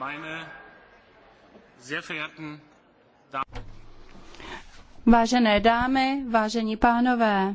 meine sehr verehrten Damen. Vážené dámy, vážení pánové,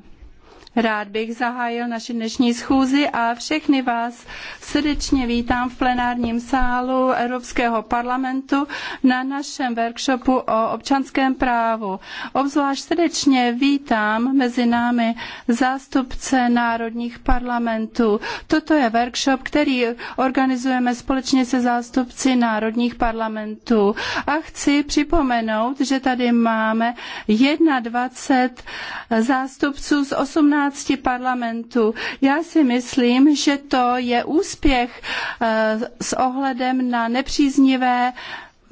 Rád bych zahájil naši dnešní schůzi a všechny vás srdečně vítám v plenárním sálu Evropského parlamentu na našem workshopu o občanském právu. Obzvlášť srdečně vítám mezi námi zástupce národních parlamentů. Toto je workshop, který organizujeme společně se zástupci národních parlamentů. A chci připomenout, že tady máme 21 zástupců z 18 15 parlamentů. Já si myslím, že to je úspěch eh, s ohledem na nepříznivé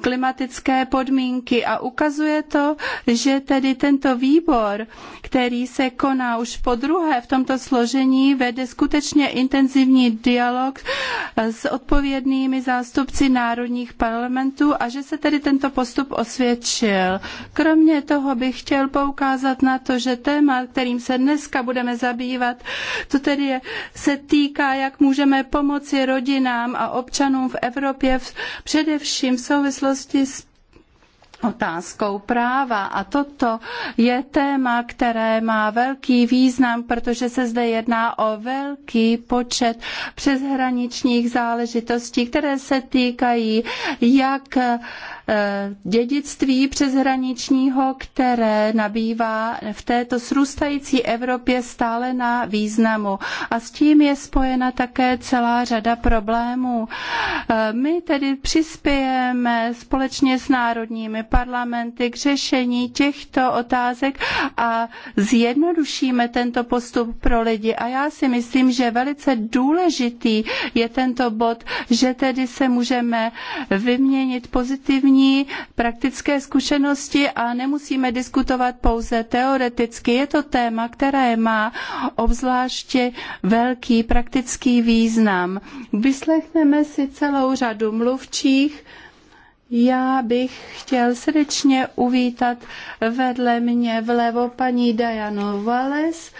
klimatické podmínky a ukazuje to, že tedy tento výbor, který se koná už po druhé v tomto složení, vede skutečně intenzivní dialog s odpovědnými zástupci národních parlamentů a že se tedy tento postup osvědčil. Kromě toho bych chtěl poukázat na to, že téma, kterým se dneska budeme zabývat, to tedy je, se týká, jak můžeme pomoci rodinám a občanům v Evropě, v, především v souvislosti souvislosti s otázkou práva. A toto je téma, které má velký význam, protože se zde jedná o velký počet přeshraničních záležitostí, které se týkají jak eh, dědictví přeshraničního, které nabývá v této srůstající Evropě stále na významu. A s tím je spojena také celá řada problémů. Eh, my tedy přispějeme společně s národními parlamenty k řešení těchto otázek a zjednodušíme tento postup pro lidi. A já si myslím, že velice důležitý je tento bod, že tedy se můžeme vyměnit pozitivní praktické zkušenosti a nemusíme diskutovat pouze teoreticky. Je to téma, které má obzvláště velký praktický význam. Vyslechneme si celou řadu mluvčích, já bych chtěl srdečně uvítat vedle mě vlevo paní Dianu Vales,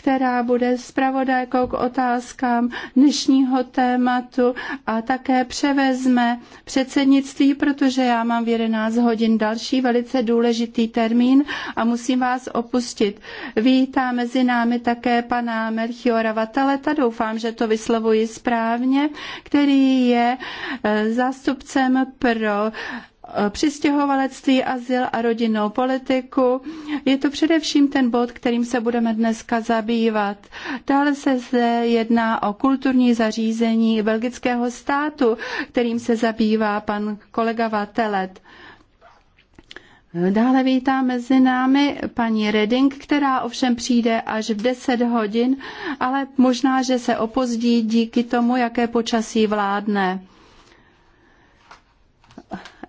která bude zpravodajkou k otázkám dnešního tématu a také převezme předsednictví, protože já mám v 11 hodin další velice důležitý termín a musím vás opustit. Vítá mezi námi také pana Melchiora Vataleta, doufám, že to vyslovuji správně, který je eh, zástupcem pro Eh, přistěhovalectví, azyl a rodinnou politiku. Je to především ten bod, kterým se budeme dneska zabývat. Dále se zde jedná o kulturní zařízení belgického státu, kterým se zabývá pan kolega Vatelet. Dále vítá mezi námi paní Reding, která ovšem přijde až v 10 hodin, ale možná, že se opozdí díky tomu, jaké počasí vládne.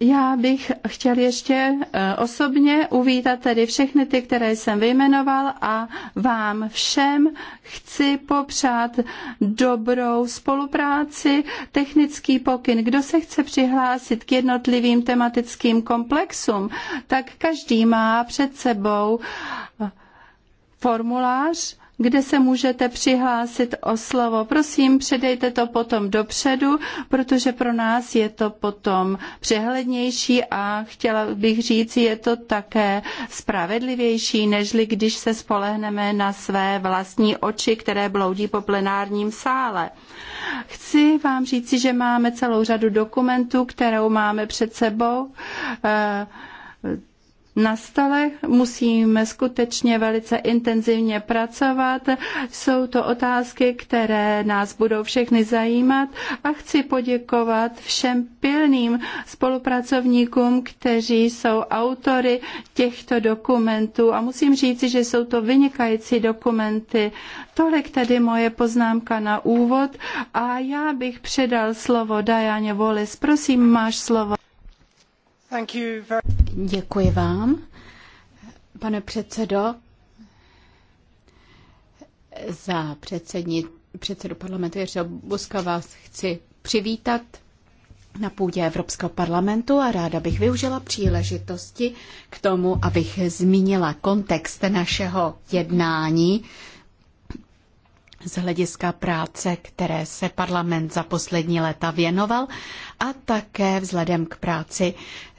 Já bych chtěl ještě eh, osobně uvítat tedy všechny ty, které jsem vyjmenoval a vám všem chci popřát dobrou spolupráci, technický pokyn. Kdo se chce přihlásit k jednotlivým tematickým komplexům, tak každý má před sebou eh, formulář, kde se můžete přihlásit o slovo. Prosím, předejte to potom dopředu, protože pro nás je to potom přehlednější a chtěla bych říct, je to také spravedlivější, nežli když se spolehneme na své vlastní oči, které bloudí po plenárním sále. Chci vám říci, že máme celou řadu dokumentů, kterou máme před sebou. Uh, na stole. Musíme skutečně velice intenzivně pracovat. Jsou to otázky, které nás budou všechny zajímat a chci poděkovat všem pilným spolupracovníkům, kteří jsou autory těchto dokumentů a musím říci, že jsou to vynikající dokumenty. Tolik tedy moje poznámka na úvod a já bych předal slovo Dajaně Volis. Prosím, máš slovo. Děkuji vám, pane předsedo, za předsedni, předsedu parlamentu Jiřího Buska vás chci přivítat na půdě Evropského parlamentu a ráda bych využila příležitosti k tomu, abych zmínila kontext našeho jednání z hlediska práce, které se parlament za poslední léta věnoval a také vzhledem k práci,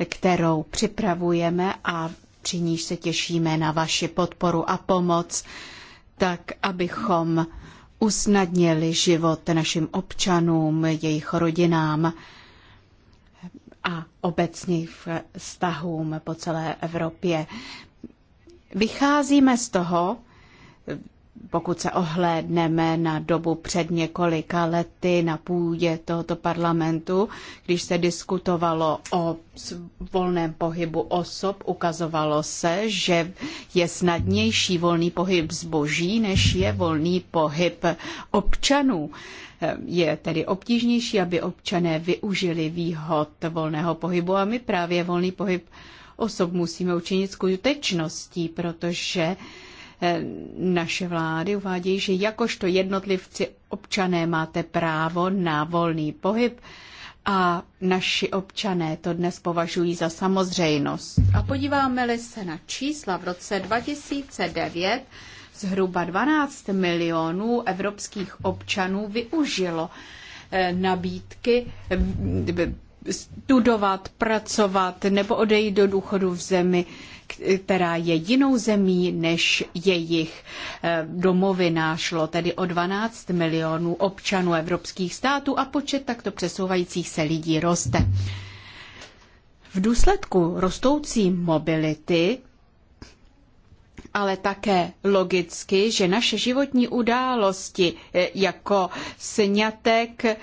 kterou připravujeme a při níž se těšíme na vaši podporu a pomoc, tak abychom usnadnili život našim občanům, jejich rodinám a obecně vztahům po celé Evropě. Vycházíme z toho, pokud se ohlédneme na dobu před několika lety na půdě tohoto parlamentu, když se diskutovalo o volném pohybu osob, ukazovalo se, že je snadnější volný pohyb zboží, než je volný pohyb občanů. Je tedy obtížnější, aby občané využili výhod volného pohybu a my právě volný pohyb osob musíme učinit skutečností, protože Eh, naše vlády uvádějí, že jakožto jednotlivci občané máte právo na volný pohyb a naši občané to dnes považují za samozřejmost. A podíváme-li se na čísla v roce 2009, zhruba 12 milionů evropských občanů využilo eh, nabídky studovat, pracovat nebo odejít do důchodu v zemi, která je jinou zemí než jejich eh, domovina. Šlo tedy o 12 milionů občanů evropských států a počet takto přesouvajících se lidí roste. V důsledku rostoucí mobility ale také logicky, že naše životní události eh, jako sňatek,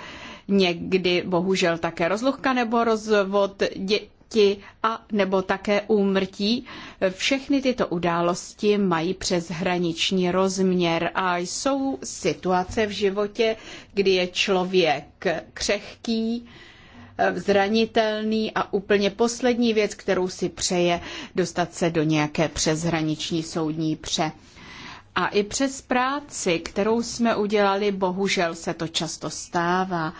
někdy bohužel také rozluchka nebo rozvod děti a nebo také úmrtí. Všechny tyto události mají přeshraniční rozměr a jsou situace v životě, kdy je člověk křehký, zranitelný a úplně poslední věc, kterou si přeje, dostat se do nějaké přeshraniční soudní pře. A i přes práci, kterou jsme udělali, bohužel se to často stává.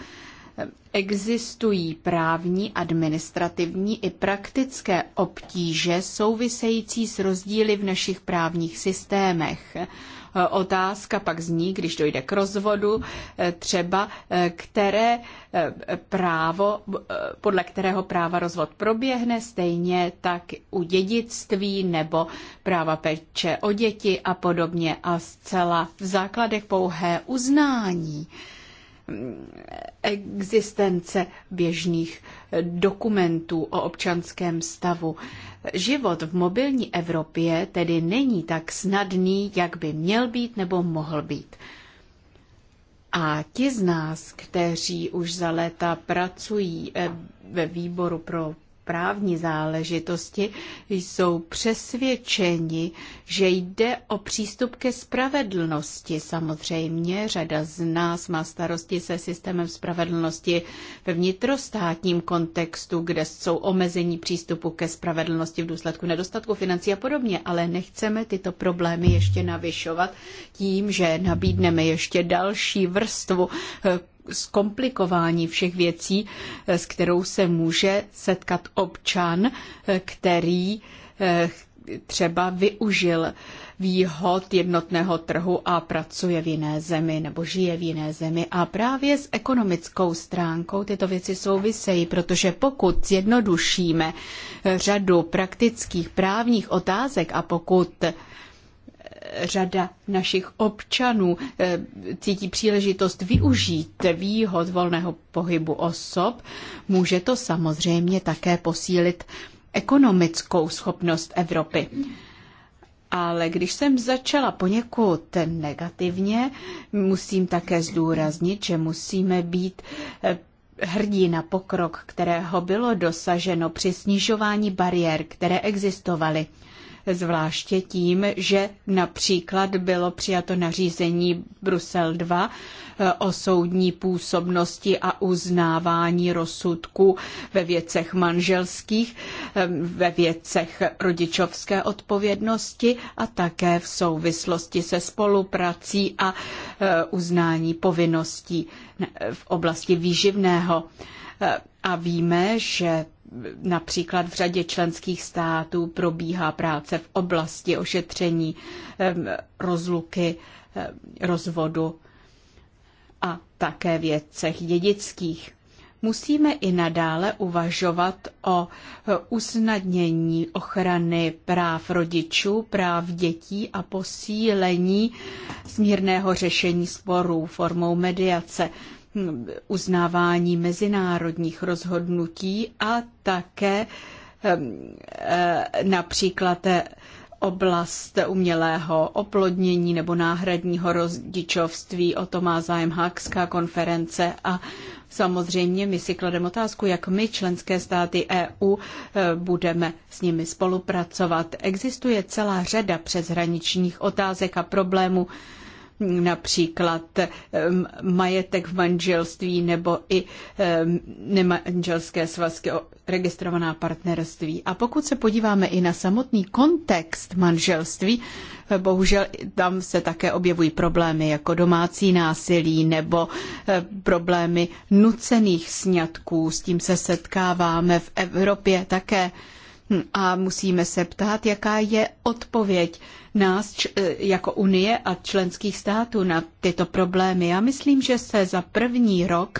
Existují právní, administrativní i praktické obtíže související s rozdíly v našich právních systémech. Eh, otázka pak zní, když dojde k rozvodu, eh, třeba eh, které právo, podle kterého práva rozvod proběhne, stejně tak u dědictví nebo práva péče o děti a podobně a zcela v základech pouhé uznání existence běžných dokumentů o občanském stavu. Život v mobilní Evropě tedy není tak snadný, jak by měl být nebo mohl být. A ti z nás, kteří už za léta pracují eh, ve výboru pro právní záležitosti, jsou přesvědčeni, že jde o přístup ke spravedlnosti. Samozřejmě řada z nás má starosti se systémem spravedlnosti ve vnitrostátním kontextu, kde jsou omezení přístupu ke spravedlnosti v důsledku nedostatku financí a podobně, ale nechceme tyto problémy ještě navyšovat tím, že nabídneme ještě další vrstvu zkomplikování všech věcí, eh, s kterou se může setkat občan, eh, který eh, třeba využil výhod jednotného trhu a pracuje v jiné zemi nebo žije v jiné zemi. A právě s ekonomickou stránkou tyto věci souvisejí, protože pokud zjednodušíme řadu praktických právních otázek a pokud řada našich občanů eh, cítí příležitost využít výhod volného pohybu osob, může to samozřejmě také posílit ekonomickou schopnost Evropy. Ale když jsem začala poněkud negativně, musím také zdůraznit, že musíme být eh, hrdí na pokrok, kterého bylo dosaženo při snižování bariér, které existovaly zvláště tím, že například bylo přijato nařízení Brusel 2 eh, o soudní působnosti a uznávání rozsudků ve věcech manželských, eh, ve věcech rodičovské odpovědnosti a také v souvislosti se spoluprací a eh, uznání povinností v oblasti výživného. A víme, že Například v řadě členských států probíhá práce v oblasti ošetření rozluky, rozvodu a také věcech dědických. Musíme i nadále uvažovat o e, usnadnění ochrany práv rodičů, práv dětí a posílení smírného řešení sporů formou mediace uznávání mezinárodních rozhodnutí a také e, například e, oblast umělého oplodnění nebo náhradního rodičovství. O to má zájem Hákská konference a samozřejmě my si klademe otázku, jak my, členské státy EU, e, budeme s nimi spolupracovat. Existuje celá řada přeshraničních otázek a problémů, například majetek v manželství nebo i nemanželské svazky, registrovaná partnerství. A pokud se podíváme i na samotný kontext manželství, bohužel tam se také objevují problémy jako domácí násilí nebo eh, problémy nucených sňatků. S tím se setkáváme v Evropě také. Hm, a musíme se ptát, jaká je odpověď nás eh, jako Unie a členských států na tyto problémy. Já myslím, že se za první rok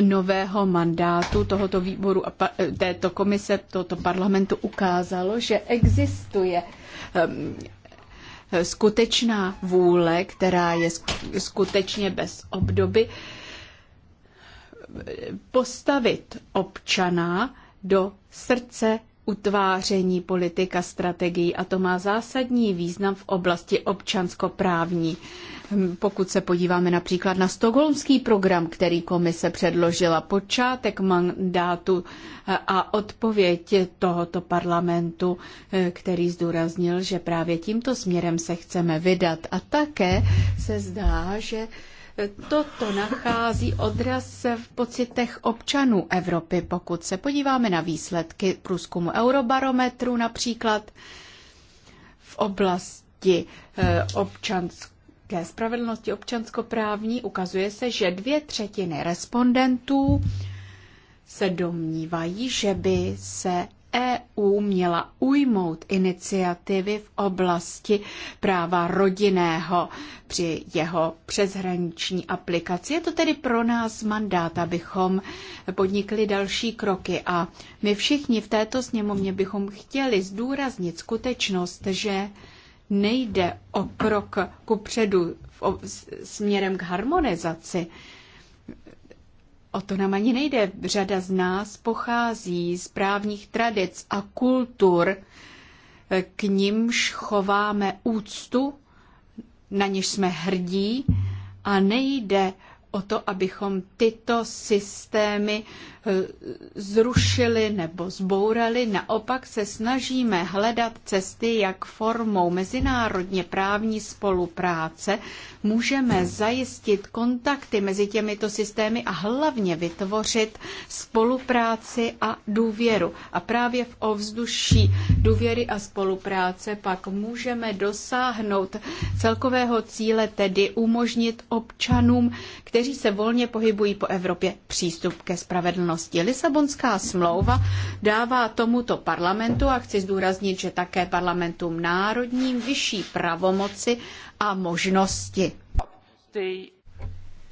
nového mandátu tohoto výboru a eh, této komise, tohoto parlamentu ukázalo, že existuje ehm, skutečná vůle, která je skutečně bez obdoby, eh, postavit občana do srdce utváření politika strategií a to má zásadní význam v oblasti občanskoprávní. Hm, pokud se podíváme například na stokholmský program, který komise předložila počátek mandátu eh, a odpověď tohoto parlamentu, eh, který zdůraznil, že právě tímto směrem se chceme vydat. A také se zdá, že toto nachází odraz v pocitech občanů Evropy. Pokud se podíváme na výsledky průzkumu Eurobarometru například v oblasti eh, občanské spravedlnosti občanskoprávní, ukazuje se, že dvě třetiny respondentů se domnívají, že by se EU měla ujmout iniciativy v oblasti práva rodinného při jeho přeshraniční aplikaci. Je to tedy pro nás mandát, abychom podnikli další kroky a my všichni v této sněmovně bychom chtěli zdůraznit skutečnost, že nejde o krok ku předu směrem k harmonizaci, O to nám ani nejde. Řada z nás pochází z právních tradic a kultur, eh, k nimž chováme úctu, na něž jsme hrdí a nejde o to, abychom tyto systémy zrušili nebo zbourali. Naopak se snažíme hledat cesty, jak formou mezinárodně právní spolupráce můžeme zajistit kontakty mezi těmito systémy a hlavně vytvořit spolupráci a důvěru. A právě v ovzduší důvěry a spolupráce pak můžeme dosáhnout celkového cíle, tedy umožnit občanům, kteří se volně pohybují po Evropě, přístup ke spravedlnosti odpovědnosti. Lisabonská smlouva dává tomuto parlamentu, a chci zdůraznit, že také parlamentům národním, vyšší pravomoci a možnosti.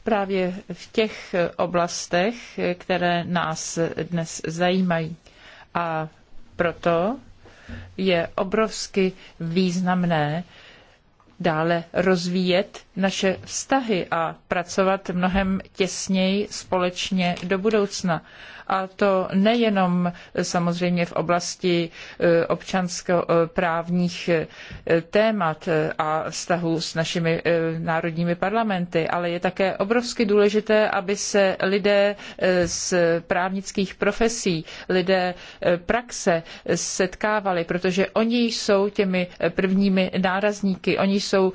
Právě v těch oblastech, které nás dnes zajímají. A proto je obrovsky významné, dále rozvíjet naše vztahy a pracovat mnohem těsněji společně do budoucna a to nejenom samozřejmě v oblasti e, občanskoprávních e, e, témat a vztahu s našimi národními parlamenty, ale je také obrovsky důležité, aby se lidé z právnických profesí, lidé praxe setkávali, protože oni jsou těmi prvními nárazníky, oni jsou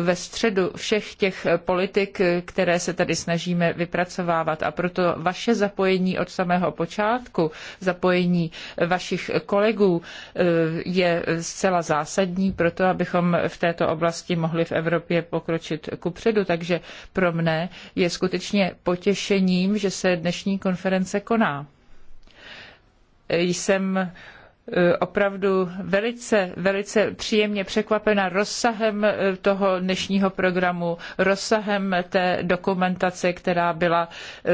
ve středu všech těch politik, které se tady snažíme vypracovávat a proto vaše zapojení od samého samého počátku, zapojení vašich kolegů eh, je zcela zásadní pro to, abychom v této oblasti mohli v Evropě pokročit kupředu. Takže pro mne je skutečně potěšením, že se dnešní konference koná. Jsem Eh, opravdu velice, velice příjemně překvapena rozsahem eh, toho dnešního programu, rozsahem té dokumentace, která byla eh,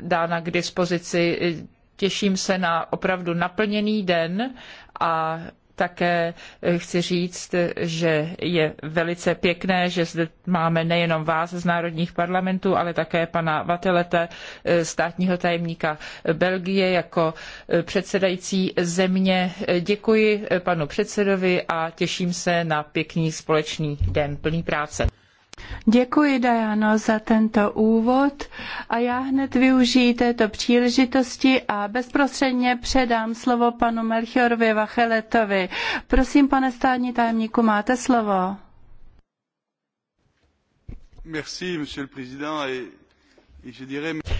dána k dispozici. Těším se na opravdu naplněný den a také eh, chci říct, že je velice pěkné, že zde máme nejenom vás z národních parlamentů, ale také pana Vatelete, eh, státního tajemníka Belgie, jako eh, předsedající země. Děkuji panu předsedovi a těším se na pěkný společný den plný práce. Děkuji, Dajano, za tento úvod a já hned využiji této příležitosti a bezprostředně předám slovo panu Melchiorovi Vacheletovi. Prosím, pane státní tajemníku, máte slovo. Merci, monsieur le président.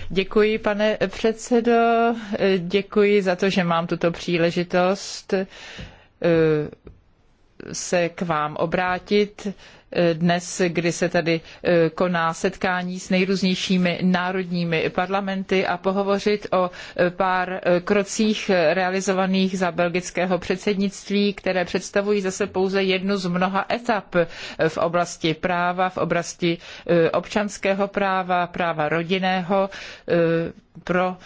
Děkuji, pane předsedo, děkuji za to, že mám tuto příležitost eh, se k vám obrátit eh, dnes, kdy se tady eh, koná setkání s nejrůznějšími národními parlamenty a pohovořit o eh, pár krocích realizovaných za belgického předsednictví, které představují zase pouze jednu z mnoha etap v oblasti práva, v oblasti občanského práva, práva rodinného pro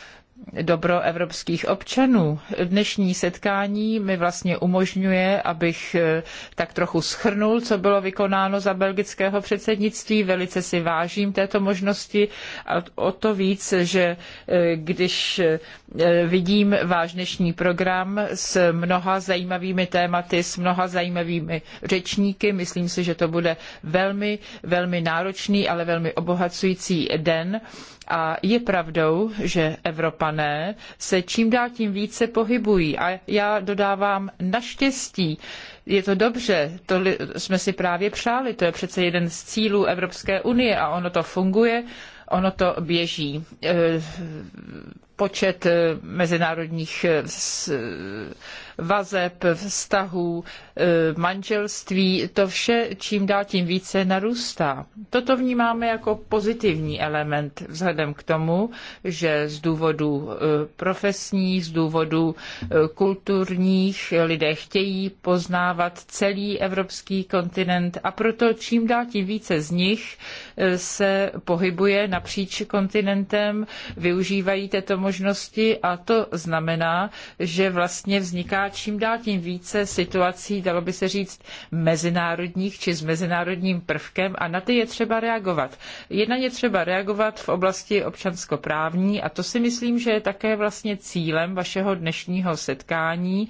dobro evropských občanů. Dnešní setkání mi vlastně umožňuje, abych eh, tak trochu schrnul, co bylo vykonáno za belgického předsednictví. Velice si vážím této možnosti a o to víc, že eh, když eh, vidím váš dnešní program s mnoha zajímavými tématy, s mnoha zajímavými řečníky, myslím si, že to bude velmi, velmi náročný, ale velmi obohacující den a je pravdou, že Evropané se čím dál tím více pohybují. A já dodávám naštěstí, je to dobře, to jsme si právě přáli, to je přece jeden z cílů Evropské unie a ono to funguje, ono to běží. Eh, počet eh, mezinárodních eh, eh, vazeb, vztahů, manželství, to vše čím dál tím více narůstá. Toto vnímáme jako pozitivní element vzhledem k tomu, že z důvodů profesních, z důvodů kulturních lidé chtějí poznávat celý evropský kontinent a proto čím dál tím více z nich se pohybuje napříč kontinentem, využívají této možnosti možnosti a to znamená, že vlastně vzniká čím dál tím více situací, dalo by se říct, mezinárodních či s mezinárodním prvkem a na ty je třeba reagovat. Jedna je třeba reagovat v oblasti občanskoprávní a to si myslím, že je také vlastně cílem vašeho dnešního setkání,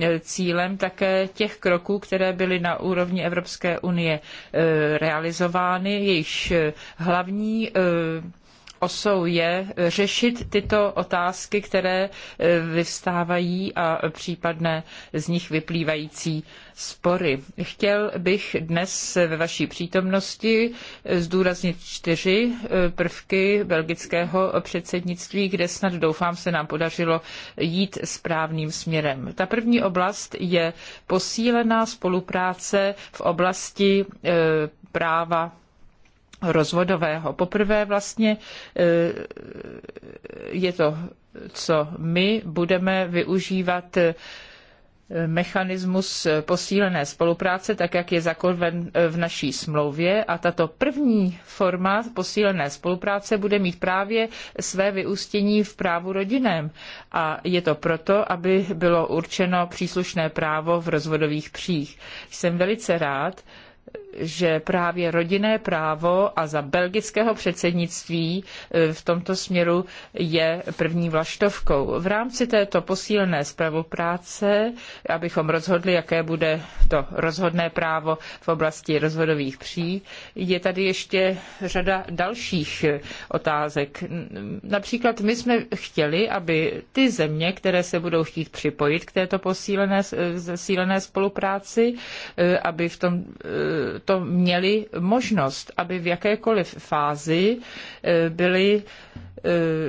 e, cílem také těch kroků, které byly na úrovni Evropské unie e, realizovány, jejichž e, hlavní osou je eh, řešit tyto otázky, které eh, vyvstávají a případné z nich vyplývající spory. Chtěl bych dnes ve vaší přítomnosti eh, zdůraznit čtyři prvky belgického předsednictví, kde snad doufám se nám podařilo jít správným směrem. Ta první oblast je posílená spolupráce v oblasti práva rozvodového. Poprvé vlastně e, je to, co my budeme využívat e, mechanismus posílené spolupráce, tak jak je zakorven v naší smlouvě. A tato první forma posílené spolupráce bude mít právě své vyústění v právu rodinném. A je to proto, aby bylo určeno příslušné právo v rozvodových přích. Jsem velice rád, že právě rodinné právo a za belgického předsednictví e, v tomto směru je první vlaštovkou. V rámci této posílené spolupráce, abychom rozhodli, jaké bude to rozhodné právo v oblasti rozvodových pří, je tady ještě řada dalších otázek. Například my jsme chtěli, aby ty země, které se budou chtít připojit k této posílené, e, zesílené spolupráci, e, aby v tom to měli možnost, aby v jakékoliv fázi eh, byli eh,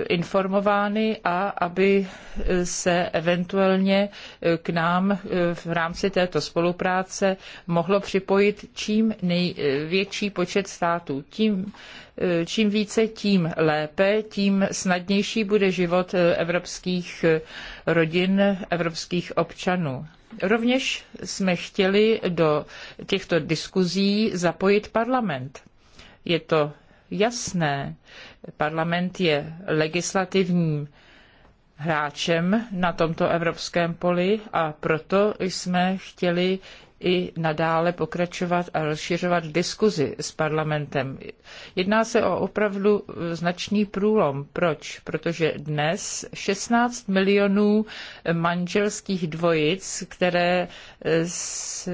informovány a aby eh, se eventuálně k nám v rámci této spolupráce mohlo připojit čím největší počet států. Tím, čím více, tím lépe, tím snadnější bude život evropských rodin, evropských občanů. Rovněž jsme chtěli do těchto diskuzí zapojit parlament. Je to jasné. Parlament je legislativním hráčem na tomto evropském poli a proto jsme chtěli i nadále pokračovat a rozšiřovat diskuzi s parlamentem. Jedná se o opravdu značný průlom. Proč? Protože dnes 16 milionů manželských dvojic, které s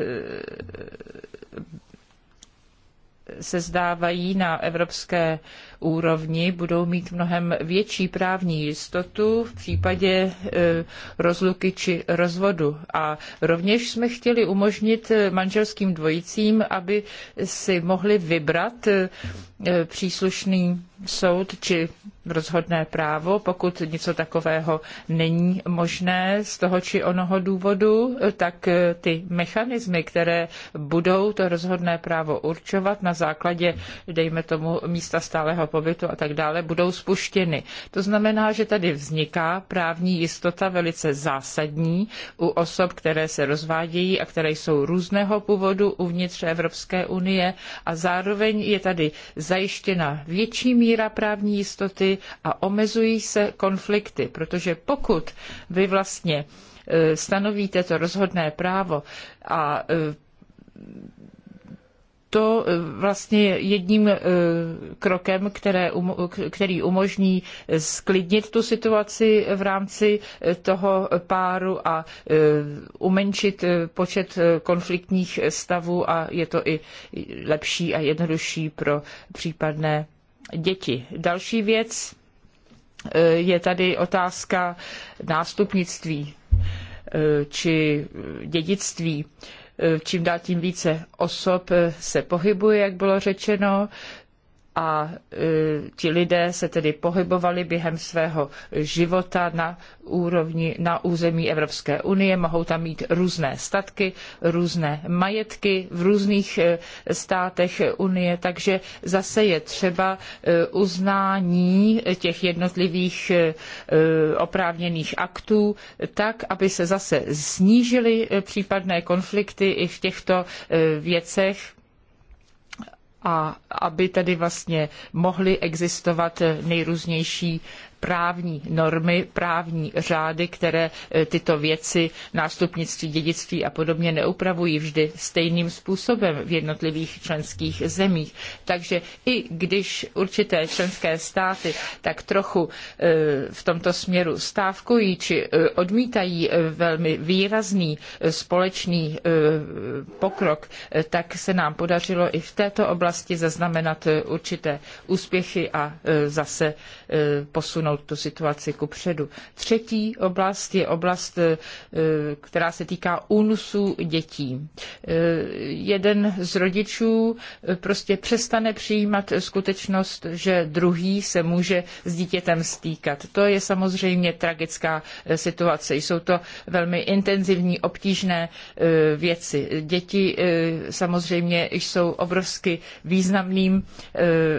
se zdávají na evropské úrovni, budou mít mnohem větší právní jistotu v případě e, rozluky či rozvodu. A rovněž jsme chtěli umožnit e, manželským dvojicím, aby si mohli vybrat e, příslušný soud či rozhodné právo, pokud něco takového není možné z toho či onoho důvodu, tak eh, ty mechanismy, které budou to rozhodné právo určovat na základě, dejme tomu, místa stálého pobytu a tak dále, budou spuštěny. To znamená, že tady vzniká právní jistota velice zásadní u osob, které se rozvádějí a které jsou různého původu uvnitř Evropské unie a zároveň je tady zajištěna větší míra právní jistoty a omezují se konflikty, protože pokud vy vlastně e, stanovíte to rozhodné právo a e, to e, vlastně jedním krokem, které, který umožní sklidnit tu situaci v rámci toho páru a umenšit počet konfliktních stavů a je to i lepší a jednodušší pro případné děti. Další věc e, je tady otázka nástupnictví e, či dědictví. E, čím dál tím více osob se pohybuje, jak bylo řečeno, a e, ti lidé se tedy pohybovali během svého života na úrovni, na území Evropské unie, mohou tam mít různé statky, různé majetky v různých e, státech unie, takže zase je třeba e, uznání těch jednotlivých oprávněných aktů tak, aby se zase snížily případné konflikty i v těchto věcech, a aby tedy vlastně mohly existovat nejrůznější právní normy, právní řády, které e, tyto věci, nástupnictví, dědictví a podobně neupravují vždy stejným způsobem v jednotlivých členských zemích. Takže i když určité členské státy tak trochu e, v tomto směru stávkují či e, odmítají velmi výrazný společný pokrok, tak se nám podařilo i v této oblasti zaznamenat určité úspěchy a zase Eh, posunout tu situaci ku předu. Třetí oblast je oblast, eh, která se týká únusů dětí. Eh, jeden z rodičů prostě přestane přijímat skutečnost, že druhý se může s dítětem stýkat. To je samozřejmě tragická situace. Jsou to velmi intenzivní, obtížné věci. Děti samozřejmě jsou obrovsky významným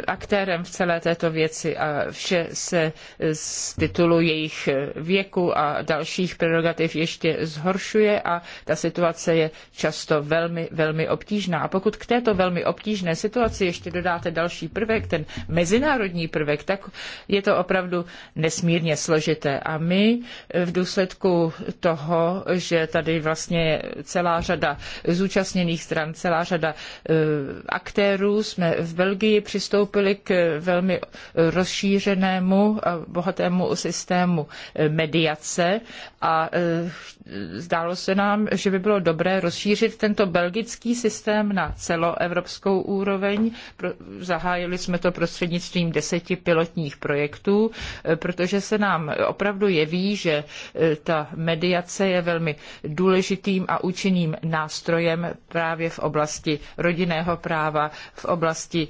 aktérem v celé této věci a vše že se eh, z titulu jejich eh, věku a dalších prerogativ ještě zhoršuje a ta situace je často velmi, velmi obtížná. A pokud k této velmi obtížné situaci ještě dodáte další prvek, ten mezinárodní prvek, tak je to opravdu nesmírně složité. A my eh, v důsledku toho, že tady vlastně je celá řada zúčastněných stran, celá řada aktérů, jsme v Belgii přistoupili k velmi rozšířené otevřenému a bohatému systému eh, mediace a eh, zdálo se nám, že by bylo dobré rozšířit tento belgický systém na celoevropskou úroveň. Zahájili jsme to prostřednictvím deseti pilotních projektů, eh, protože se nám opravdu jeví, že ta mediace je velmi důležitým a účinným nástrojem právě v oblasti rodinného práva, v oblasti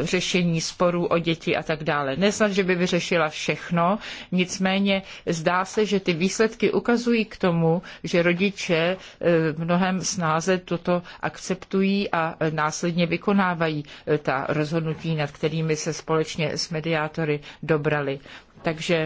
řešení sporů o děti a tak dále. Nesnad, že by vyřešila všechno, nicméně zdá se, že ty výsledky ukazují k tomu, že rodiče eh, mnohem snáze toto akceptují a následně vykonávají eh, ta rozhodnutí, nad kterými se společně s mediátory dobrali. Takže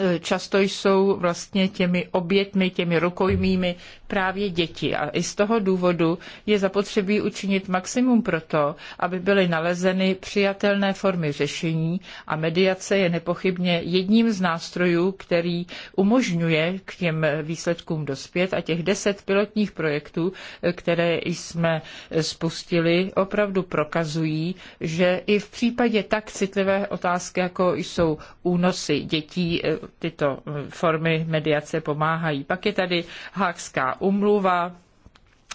eh, často jsou vlastně těmi obětmi, těmi rukojmími právě děti. A i z toho důvodu je zapotřebí učinit maximum pro to, aby byly nalezeny přijatelné formy řešení a mediace je nepochybně jedním z nástrojů, který umožňuje k těm výsledkům dospět a těch deset pilotních projektů, které jsme spustili, opravdu prokazují, že i v případě tak citlivé otázky, jako jsou únosy dětí, tyto formy mediace pomáhají. Pak je tady Hákská umluva,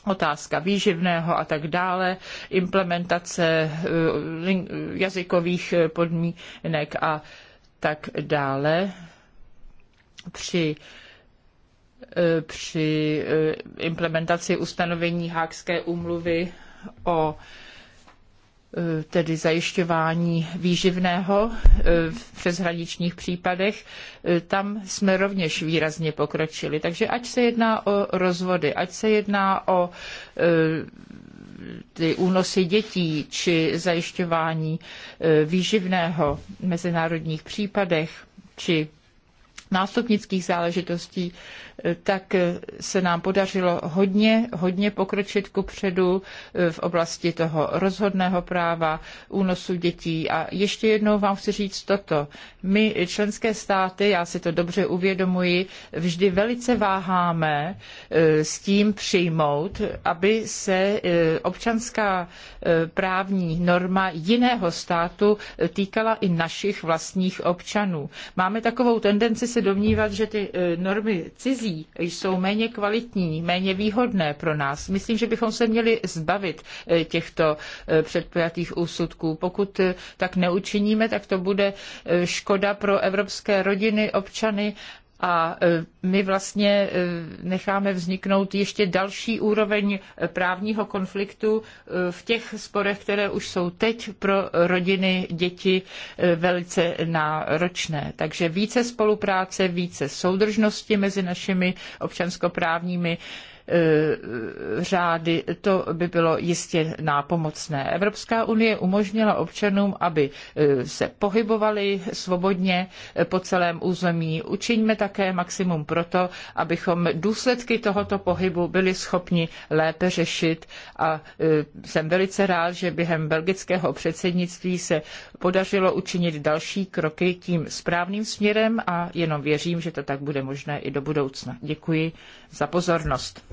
otázka výživného a tak dále, implementace eh, jazykových eh, podmínek a tak dále. Při eh, při implementaci ustanovení Hákské úmluvy o Eh, tedy zajišťování výživného eh, v přeshraničních případech, eh, tam jsme rovněž výrazně pokročili. Takže ať se jedná o rozvody, ať se jedná o ty únosy dětí či zajišťování výživného v mezinárodních případech či nástupnických záležitostí, eh, tak eh, se nám podařilo hodně, hodně pokročit ku předu eh, v oblasti toho rozhodného práva, únosu dětí. A ještě jednou vám chci říct toto. My, členské státy, já si to dobře uvědomuji, vždy velice váháme s tím přijmout, aby se občanská právní norma jiného státu týkala i našich vlastních občanů. Máme takovou tendenci se se domnívat, že ty e, normy cizí jsou méně kvalitní, méně výhodné pro nás. Myslím, že bychom se měli zbavit e, těchto e, předpojatých úsudků. Pokud tak neučiníme, tak to bude škoda pro evropské rodiny, občany a e, my vlastně e, necháme vzniknout ještě další úroveň právního konfliktu e, v těch sporech, které už jsou teď pro rodiny, děti velice náročné. Takže více spolupráce, více soudržnosti mezi našimi občanskoprávními Eh, řády, to by bylo jistě nápomocné. Evropská unie umožnila občanům, aby eh, se pohybovali svobodně eh, po celém území. Učiňme také maximum proto, abychom důsledky tohoto pohybu byli schopni lépe řešit a jsem velice rád, že během belgického předsednictví se podařilo učinit další kroky tím správným směrem a jenom věřím, že to tak bude možné i do budoucna. Děkuji za pozornost.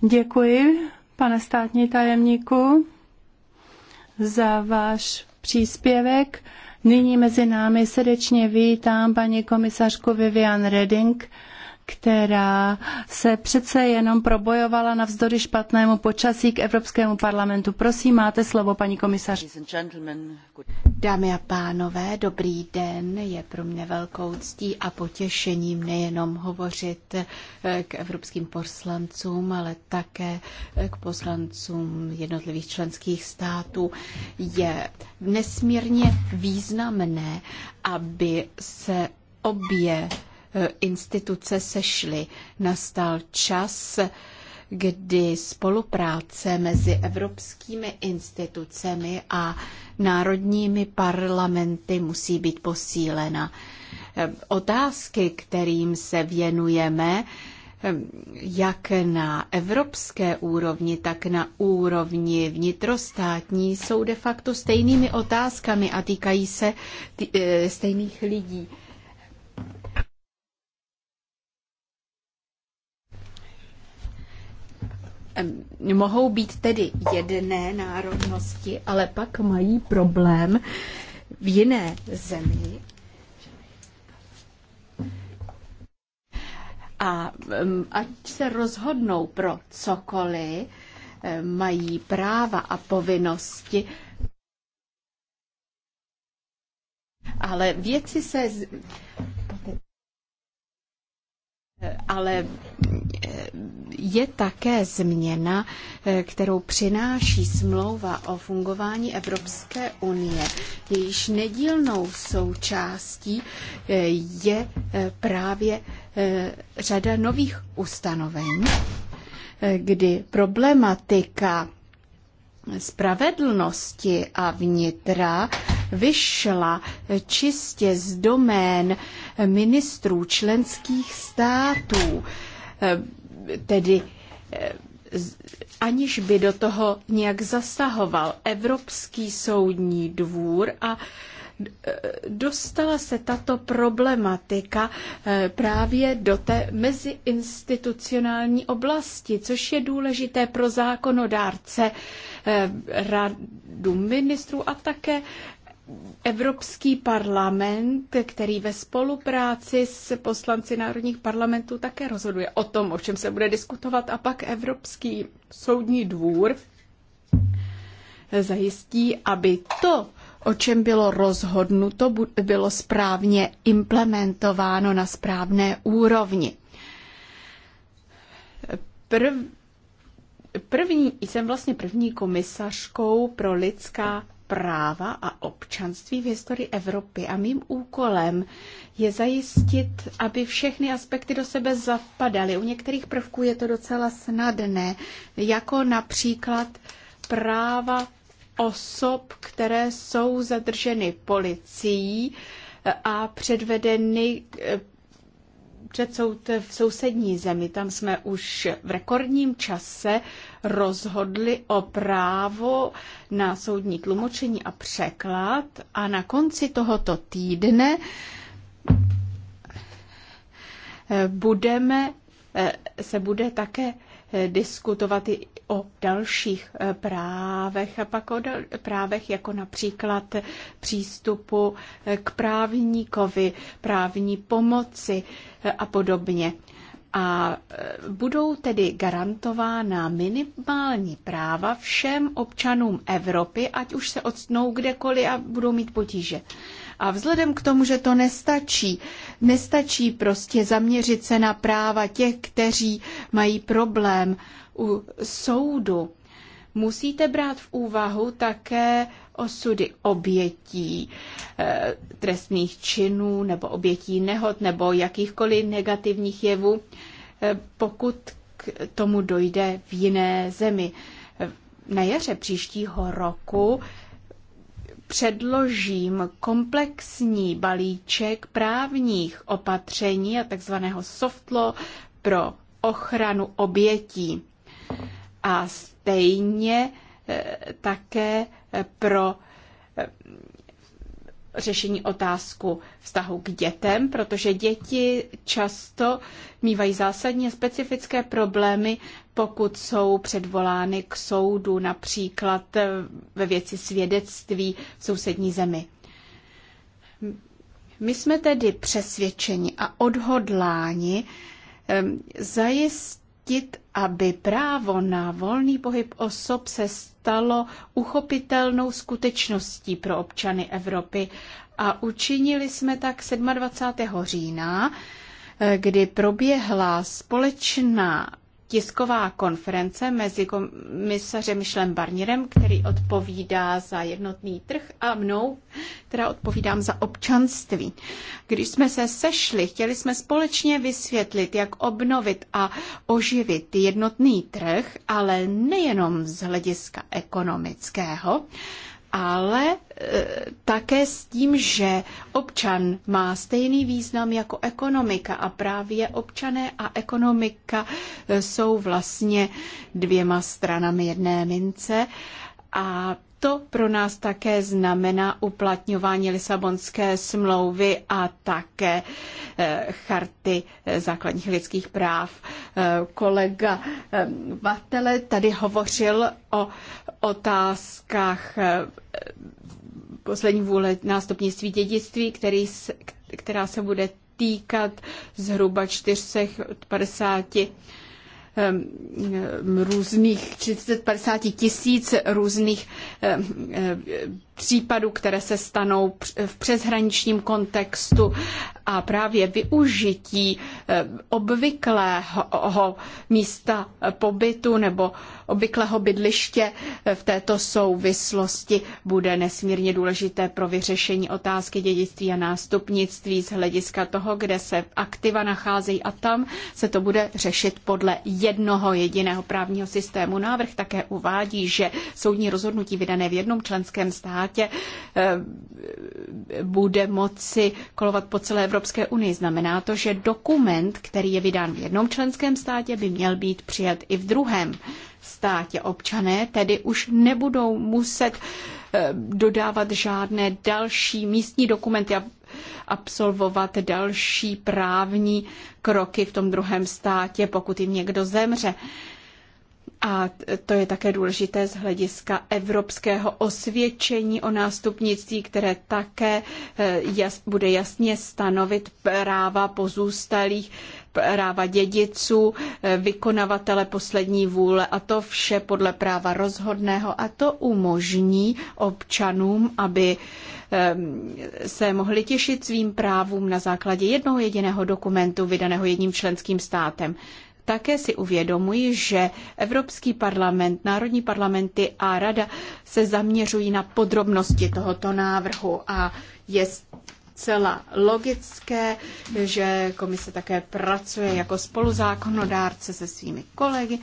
Děkuji, pane státní tajemníku, za váš příspěvek. Nyní mezi námi srdečně vítám paní komisařku Vivian Reding, která se přece jenom probojovala navzdory špatnému počasí k Evropskému parlamentu. Prosím, máte slovo, paní komisař. Dámy a pánové, dobrý den. Je pro mě velkou ctí a potěšením nejenom hovořit eh, k evropským poslancům, ale také eh, k poslancům jednotlivých členských států. Je nesmírně významné, aby se obě instituce sešly. Nastal čas, kdy spolupráce mezi evropskými institucemi a národními parlamenty musí být posílena. Otázky, kterým se věnujeme, jak na evropské úrovni, tak na úrovni vnitrostátní, jsou de facto stejnými otázkami a týkají se eh, stejných lidí. mohou být tedy jedné národnosti, ale pak mají problém v jiné zemi. A ať se rozhodnou pro cokoliv, mají práva a povinnosti ale věci se z ale eh, je také změna, eh, kterou přináší smlouva o fungování Evropské unie. Jejíž nedílnou součástí eh, je právě řada nových ustanovení, kdy problematika spravedlnosti a vnitra vyšla čistě z domén ministrů členských států, eh, tedy eh, aniž by do toho nějak zasahoval Evropský soudní dvůr a eh, dostala se tato problematika právě do té meziinstitucionální oblasti, což je důležité pro zákonodárce, radu ministrů a také Evropský parlament, který ve spolupráci s poslanci národních parlamentů také rozhoduje o tom, o čem se bude diskutovat, a pak Evropský soudní dvůr zajistí, aby to, o čem bylo rozhodnuto, bylo správně implementováno na správné úrovni. Prv, první, jsem vlastně první komisařkou pro lidská práva a občanství v historii Evropy. A mým úkolem je zajistit, aby všechny aspekty do sebe zapadaly. U některých prvků je to docela snadné, jako například práva osob, které jsou zadrženy policií a předvedeny před soud v sousední zemi. Tam jsme už v rekordním čase rozhodli o právo na soudní tlumočení a překlad a na konci tohoto týdne eh, budeme, eh, se bude také eh, diskutovat o dalších eh, právech a pak o právech jako například přístupu eh, k právníkovi, právní pomoci eh, a podobně. A budou tedy garantována minimální práva všem občanům Evropy, ať už se odstnou kdekoliv a budou mít potíže. A vzhledem k tomu, že to nestačí, nestačí prostě zaměřit se na práva těch, kteří mají problém u soudu, musíte brát v úvahu také osudy obětí eh, trestných činů nebo obětí nehod nebo jakýchkoliv negativních jevů, eh, pokud k tomu dojde v jiné zemi. Eh, na jaře příštího roku předložím komplexní balíček právních opatření a takzvaného soft law pro ochranu obětí a stejně eh, také eh, pro eh, řešení otázku vztahu k dětem, protože děti často mývají zásadně specifické problémy, pokud jsou předvolány k soudu, například ve věci svědectví v sousední zemi. My jsme tedy přesvědčeni a odhodláni ehm, zajistit, zajistit, aby právo na volný pohyb osob se stalo uchopitelnou skutečností pro občany Evropy. A učinili jsme tak 27. října, eh, kdy proběhla společná tisková konference mezi komisařem Michelem Barnierem, který odpovídá za jednotný trh a mnou, která odpovídám za občanství. Když jsme se sešli, chtěli jsme společně vysvětlit, jak obnovit a oživit jednotný trh, ale nejenom z hlediska ekonomického, ale e, také s tím, že občan má stejný význam jako ekonomika a právě občané a ekonomika e, jsou vlastně dvěma stranami jedné mince a to pro nás také znamená uplatňování Lisabonské smlouvy a také eh, charty eh, základních lidských práv. Eh, kolega Vatele tady hovořil o otázkách poslední vůle nástupnictví dědictví, který, která se bude týkat zhruba 450 Ehm, ehm, různých 30-50 tisíc různých ehm, případů, které se stanou v přeshraničním kontextu a právě využití eh, obvyklého místa pobytu nebo obvyklého bydliště eh, v této souvislosti bude nesmírně důležité pro vyřešení otázky dědictví a nástupnictví z hlediska toho, kde se aktiva nacházejí a tam se to bude řešit podle jednoho jediného právního systému. Návrh také uvádí, že soudní rozhodnutí vydané v jednom členském státě státě eh, bude moci kolovat po celé Evropské unii. Znamená to, že dokument, který je vydán v jednom členském státě, by měl být přijat i v druhém státě. Občané tedy už nebudou muset eh, dodávat žádné další místní dokumenty a absolvovat další právní kroky v tom druhém státě, pokud jim někdo zemře. A to je také důležité z hlediska evropského osvědčení o nástupnictví, které také eh, jas, bude jasně stanovit práva pozůstalých, práva dědiců, eh, vykonavatele poslední vůle a to vše podle práva rozhodného a to umožní občanům, aby ehm, se mohli těšit svým právům na základě jednoho jediného dokumentu vydaného jedním členským státem. Také si uvědomuji, že Evropský parlament, národní parlamenty a rada se zaměřují na podrobnosti tohoto návrhu a je celá logické, že komise také pracuje jako spoluzákonodárce se svými kolegy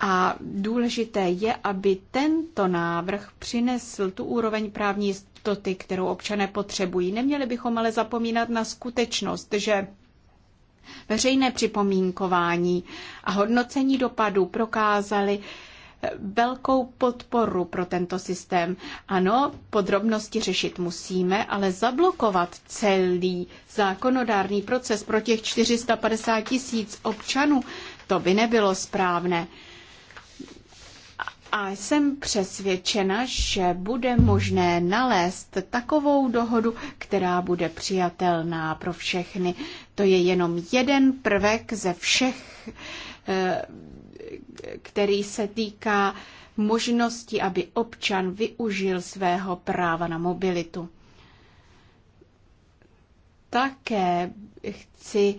a důležité je, aby tento návrh přinesl tu úroveň právní jistoty, kterou občané potřebují. Neměli bychom ale zapomínat na skutečnost, že Veřejné připomínkování a hodnocení dopadů prokázaly eh, velkou podporu pro tento systém. Ano, podrobnosti řešit musíme, ale zablokovat celý zákonodárný proces pro těch 450 tisíc občanů, to by nebylo správné a jsem přesvědčena, že bude možné nalézt takovou dohodu, která bude přijatelná pro všechny. To je jenom jeden prvek ze všech, eh, který se týká možnosti, aby občan využil svého práva na mobilitu. Také chci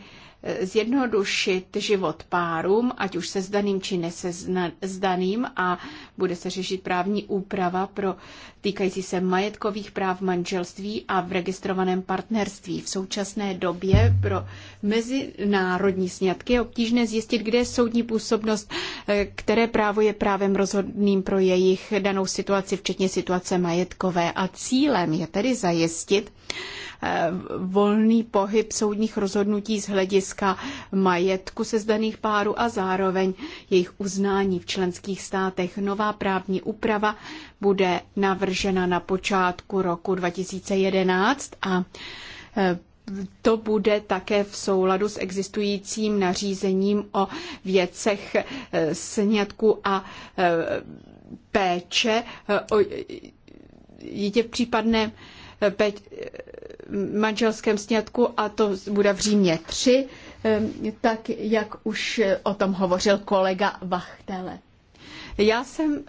zjednodušit život párům, ať už se zdaným či nesezdaným a bude se řešit právní úprava pro týkající se majetkových práv manželství a v registrovaném partnerství. V současné době pro mezinárodní sňatky je obtížné zjistit, kde je soudní působnost, eh, které právo je právem rozhodným pro jejich danou situaci, včetně situace majetkové. A cílem je tedy zajistit, eh, volný pohyb soudních rozhodnutí z hlediska majetku sezdaných párů a zároveň jejich uznání v členských státech. Nová nová právní úprava bude navržena na počátku roku 2011 a e, to bude také v souladu s existujícím nařízením o věcech e, sňatku a e, péče o dítě v případném manželském sňatku a to bude v Římě 3, tak jak už o tom hovořil kolega Vachtele. Já jsem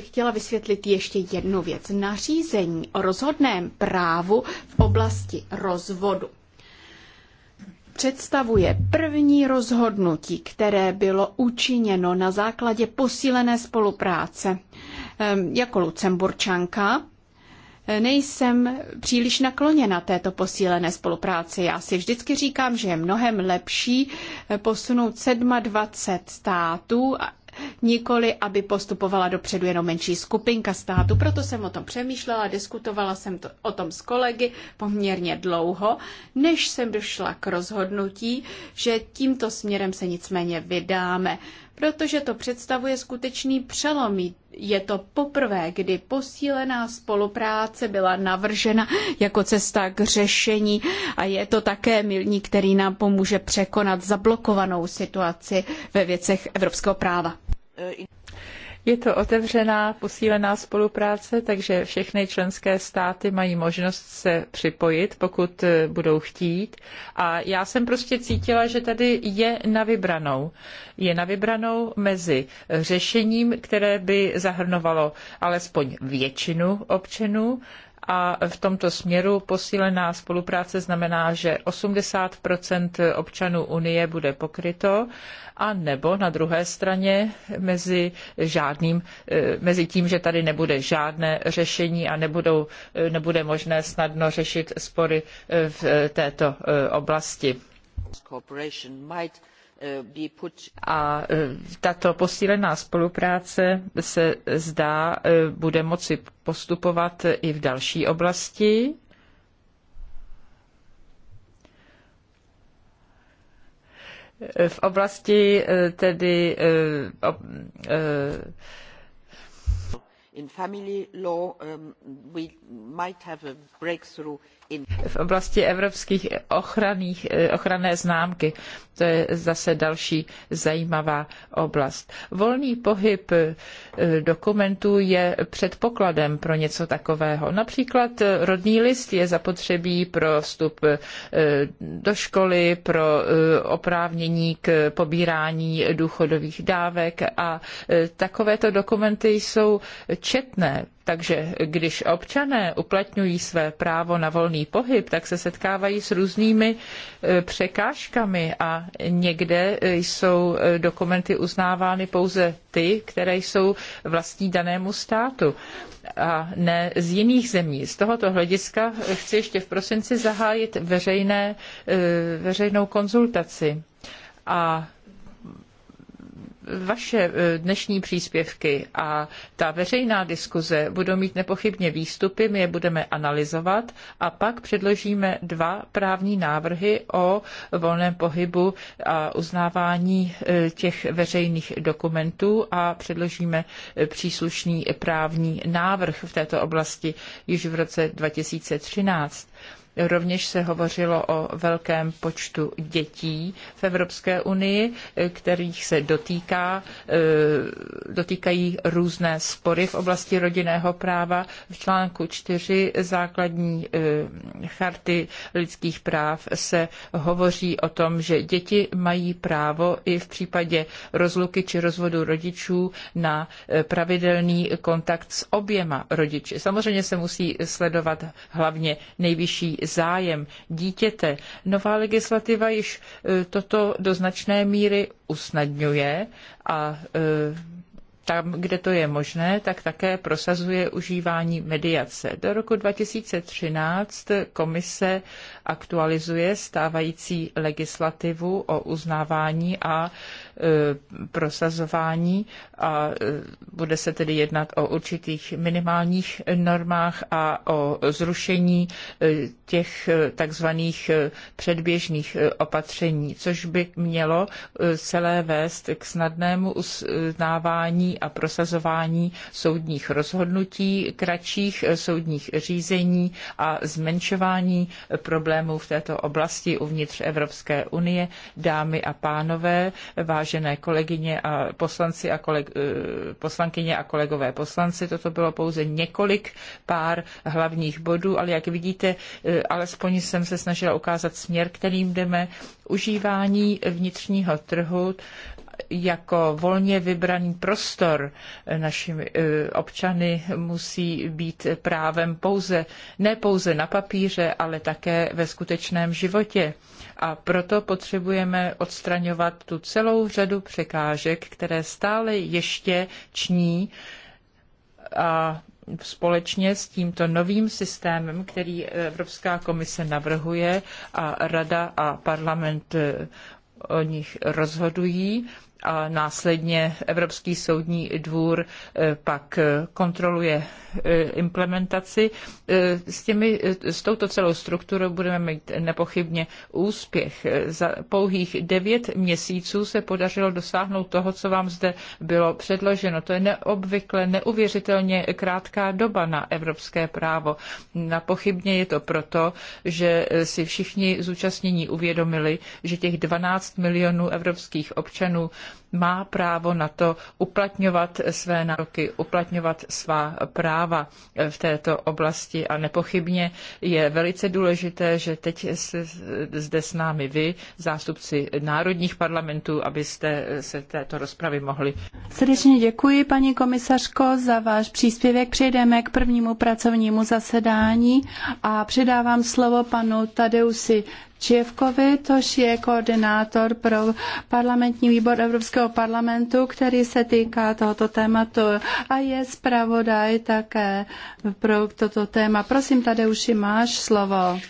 chtěla vysvětlit ještě jednu věc. Nařízení o rozhodném právu v oblasti rozvodu představuje první rozhodnutí, které bylo učiněno na základě posílené spolupráce. Ehm, jako Lucemburčanka nejsem příliš nakloněna této posílené spolupráci. Já si vždycky říkám, že je mnohem lepší posunout 27 států nikoli aby postupovala dopředu jenom menší skupinka států. Proto jsem o tom přemýšlela, diskutovala jsem to, o tom s kolegy poměrně dlouho, než jsem došla k rozhodnutí, že tímto směrem se nicméně vydáme protože to představuje skutečný přelom. Je to poprvé, kdy posílená spolupráce byla navržena jako cesta k řešení a je to také milník, který nám pomůže překonat zablokovanou situaci ve věcech evropského práva. Je to otevřená, posílená spolupráce, takže všechny členské státy mají možnost se připojit, pokud e, budou chtít. A já jsem prostě cítila, že tady je na vybranou. Je na vybranou mezi řešením, které by zahrnovalo alespoň většinu občanů, a v tomto směru posílená spolupráce znamená, že 80 občanů Unie bude pokryto a nebo na druhé straně mezi, žádným, eh, mezi tím, že tady nebude žádné řešení a nebudou, eh, nebude možné snadno řešit spory eh, v této oblasti. Eh, a eh, tato posílená spolupráce se zdá eh, bude moci postupovat i v další oblasti. V oblasti tedy in family law um, we might have a breakthrough v oblasti evropských ochranných, eh, ochranné známky. To je zase další zajímavá oblast. Volný pohyb eh, dokumentů je předpokladem pro něco takového. Například eh, rodný list je zapotřebí pro vstup do školy, pro oprávnění k pobírání důchodových dávek a takovéto dokumenty jsou četné takže když občané uplatňují své právo na volný pohyb, tak se setkávají s různými e, překážkami a někde e, jsou e, dokumenty uznávány pouze ty, které jsou vlastní danému státu a ne z jiných zemí. Z tohoto hlediska chci ještě v prosinci zahájit veřejné, veřejnou konzultaci. A vaše eh, dnešní příspěvky a ta veřejná diskuze budou mít nepochybně výstupy, my je budeme analyzovat a pak předložíme dva právní návrhy o volném pohybu a uznávání eh, těch veřejných dokumentů a předložíme eh, příslušný právní návrh v této oblasti již v roce 2013. Rovněž se hovořilo o velkém počtu dětí v Evropské unii, eh, kterých se dotýká, eh, dotýkají různé spory v oblasti rodinného práva. V článku 4 základní eh, charty lidských práv se hovoří o tom, že děti mají právo i v případě rozluky či rozvodu rodičů na pravidelný kontakt s oběma rodiči. Samozřejmě se musí sledovat hlavně nejvyšší zájem dítěte. Nová legislativa již e, toto do značné míry usnadňuje a e, tam, kde to je možné, tak také prosazuje užívání mediace. Do roku 2013 komise aktualizuje stávající legislativu o uznávání a e, prosazování a e, bude se tedy jednat o určitých minimálních normách a o zrušení e, těch takzvaných předběžných opatření, což by mělo celé vést k snadnému uznávání a prosazování soudních rozhodnutí, kratších soudních řízení a zmenšování problémů problémů v této oblasti uvnitř Evropské unie. Dámy a pánové, vážené kolegyně a poslanci a koleg, eh, poslankyně a kolegové poslanci, toto bylo pouze několik pár hlavních bodů, ale jak vidíte, eh, alespoň jsem se snažila ukázat směr, kterým jdeme. Užívání vnitřního trhu jako volně vybraný prostor eh, našimi eh, občany musí být právem pouze, ne pouze na papíře, ale také ve skutečném životě. A proto potřebujeme odstraňovat tu celou řadu překážek, které stále ještě ční a společně s tímto novým systémem, který Evropská komise navrhuje a Rada a parlament eh, o nich rozhodují, a následně Evropský soudní dvůr eh, pak eh, kontroluje eh, implementaci. S, těmi, s touto celou strukturou budeme mít nepochybně úspěch. Za pouhých devět měsíců se podařilo dosáhnout toho, co vám zde bylo předloženo. To je neobvykle, neuvěřitelně krátká doba na evropské právo. Napochybně je to proto, že si všichni zúčastnění uvědomili, že těch 12 milionů evropských občanů má právo na to uplatňovat své nároky, uplatňovat svá práva v této oblasti. A nepochybně je velice důležité, že teď jste zde s námi vy, zástupci národních parlamentů, abyste se této rozpravy mohli. Srdečně děkuji, paní komisařko, za váš příspěvek. Přejdeme k prvnímu pracovnímu zasedání a předávám slovo panu Tadeusi Čijevkovi, tož je koordinátor pro parlamentní výbor Evropského parlamentu, který se týká tohoto tématu a je zpravodaj také pro toto téma. Prosím, tady už máš slovo.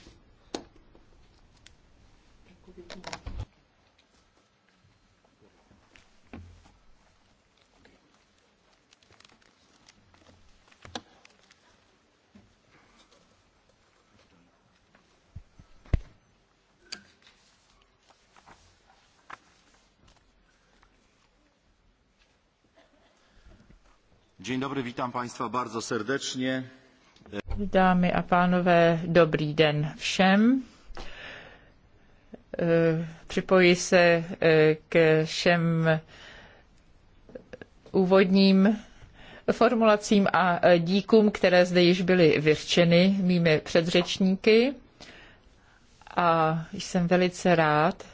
Dzień dobry, vítám Państwa bardzo serdecznie. Dámy a pánové, dobrý den všem. E, Připoji se e, k všem úvodním formulacím a e, díkům, které zde již byly vyřčeny mými předřečníky. A jsem velice rád,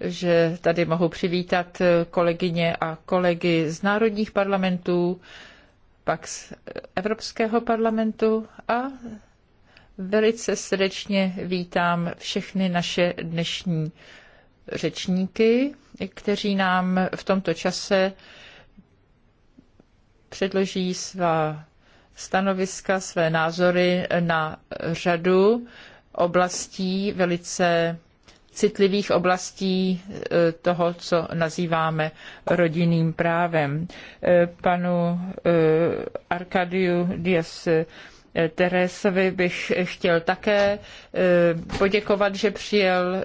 že tady mohu přivítat kolegyně a kolegy z národních parlamentů, pak z Evropského parlamentu a velice srdečně vítám všechny naše dnešní řečníky, kteří nám v tomto čase předloží svá stanoviska, své názory na řadu oblastí velice citlivých oblastí e, toho, co nazýváme rodinným právem. E, panu e, Arkadiu Dias Teresovi bych chtěl také poděkovat, že přijel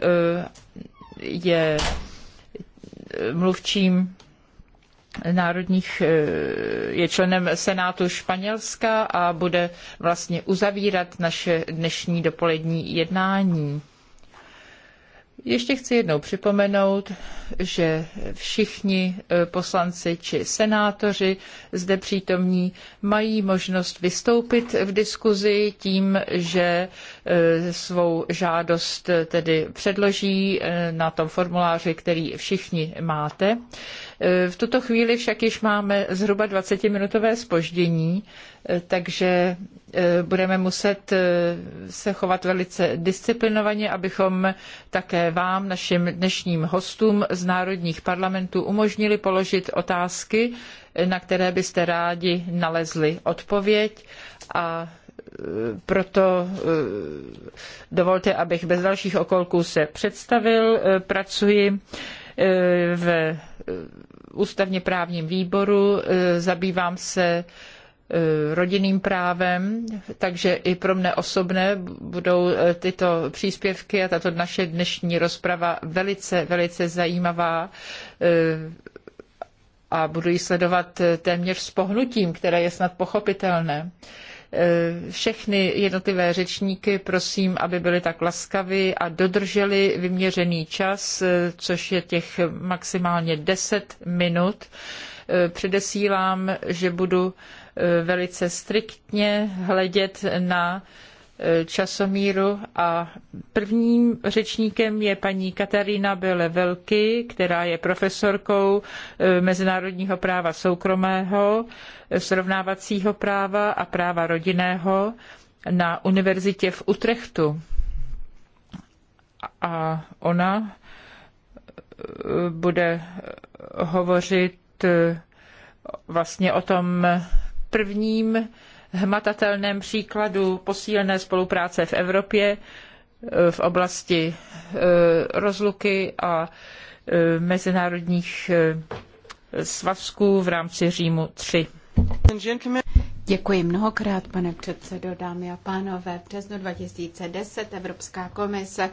je mluvčím národních, je členem Senátu Španělska a bude vlastně uzavírat naše dnešní dopolední jednání. Ještě chci jednou připomenout, že všichni eh, poslanci či senátoři zde přítomní mají možnost vystoupit v diskuzi tím, že eh, svou žádost eh, tedy předloží na tom formuláři, který všichni máte. V tuto chvíli však již máme zhruba 20-minutové spoždění, takže eh, budeme muset eh, se chovat velice disciplinovaně, abychom také vám, našim dnešním hostům z národních parlamentů, umožnili položit otázky, eh, na které byste rádi nalezli odpověď a proto dovolte, abych bez dalších okolků se představil. Pracuji v ústavně právním výboru, zabývám se Eh, rodinným právem, takže i pro mne osobně budou eh, tyto příspěvky a tato naše dnešní rozprava velice, velice zajímavá eh, a budu ji sledovat téměř s pohnutím, které je snad pochopitelné. Všechny jednotlivé řečníky prosím, aby byli tak laskavi a dodrželi vyměřený čas, což je těch maximálně 10 minut. Předesílám, že budu velice striktně hledět na e, časomíru a prvním řečníkem je paní Katarína Bele Velky, která je profesorkou e, mezinárodního práva soukromého, e, srovnávacího práva a práva rodinného na univerzitě v Utrechtu. A ona bude hovořit vlastně o tom prvním hmatatelném příkladu posílené spolupráce v Evropě eh, v oblasti eh, rozluky a eh, mezinárodních svazků v rámci Římu 3. Děkuji mnohokrát, pane předsedo, dámy a pánové. V březnu 2010 Evropská komise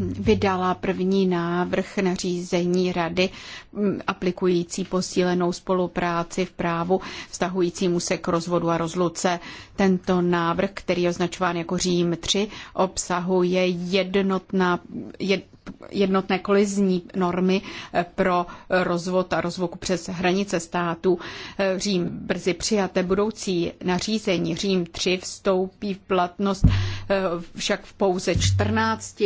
vydala první návrh na řízení rady mm, aplikující posílenou spolupráci v právu vztahujícímu se k rozvodu a rozluce. Tento návrh, který je označován jako Řím 3, obsahuje jednotná, jed, jednotné kolizní normy eh, pro eh, rozvod a rozvoku přes hranice států. Eh, Řím brzy přijaté budoucí nařízení Řím 3 vstoupí v platnost však v pouze 14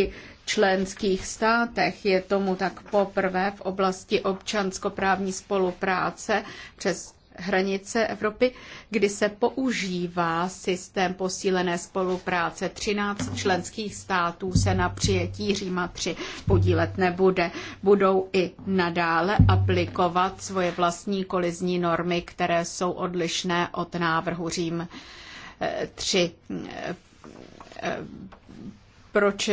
členských státech. Je tomu tak poprvé v oblasti občanskoprávní spolupráce přes hranice Evropy, kdy se používá systém posílené spolupráce. 13 členských států se na přijetí Říma 3 podílet nebude. Budou i nadále aplikovat svoje vlastní kolizní normy, které jsou odlišné od návrhu Řím 3. Eh, eh, eh, proč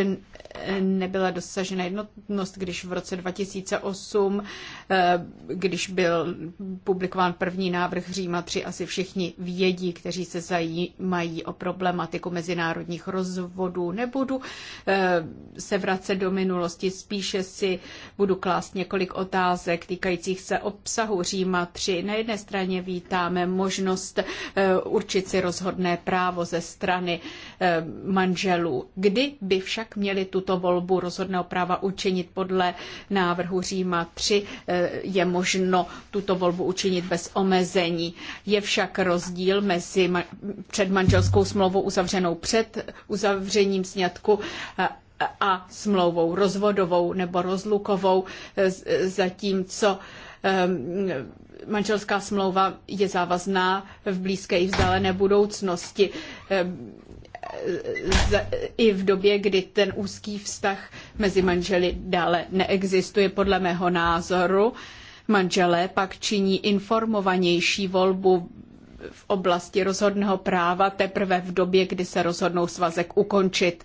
nebyla dosažena jednotnost, když v roce 2008, eh, když byl publikován první návrh Říma 3, asi všichni vědí, kteří se zajímají o problematiku mezinárodních rozvodů. Nebudu eh, se vracet do minulosti, spíše si budu klást několik otázek týkajících se obsahu Říma 3. Na jedné straně vítáme možnost eh, určit si rozhodné právo ze strany manželů. Kdy by však měli tu tuto volbu rozhodného práva učinit podle návrhu Říma 3. Eh, je možno tuto volbu učinit bez omezení. Je však rozdíl mezi předmanželskou smlouvou uzavřenou před uzavřením sňatku eh, a smlouvou rozvodovou nebo rozlukovou, eh, zatímco manželská smlouva je závazná v blízké i vzdálené budoucnosti i v době, kdy ten úzký vztah mezi manželi dále neexistuje. Podle mého názoru manželé pak činí informovanější volbu v oblasti rozhodného práva teprve v době, kdy se rozhodnou svazek ukončit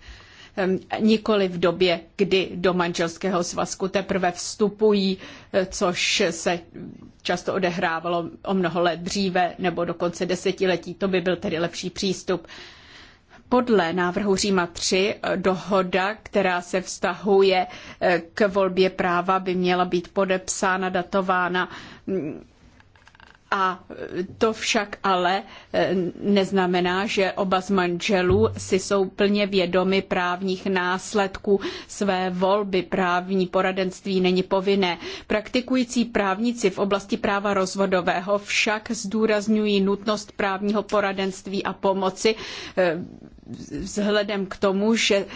nikoli v době, kdy do manželského svazku teprve vstupují, e, což se často odehrávalo o mnoho let dříve nebo dokonce desetiletí. To by byl tedy lepší přístup. Podle návrhu Říma 3 eh, dohoda, která se vztahuje eh, k volbě práva, by měla být podepsána, datována a to však ale eh, neznamená, že oba z manželů si jsou plně vědomi právních následků své volby. Právní poradenství není povinné. Praktikující právníci v oblasti práva rozvodového však zdůrazňují nutnost právního poradenství a pomoci vzhledem k tomu, že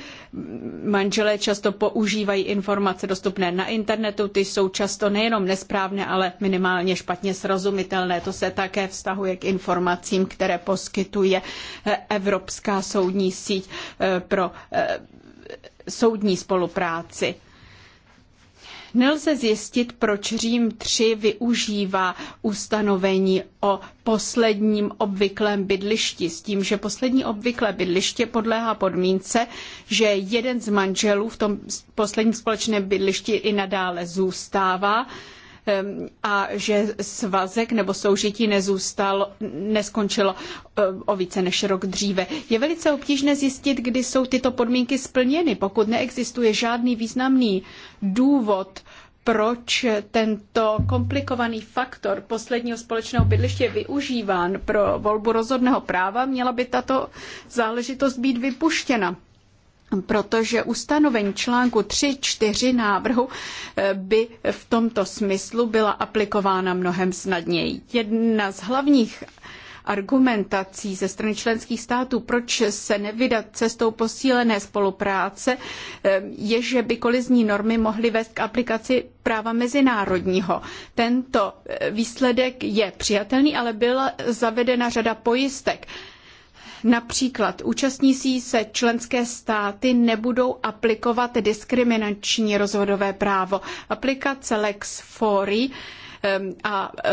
manželé často používají informace dostupné na internetu, ty jsou často nejenom nesprávné, ale minimálně špatně srozumitelné. To se také vztahuje k informacím, které poskytuje eh, Evropská soudní síť eh, pro eh, soudní spolupráci. Nelze zjistit, proč Řím 3 využívá ustanovení o posledním obvyklém bydlišti, s tím, že poslední obvyklé bydliště podléhá podmínce, že jeden z manželů v tom posledním společném bydlišti i nadále zůstává, a že svazek nebo soužití nezůstal, neskončilo o více než rok dříve. Je velice obtížné zjistit, kdy jsou tyto podmínky splněny, pokud neexistuje žádný významný důvod, proč tento komplikovaný faktor posledního společného bydliště je využíván pro volbu rozhodného práva, měla by tato záležitost být vypuštěna protože ustanovení článku 3-4 návrhu eh, by v tomto smyslu byla aplikována mnohem snadněji. Jedna z hlavních argumentací ze strany členských států, proč se nevydat cestou posílené spolupráce, eh, je, že by kolizní normy mohly vést k aplikaci práva mezinárodního. Tento eh, výsledek je přijatelný, ale byla zavedena řada pojistek. Například účastnící se členské státy nebudou aplikovat diskriminační rozhodové právo. Aplikace Lex Fori eh, a eh,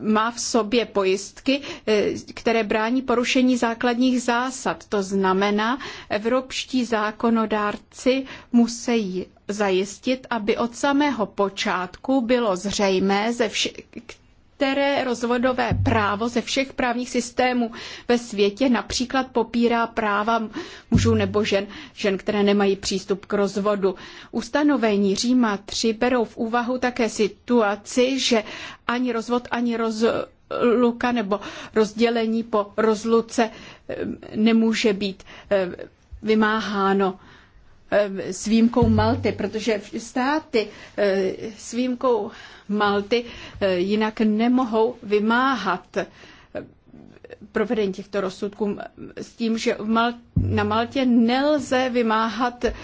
má v sobě pojistky, eh, které brání porušení základních zásad. To znamená, evropští zákonodárci musí zajistit, aby od samého počátku bylo zřejmé ze všech které rozvodové právo ze všech právních systémů ve světě například popírá práva mužů nebo žen, žen, které nemají přístup k rozvodu. Ustanovení Říma 3 berou v úvahu také situaci, že ani rozvod, ani roz, luka nebo rozdělení po rozluce nemůže být vymáháno. Eh, s výjimkou Malty, protože státy eh, s výjimkou Malty eh, jinak nemohou vymáhat provedení těchto rozsudků s tím, že v Maltě na Maltě nelze vymáhat eh,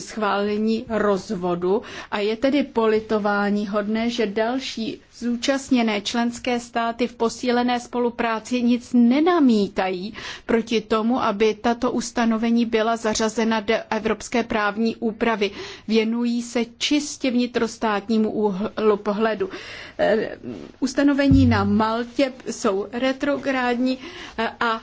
schválení rozvodu a je tedy politování hodné, že další zúčastněné členské státy v posílené spolupráci nic nenamítají proti tomu, aby tato ustanovení byla zařazena do evropské právní úpravy. Věnují se čistě vnitrostátnímu úhlu pohledu. Eh, ustanovení na Maltě jsou retrográdní eh, a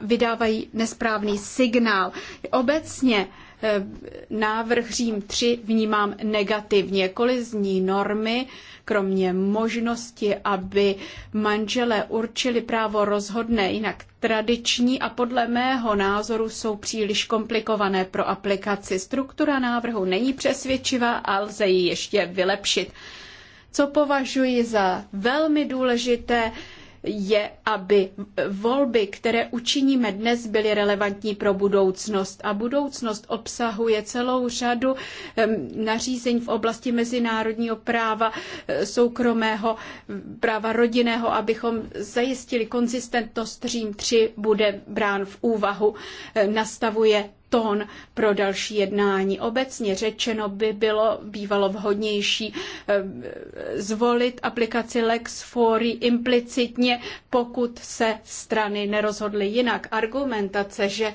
vydávají nesprávný signál. Obecně eh, návrh Řím 3 vnímám negativně. Kolizní normy, kromě možnosti, aby manželé určili právo rozhodné jinak tradiční a podle mého názoru jsou příliš komplikované pro aplikaci. Struktura návrhu není přesvědčivá a lze ji ještě vylepšit. Co považuji za velmi důležité, je, aby volby, které učiníme dnes, byly relevantní pro budoucnost. A budoucnost obsahuje celou řadu nařízení v oblasti mezinárodního práva, eh, soukromého práva rodinného, abychom zajistili konzistentnost Řím 3 bude brán v úvahu. Eh, nastavuje tón pro další jednání. Obecně řečeno by bylo bývalo vhodnější eh, zvolit aplikaci Lex Fori implicitně, pokud se strany nerozhodly jinak. Argumentace, že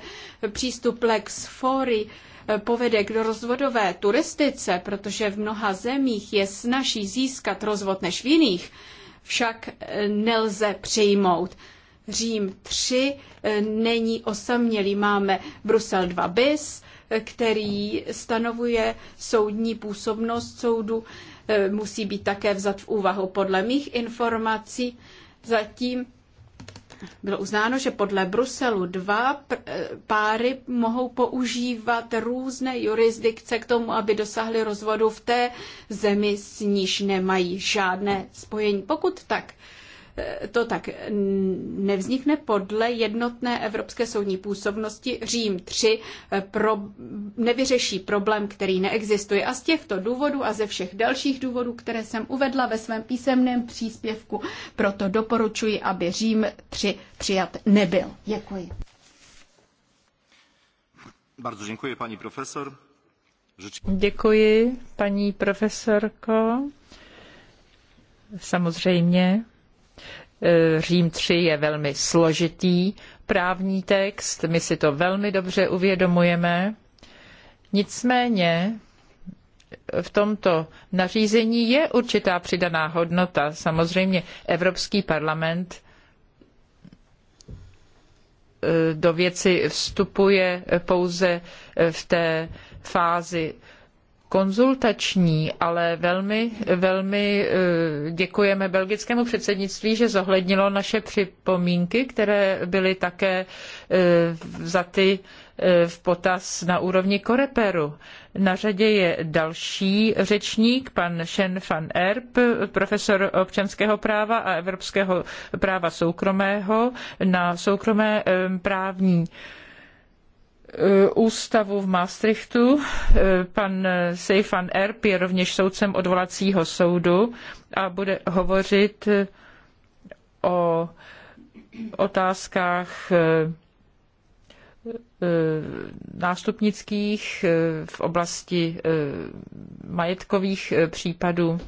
přístup Lex Fori eh, povede k rozvodové turistice, protože v mnoha zemích je snaží získat rozvod než v jiných, však eh, nelze přijmout. Řím 3 eh, není osamělý. Máme Brusel 2 bis, eh, který stanovuje soudní působnost soudu. Eh, musí být také vzat v úvahu podle mých informací. Zatím bylo uznáno, že podle Bruselu 2 páry mohou používat různé jurisdikce k tomu, aby dosahly rozvodu v té zemi, s níž nemají žádné spojení. Pokud tak Eh, to tak nevznikne podle jednotné evropské soudní působnosti Řím 3 eh, pro, nevyřeší problém, který neexistuje. A z těchto důvodů a ze všech dalších důvodů, které jsem uvedla ve svém písemném příspěvku, proto doporučuji, aby Řím 3 přijat nebyl. Děkuji. Bardzo děkuji, paní profesor. Děkuji, paní profesorko. Samozřejmě E, Řím 3 je velmi složitý právní text, my si to velmi dobře uvědomujeme. Nicméně v tomto nařízení je určitá přidaná hodnota. Samozřejmě Evropský parlament e, do věci vstupuje pouze v té fázi konzultační, ale velmi, velmi eh, děkujeme belgickému předsednictví, že zohlednilo naše připomínky, které byly také vzaty eh, eh, v potaz na úrovni Koreperu. Na řadě je další řečník, pan Shen van Erp, profesor občanského práva a evropského práva soukromého na soukromé právní Eh, ústavu v Maastrichtu. Eh, pan Seyfan Erb je rovněž soudcem odvolacího soudu a bude hovořit eh, o otázkách nástupnických v oblasti majetkových případů.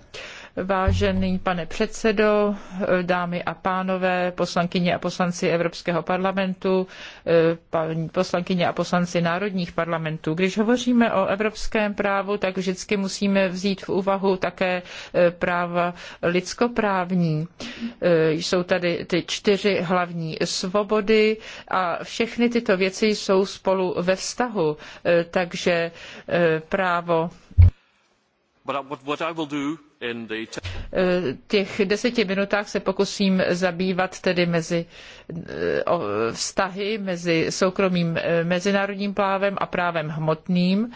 Vážený pane předsedo, dámy a pánové, poslankyně a poslanci Evropského parlamentu, eh, paní poslankyně a poslanci národních parlamentů. Když hovoříme o evropském právu, tak vždycky musíme vzít v úvahu také eh, práva lidskoprávní. Eh, jsou tady ty čtyři hlavní svobody a všechny tyto věci jsou spolu ve vztahu, takže právo. But what I will do Eh, těch deseti minutách se pokusím zabývat tedy mezi eh, vztahy mezi soukromým eh, mezinárodním právem a právem hmotným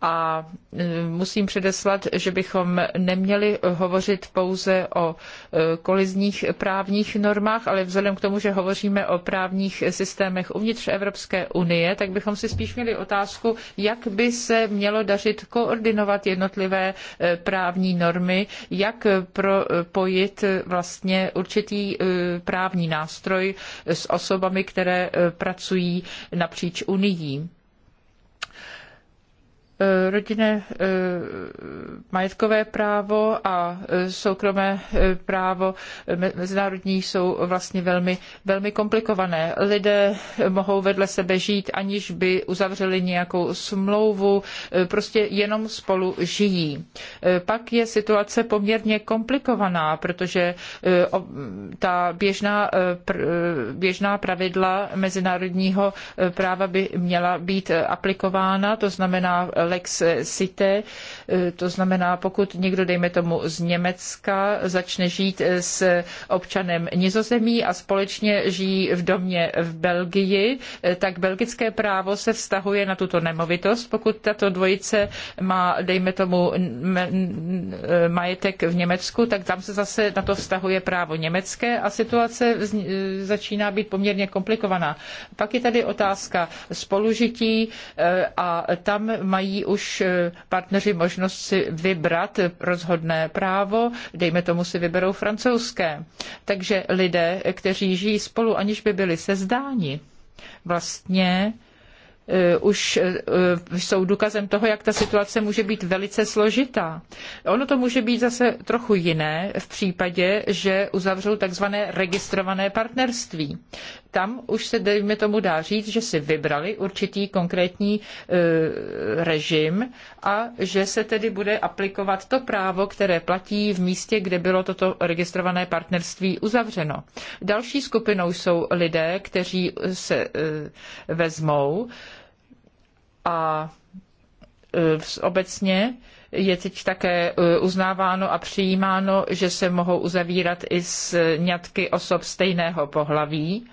a e, musím předeslat, že bychom neměli hovořit pouze o e, kolizních právních normách, ale vzhledem k tomu, že hovoříme o právních systémech uvnitř Evropské unie, tak bychom si spíš měli otázku, jak by se mělo dařit koordinovat jednotlivé e, právní normy, jak propojit vlastně určitý právní nástroj s osobami, které pracují napříč unii Eh, rodinné eh, majetkové právo a eh, soukromé právo mezinárodní jsou vlastně velmi, velmi komplikované. Lidé mohou vedle sebe žít, aniž by uzavřeli nějakou smlouvu, prostě jenom spolu žijí. Pak je situace poměrně komplikovaná, protože ta běžná, běžná pravidla mezinárodního práva by měla být aplikována, to znamená lex cité, eh, to znamená, pokud někdo, dejme tomu z Německa, začne žít eh, s občanem nizozemí a společně žijí v domě v Belgii, eh, tak belgické právo se vztahuje na tuto nemovitost. Pokud tato dvojice má, dejme tomu, majetek v Německu, tak tam se zase na to vztahuje právo německé a situace začíná být poměrně komplikovaná. Pak je tady otázka spolužití a tam mají už eh, partneři možnost si vybrat rozhodné právo, dejme tomu si vyberou francouzské. Takže lidé, kteří žijí spolu, aniž by byli sezdáni, vlastně eh, už eh, jsou důkazem toho, jak ta situace může být velice složitá. Ono to může být zase trochu jiné v případě, že uzavřou takzvané registrované partnerství tam už se, dejme tomu, dá říct, že si vybrali určitý konkrétní e, režim a že se tedy bude aplikovat to právo, které platí v místě, kde bylo toto registrované partnerství uzavřeno. Další skupinou jsou lidé, kteří se e, vezmou a e, obecně je teď také uznáváno a přijímáno, že se mohou uzavírat i sňatky osob stejného pohlaví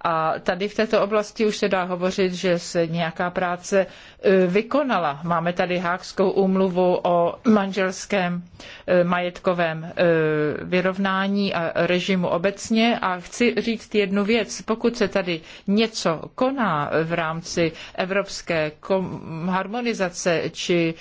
a tady v této oblasti už se dá hovořit, že se nějaká práce e, vykonala. Máme tady hákskou úmluvu o manželském e, majetkovém e, vyrovnání a režimu obecně. A chci říct jednu věc. Pokud se tady něco koná v rámci evropské harmonizace či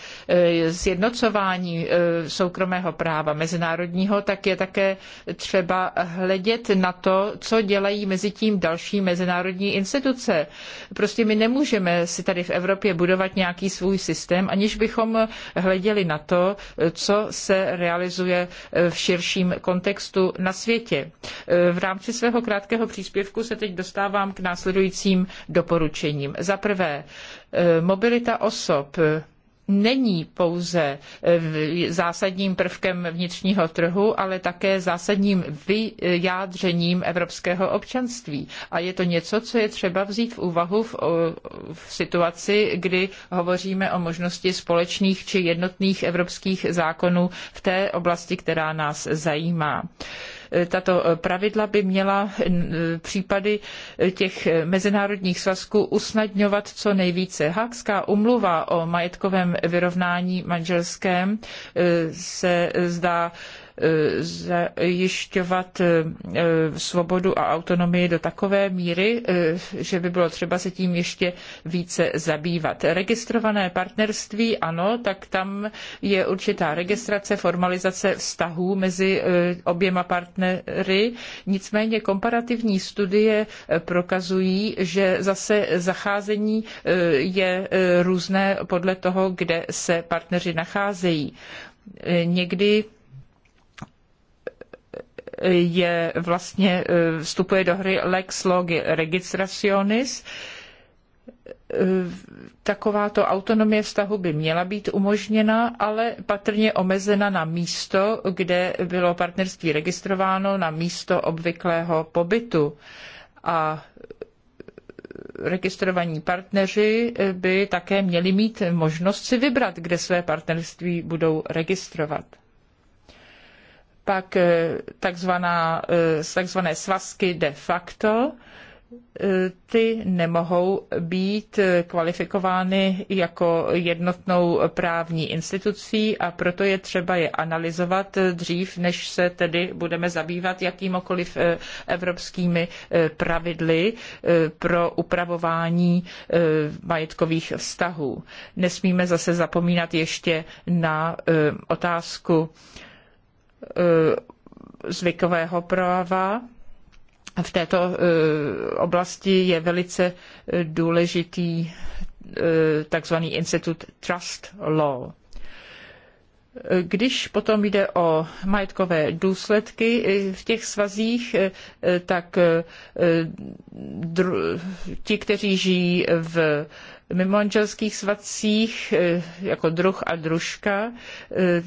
sjednocování soukromého práva mezinárodního, tak je také třeba hledět na to, co dělají mezi tím další další mezinárodní instituce. Prostě my nemůžeme si tady v Evropě budovat nějaký svůj systém, aniž bychom hleděli na to, co se realizuje v širším kontextu na světě. V rámci svého krátkého příspěvku se teď dostávám k následujícím doporučením. Za prvé, mobilita osob není pouze eh, zásadním prvkem vnitřního trhu, ale také zásadním vyjádřením evropského občanství. A je to něco, co je třeba vzít v úvahu v, v situaci, kdy hovoříme o možnosti společných či jednotných evropských zákonů v té oblasti, která nás zajímá tato pravidla by měla případy těch mezinárodních svazků usnadňovat co nejvíce. Hákská umluva o majetkovém vyrovnání manželském e, se zdá zajišťovat eh, eh, svobodu a autonomii do takové míry, eh, že by bylo třeba se tím ještě více zabývat. Registrované partnerství, ano, tak tam je určitá registrace, formalizace vztahů mezi oběma partnery. Nicméně komparativní studie prokazují, že zase zacházení je různé podle toho, kde se partneři nacházejí. Někdy je vlastně, eh, vstupuje do hry lex logi registrationis, eh, takováto autonomie vztahu by měla být umožněna, ale patrně omezena na místo, kde bylo partnerství registrováno, na místo obvyklého pobytu. A eh, registrovaní partneři by také měli mít možnost si vybrat, kde své partnerství budou registrovat pak eh, takzvaná, eh, takzvané svazky de facto, eh, ty nemohou být kvalifikovány jako jednotnou právní institucí a proto je třeba je analyzovat dřív, než se tedy budeme zabývat jakýmokoliv evropskými pravidly pro upravování majetkových vztahů. Nesmíme zase zapomínat ještě na otázku Eh, zvykového práva v této eh, oblasti je velice eh, důležitý takzvaný institut Trust Law. Když potom jde o majetkové důsledky v těch svazích, tak ti, kteří žijí v mimomanželských svazcích eh, jako druh a družka eh,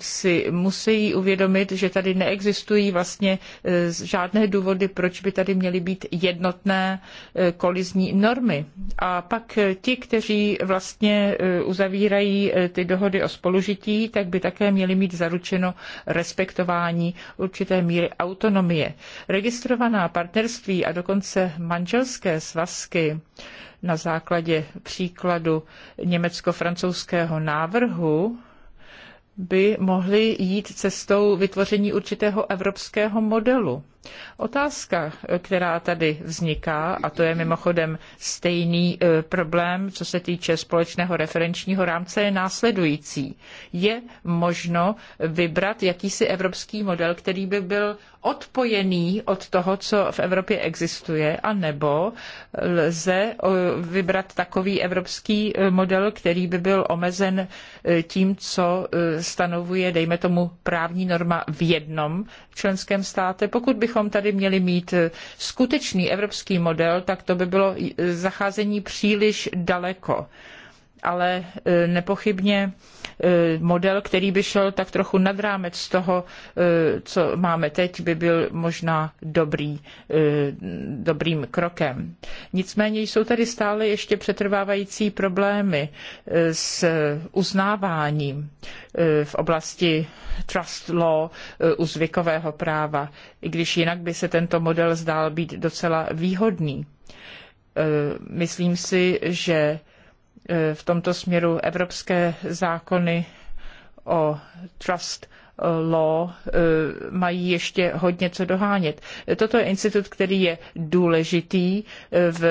si musí uvědomit, že tady neexistují vlastně eh, žádné důvody, proč by tady měly být jednotné kolizní normy. A pak ti, kteří vlastně uzavírají ty dohody o spolužití, tak by také měli mít zaručeno respektování určité míry autonomie. Registrovaná partnerství a dokonce manželské svazky na základě příkladu německo-francouzského návrhu by mohli jít cestou vytvoření určitého evropského modelu Otázka, která tady vzniká, a to je mimochodem stejný e, problém, co se týče společného referenčního rámce, je následující. Je možno vybrat jakýsi evropský model, který by byl odpojený od toho, co v Evropě existuje, anebo lze e, vybrat takový evropský e, model, který by byl omezen tím, co stanovuje, dejme tomu, právní norma v jednom členském státě. Pokud bychom kdybychom tady měli mít eh, skutečný evropský model, tak to by bylo eh, zacházení příliš daleko ale e, nepochybně e, model, který by šel tak trochu nad rámec toho, e, co máme teď, by byl možná dobrý, dobrým krokem. Nicméně jsou tady stále ještě přetrvávající problémy s uznáváním v oblasti trust law u zvykového práva, i když jinak by se tento model zdál být docela výhodný. Myslím si, že Eh, v tomto směru evropské zákony o trust eh, law eh, mají ještě hodně co dohánět. Toto je institut, který je důležitý v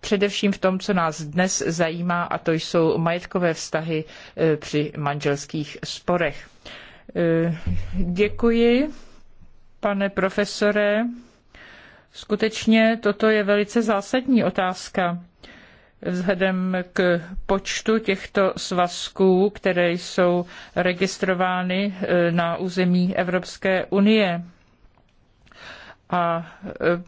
především v tom, co nás dnes zajímá, a to jsou majetkové vztahy při manželských sporech. Děkuji, pane profesore. Skutečně toto je velice zásadní otázka vzhledem k počtu těchto svazků, které jsou registrovány eh, na území Evropské unie. A eh,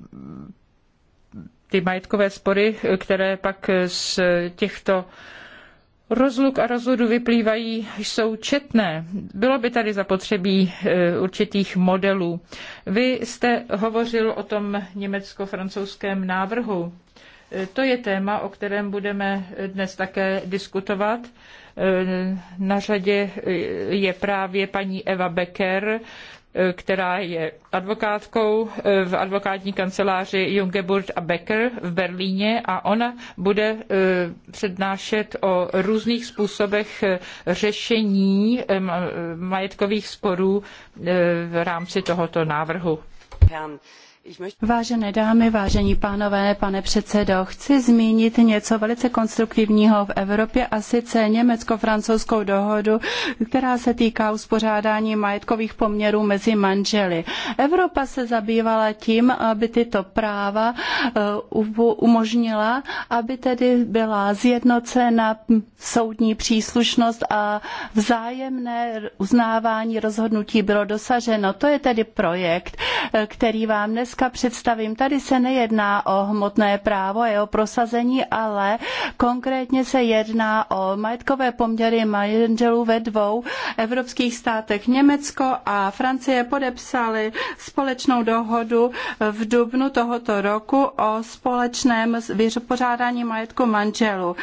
ty majetkové spory, které pak z těchto rozluk a rozvodu vyplývají, jsou četné. Bylo by tady zapotřebí eh, určitých modelů. Vy jste hovořil o tom německo-francouzském návrhu. To je téma, o kterém budeme dnes také diskutovat. Na řadě je právě paní Eva Becker, která je advokátkou v advokátní kanceláři Jungeburt a Becker v Berlíně a ona bude eh, přednášet o různých způsobech řešení eh, majetkových sporů eh, v rámci tohoto návrhu. Vážené dámy, vážení pánové, pane předsedo, chci zmínit něco velice konstruktivního v Evropě a sice německo-francouzskou dohodu, která se týká uspořádání majetkových poměrů mezi manželi. Evropa se zabývala tím, aby tyto práva eh, umožnila, aby tedy byla zjednocena soudní příslušnost a vzájemné uznávání rozhodnutí bylo dosaženo. To je tedy projekt, eh, který vám dnes Rumunska představím. Tady se nejedná o hmotné právo a jeho prosazení, ale konkrétně se jedná o majetkové poměry manželů ve dvou evropských státech. Německo a Francie podepsali společnou dohodu v dubnu tohoto roku o společném vypořádání majetku manželů.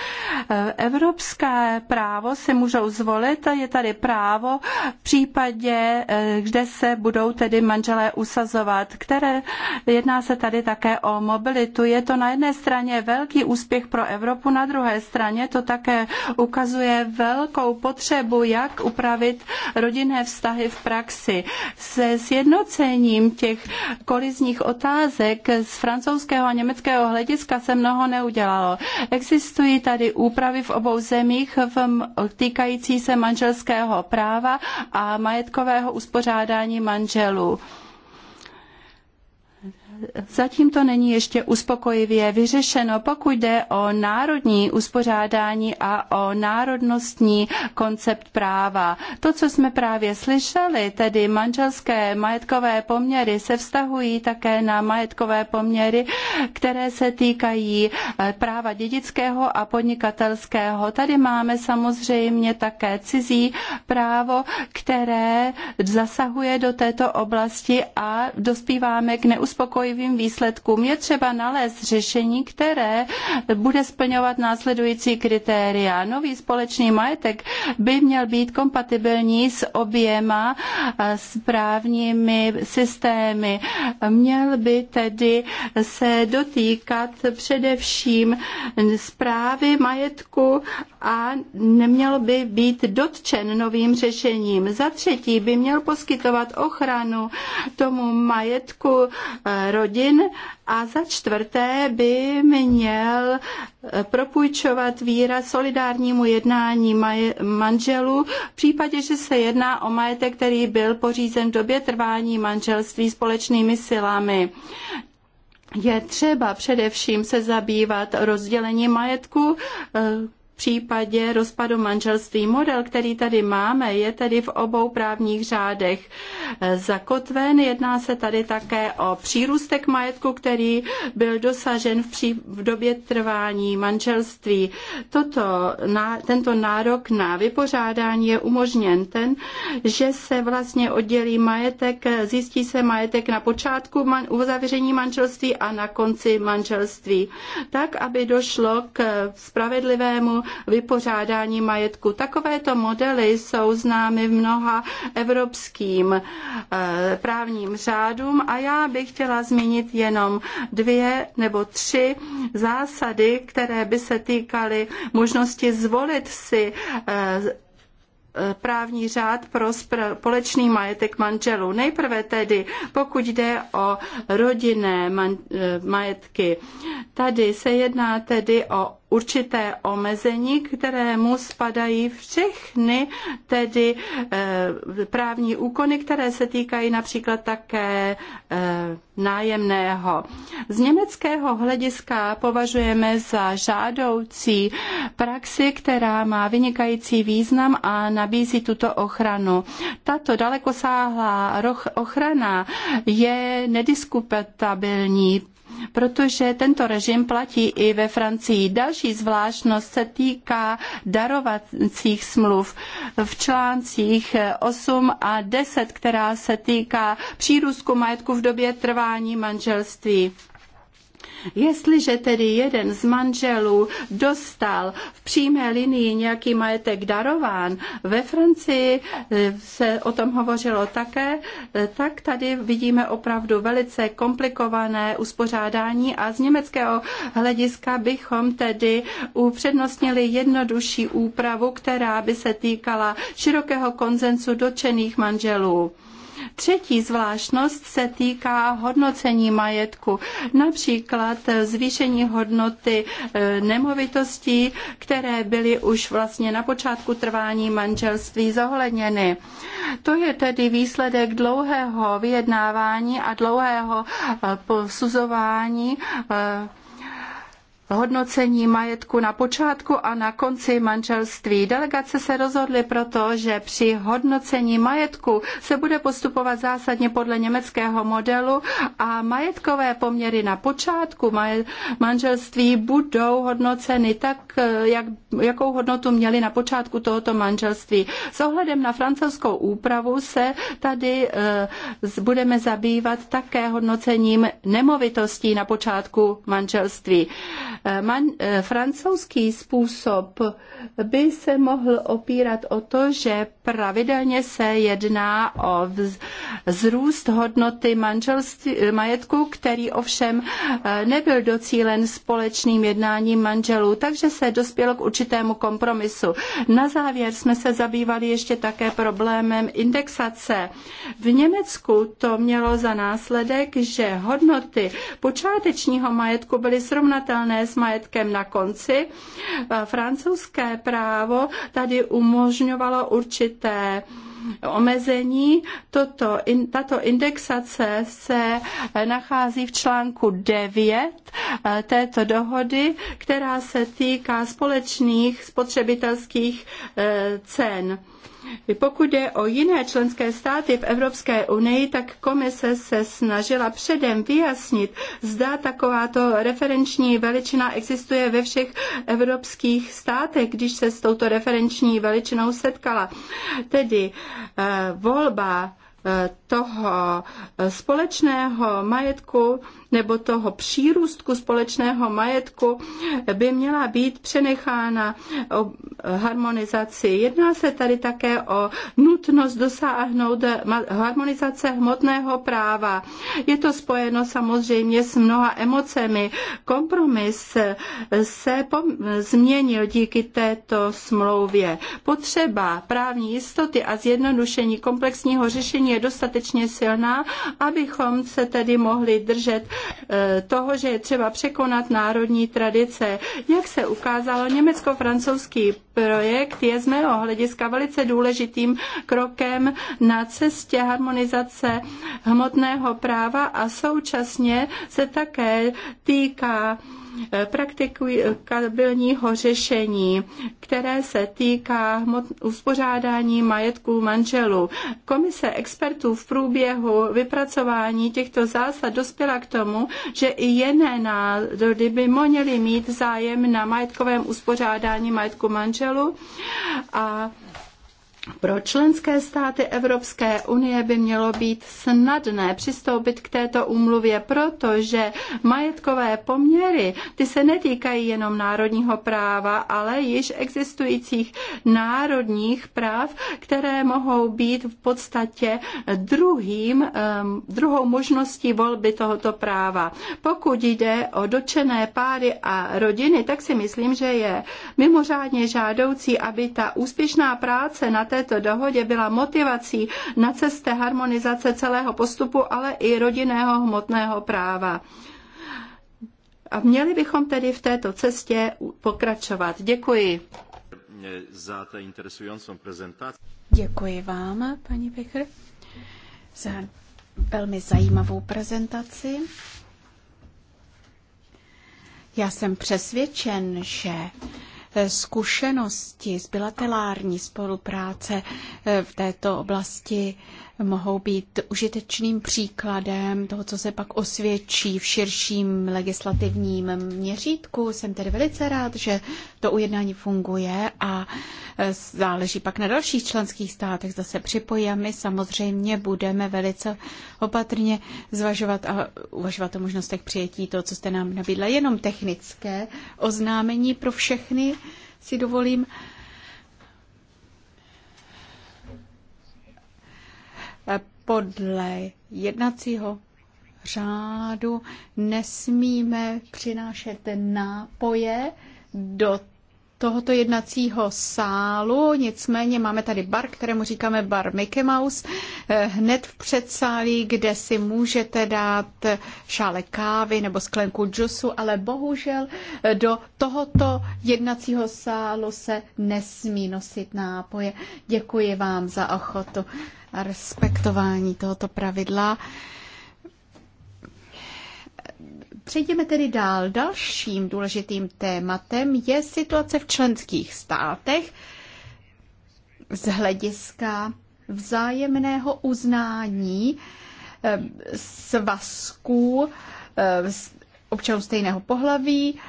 Evropské právo si můžou zvolit a je tady právo v případě, eh, kde se budou tedy manželé usazovat, které Jedná se tady také o mobilitu. Je to na jedné straně velký úspěch pro Evropu, na druhé straně to také ukazuje velkou potřebu, jak upravit rodinné vztahy v praxi. Se sjednocením těch kolizních otázek z francouzského a německého hlediska se mnoho neudělalo. Existují tady úpravy v obou zemích v týkající se manželského práva a majetkového uspořádání manželů zatím to není ještě uspokojivě vyřešeno, pokud jde o národní uspořádání a o národnostní koncept práva. To, co jsme právě slyšeli, tedy manželské majetkové poměry, se vztahují také na majetkové poměry, které se týkají eh, práva dědického a podnikatelského. Tady máme samozřejmě také cizí právo, které zasahuje do této oblasti a dospíváme k neuspokojení uspokojivým výsledkům, je třeba nalézt řešení, které bude splňovat následující kritéria. Nový společný majetek by měl být kompatibilní s oběma eh, správními systémy. Měl by tedy se dotýkat především zprávy majetku a neměl by být dotčen novým řešením. Za třetí by měl poskytovat ochranu tomu majetku rodiny, eh, rodin a za čtvrté by měl propůjčovat víra solidárnímu jednání manželů v případě, že se jedná o majetek, který byl pořízen v době trvání manželství společnými silami. Je třeba především se zabývat rozdělením majetku, eh, případě rozpadu manželství. Model, který tady máme, je tedy v obou právních řádech zakotven. Jedná se tady také o přírůstek majetku, který byl dosažen v, pří, v době trvání manželství. Toto, na, tento nárok na vypořádání je umožněn ten, že se vlastně oddělí majetek, zjistí se majetek na počátku man, uzavření manželství a na konci manželství, tak, aby došlo k spravedlivému vypořádání majetku. Takovéto modely jsou známy v mnoha evropským eh, právním řádům a já bych chtěla zmínit jenom dvě nebo tři zásady, které by se týkaly možnosti zvolit si eh, právní řád pro společný majetek manželů. Nejprve tedy, pokud jde o rodinné eh, majetky. Tady se jedná tedy o určité omezení, kterému spadají všechny tedy eh, právní úkony, které se týkají například také eh, nájemného. Z německého hlediska považujeme za žádoucí praxi, která má vynikající význam a nabízí tuto ochranu. Tato dalekosáhlá ochrana je nediskupetabilní protože tento režim platí i ve Francii. Další zvláštnost se týká darovacích smluv v článcích 8 a 10, která se týká přírůstku majetku v době trvání manželství. Jestliže tedy jeden z manželů dostal v přímé linii nějaký majetek darován, ve Francii eh, se o tom hovořilo také, eh, tak tady vidíme opravdu velice komplikované uspořádání a z německého hlediska bychom tedy upřednostnili jednodušší úpravu, která by se týkala širokého konzensu dotčených manželů. Třetí zvláštnost se týká hodnocení majetku, například zvýšení hodnoty e, nemovitostí, které byly už vlastně na počátku trvání manželství zohledněny. To je tedy výsledek dlouhého vyjednávání a dlouhého e, posuzování e, hodnocení majetku na počátku a na konci manželství. Delegace se rozhodly proto, že při hodnocení majetku se bude postupovat zásadně podle německého modelu a majetkové poměry na počátku manželství budou hodnoceny tak, jak, jakou hodnotu měly na počátku tohoto manželství. S ohledem na francouzskou úpravu se tady eh, budeme zabývat také hodnocením nemovitostí na počátku manželství. Eh, man, eh, francouzský způsob by se mohl opírat o to, že pravidelně se jedná o zrůst hodnoty manželství, eh, majetku, který ovšem nebyl docílen společným jednáním manželů, takže se dospělo k určitému kompromisu. Na závěr jsme se zabývali ještě také problémem indexace. V Německu to mělo za následek, že hodnoty počátečního majetku byly srovnatelné s majetkem na konci. Eh, Francouzské právo tady umožňovalo určité omezení. Toto, in, tato indexace se eh, nachází v článku 9 eh, této dohody, která se týká společných spotřebitelských cen. Pokud jde o jiné členské státy v Evropské unii, tak komise se snažila předem vyjasnit, zda takováto referenční veličina existuje ve všech evropských státech, když se s touto referenční veličinou setkala. Tedy eh, volba eh, toho eh, společného majetku nebo toho přírůstku společného majetku by měla být přenechána eh, eh, harmonizaci. Jedná se tady také o nutnost dosáhnout harmonizace hmotného práva. Je to spojeno samozřejmě s mnoha emocemi. Kompromis se změnil díky této smlouvě. Potřeba právní jistoty a zjednodušení komplexního řešení je dostatečná dostatečně silná, abychom se tedy mohli držet eh, toho, že je třeba překonat národní tradice. Jak se ukázalo, německo-francouzský projekt je z mého hlediska velice důležitým krokem na cestě harmonizace hmotného práva a současně se také týká Eh, praktikabilního řešení, které se týká uspořádání majetků manželů. Komise expertů v průběhu vypracování těchto zásad dospěla k tomu, že i jiné národy by měly mít zájem na majetkovém uspořádání majetku manželů a pro členské státy Evropské unie by mělo být snadné přistoupit k této úmluvě, protože majetkové poměry ty se netýkají jenom národního práva, ale již existujících národních práv, které mohou být v podstatě druhým, druhou možností volby tohoto práva. Pokud jde o dočené páry a rodiny, tak si myslím, že je mimořádně žádoucí, aby ta úspěšná práce na této dohodě byla motivací na cestě harmonizace celého postupu, ale i rodinného hmotného práva. A měli bychom tedy v této cestě pokračovat. Děkuji. Za ta prezentaci. Děkuji vám, paní Pichr, za velmi zajímavou prezentaci. Já jsem přesvědčen, že Eh, zkušenosti z bilaterální spolupráce eh, v této oblasti mohou být užitečným příkladem toho, co se pak osvědčí v širším legislativním měřítku. Jsem tedy velice rád, že to ujednání funguje a e, záleží pak na dalších členských státech. Zase připojí a my samozřejmě budeme velice opatrně zvažovat a uvažovat o možnostech přijetí toho, co jste nám nabídla. Jenom technické oznámení pro všechny si dovolím podle jednacího řádu nesmíme přinášet nápoje do tohoto jednacího sálu, nicméně máme tady bar, kterému říkáme bar Mickey Mouse, eh, hned v předsálí, kde si můžete dát šále kávy nebo sklenku džusu, ale bohužel eh, do tohoto jednacího sálu se nesmí nosit nápoje. Děkuji vám za ochotu a respektování tohoto pravidla. Přejdeme tedy dál. Dalším důležitým tématem je situace v členských státech z hlediska vzájemného uznání eh, svazků eh, občanů stejného pohlaví,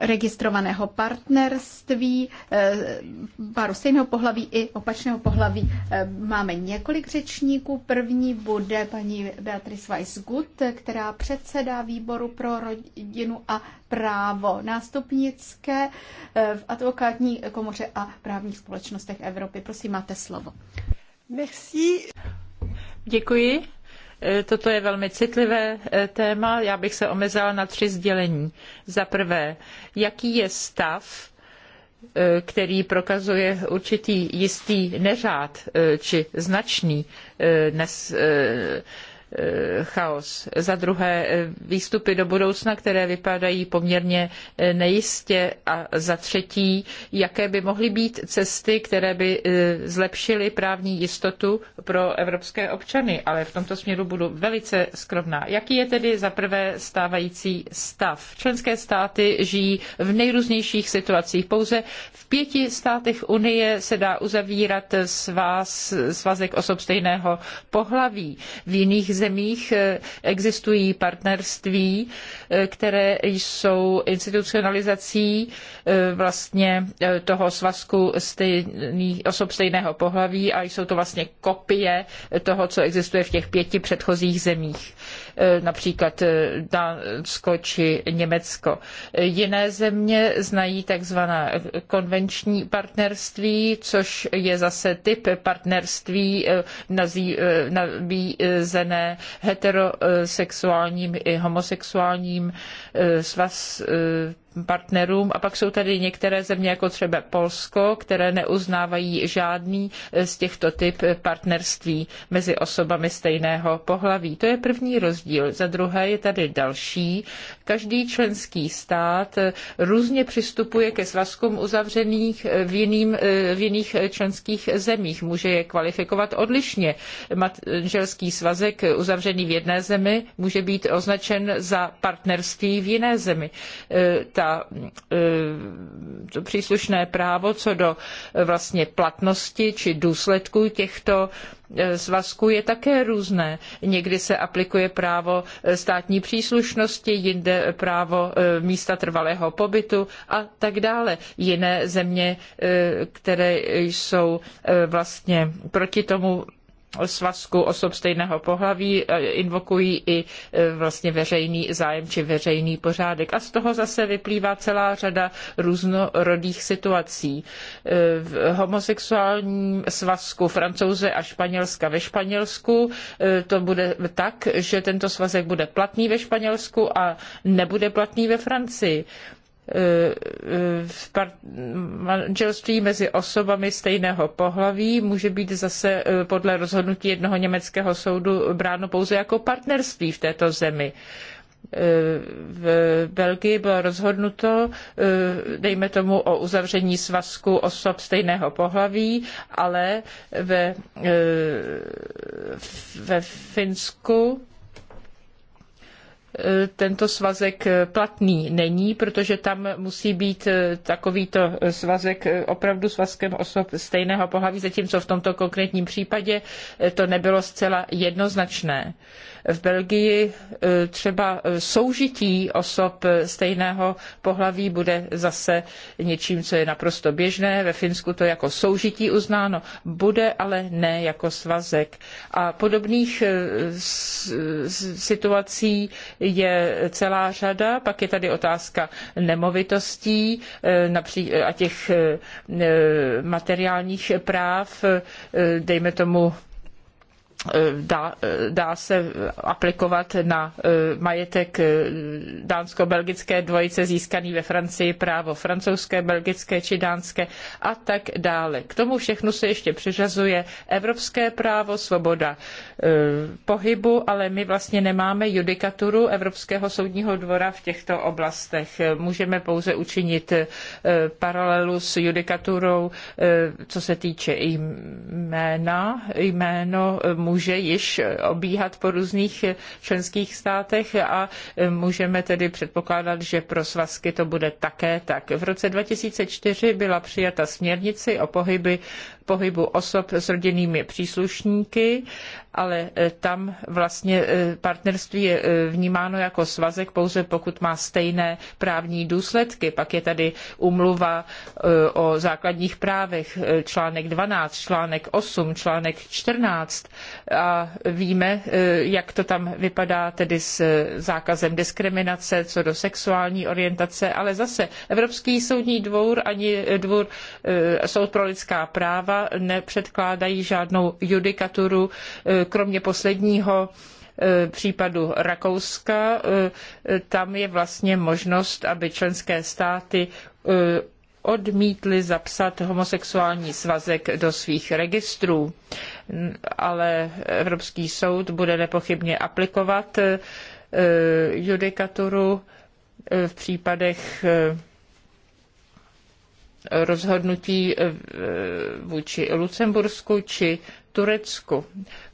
registrovaného partnerství, eh, páru stejného pohlaví i opačného pohlaví. Eh, máme několik řečníků. První bude paní Beatrice Weissgut, která předsedá výboru pro rodinu a právo nástupnické eh, v advokátní komoře a právních společnostech Evropy. Prosím, máte slovo. Merci. Děkuji. Eh, toto je velmi citlivé eh, téma. Já bych se omezila na tři sdělení. Za prvé, jaký je stav eh, který prokazuje určitý jistý neřád či značný Eh, chaos. Za druhé eh, výstupy do budoucna, které vypadají poměrně eh, nejistě. A za třetí, jaké by mohly být cesty, které by zlepšily právní jistotu pro evropské občany. Ale v tomto směru budu velice skromná. Jaký je tedy za prvé stávající stav? Členské státy žijí v nejrůznějších situacích. Pouze v pěti státech Unie se dá uzavírat svaz, svazek osob stejného pohlaví. V jiných zemích eh, existují partnerství, eh, které jsou institucionalizací eh, vlastně toho svazku stejných, osob stejného pohlaví a jsou to vlastně kopie toho, co existuje v těch pěti předchozích zemích. Eh, například eh, Dánsko či Německo. Jiné země znají takzvaná konvenční partnerství, což je zase typ partnerství eh, nabízené heterosexuálním i homosexuálním svaz partnerům. A pak jsou tady některé země, jako třeba Polsko, které neuznávají žádný z těchto typ partnerství mezi osobami stejného pohlaví. To je první rozdíl. Za druhé je tady další. Každý členský stát různě přistupuje ke svazkům uzavřených v, jiným, v jiných členských zemích. Může je kvalifikovat odlišně. Manželský svazek uzavřený v jedné zemi může být označen za partnerství v jiné zemi. Ta a mm, e, to příslušné právo co do e, vlastně platnosti či důsledků těchto e, svazků je také různé. Někdy se aplikuje právo státní příslušnosti, jinde právo místa trvalého pobytu a tak dále. Jiné země, které jsou vlastně proti tomu svazku osob stejného pohlaví e, invokují i e, vlastně veřejný zájem či veřejný pořádek. A z toho zase vyplývá celá řada různorodých situací. E, v homosexuálním svazku francouze a Španělska ve Španělsku to bude tak, že tento svazek bude platný ve Španělsku a nebude platný ve Francii. E, e, v manželství mezi osobami stejného pohlaví může být zase e, podle rozhodnutí jednoho německého soudu bráno pouze jako partnerství v této zemi v Belgii bylo rozhodnuto, dejme tomu, o uzavření svazku osob stejného pohlaví, ale ve, ve Finsku Eh, tento svazek eh, platný není, protože tam musí být eh, takovýto svazek opravdu svazkem osob stejného pohlaví, zatímco v tomto konkrétním případě to nebylo zcela jednoznačné v Belgii e, třeba e, soužití osob stejného pohlaví bude zase něčím, co je naprosto běžné. Ve Finsku to jako soužití uznáno bude, ale ne jako svazek. A podobných e, situací je celá řada. Pak je tady otázka nemovitostí a těch materiálních práv, dejme tomu Eh, dá, eh, dá se aplikovat na eh, majetek dánsko-belgické dvojice získaný ve Francii právo francouzské, belgické či dánské a tak dále. K tomu všechnu se ještě přiřazuje evropské právo, svoboda pohybu, ale my vlastně nemáme judikaturu Evropského soudního dvora v těchto oblastech. Můžeme pouze učinit paralelu s judikaturou, co se týče jména. Jméno může již obíhat po různých členských státech a můžeme tedy předpokládat, že pro svazky to bude také tak. V roce 2004 byla přijata směrnice o pohyby pohybu osob s rodinnými příslušníky, ale e, tam vlastně e, partnerství je e, vnímáno jako svazek pouze pokud má stejné právní důsledky. Pak je tady umluva o základních právech, článek 12, článek 8, článek 14 a víme, jak to tam vypadá tedy s zákazem diskriminace co do sexuální orientace, ale zase Evropský soudní dvůr ani dvůr soud pro lidská práva nepředkládají žádnou judikaturu, e, kromě posledního e, případu Rakouska. E, tam je vlastně možnost, aby členské státy odmítly zapsat homosexuální svazek do svých registrů. Ale Evropský soud bude nepochybně aplikovat judikaturu v případech rozhodnutí eh, vůči Lucembursku či Turecku.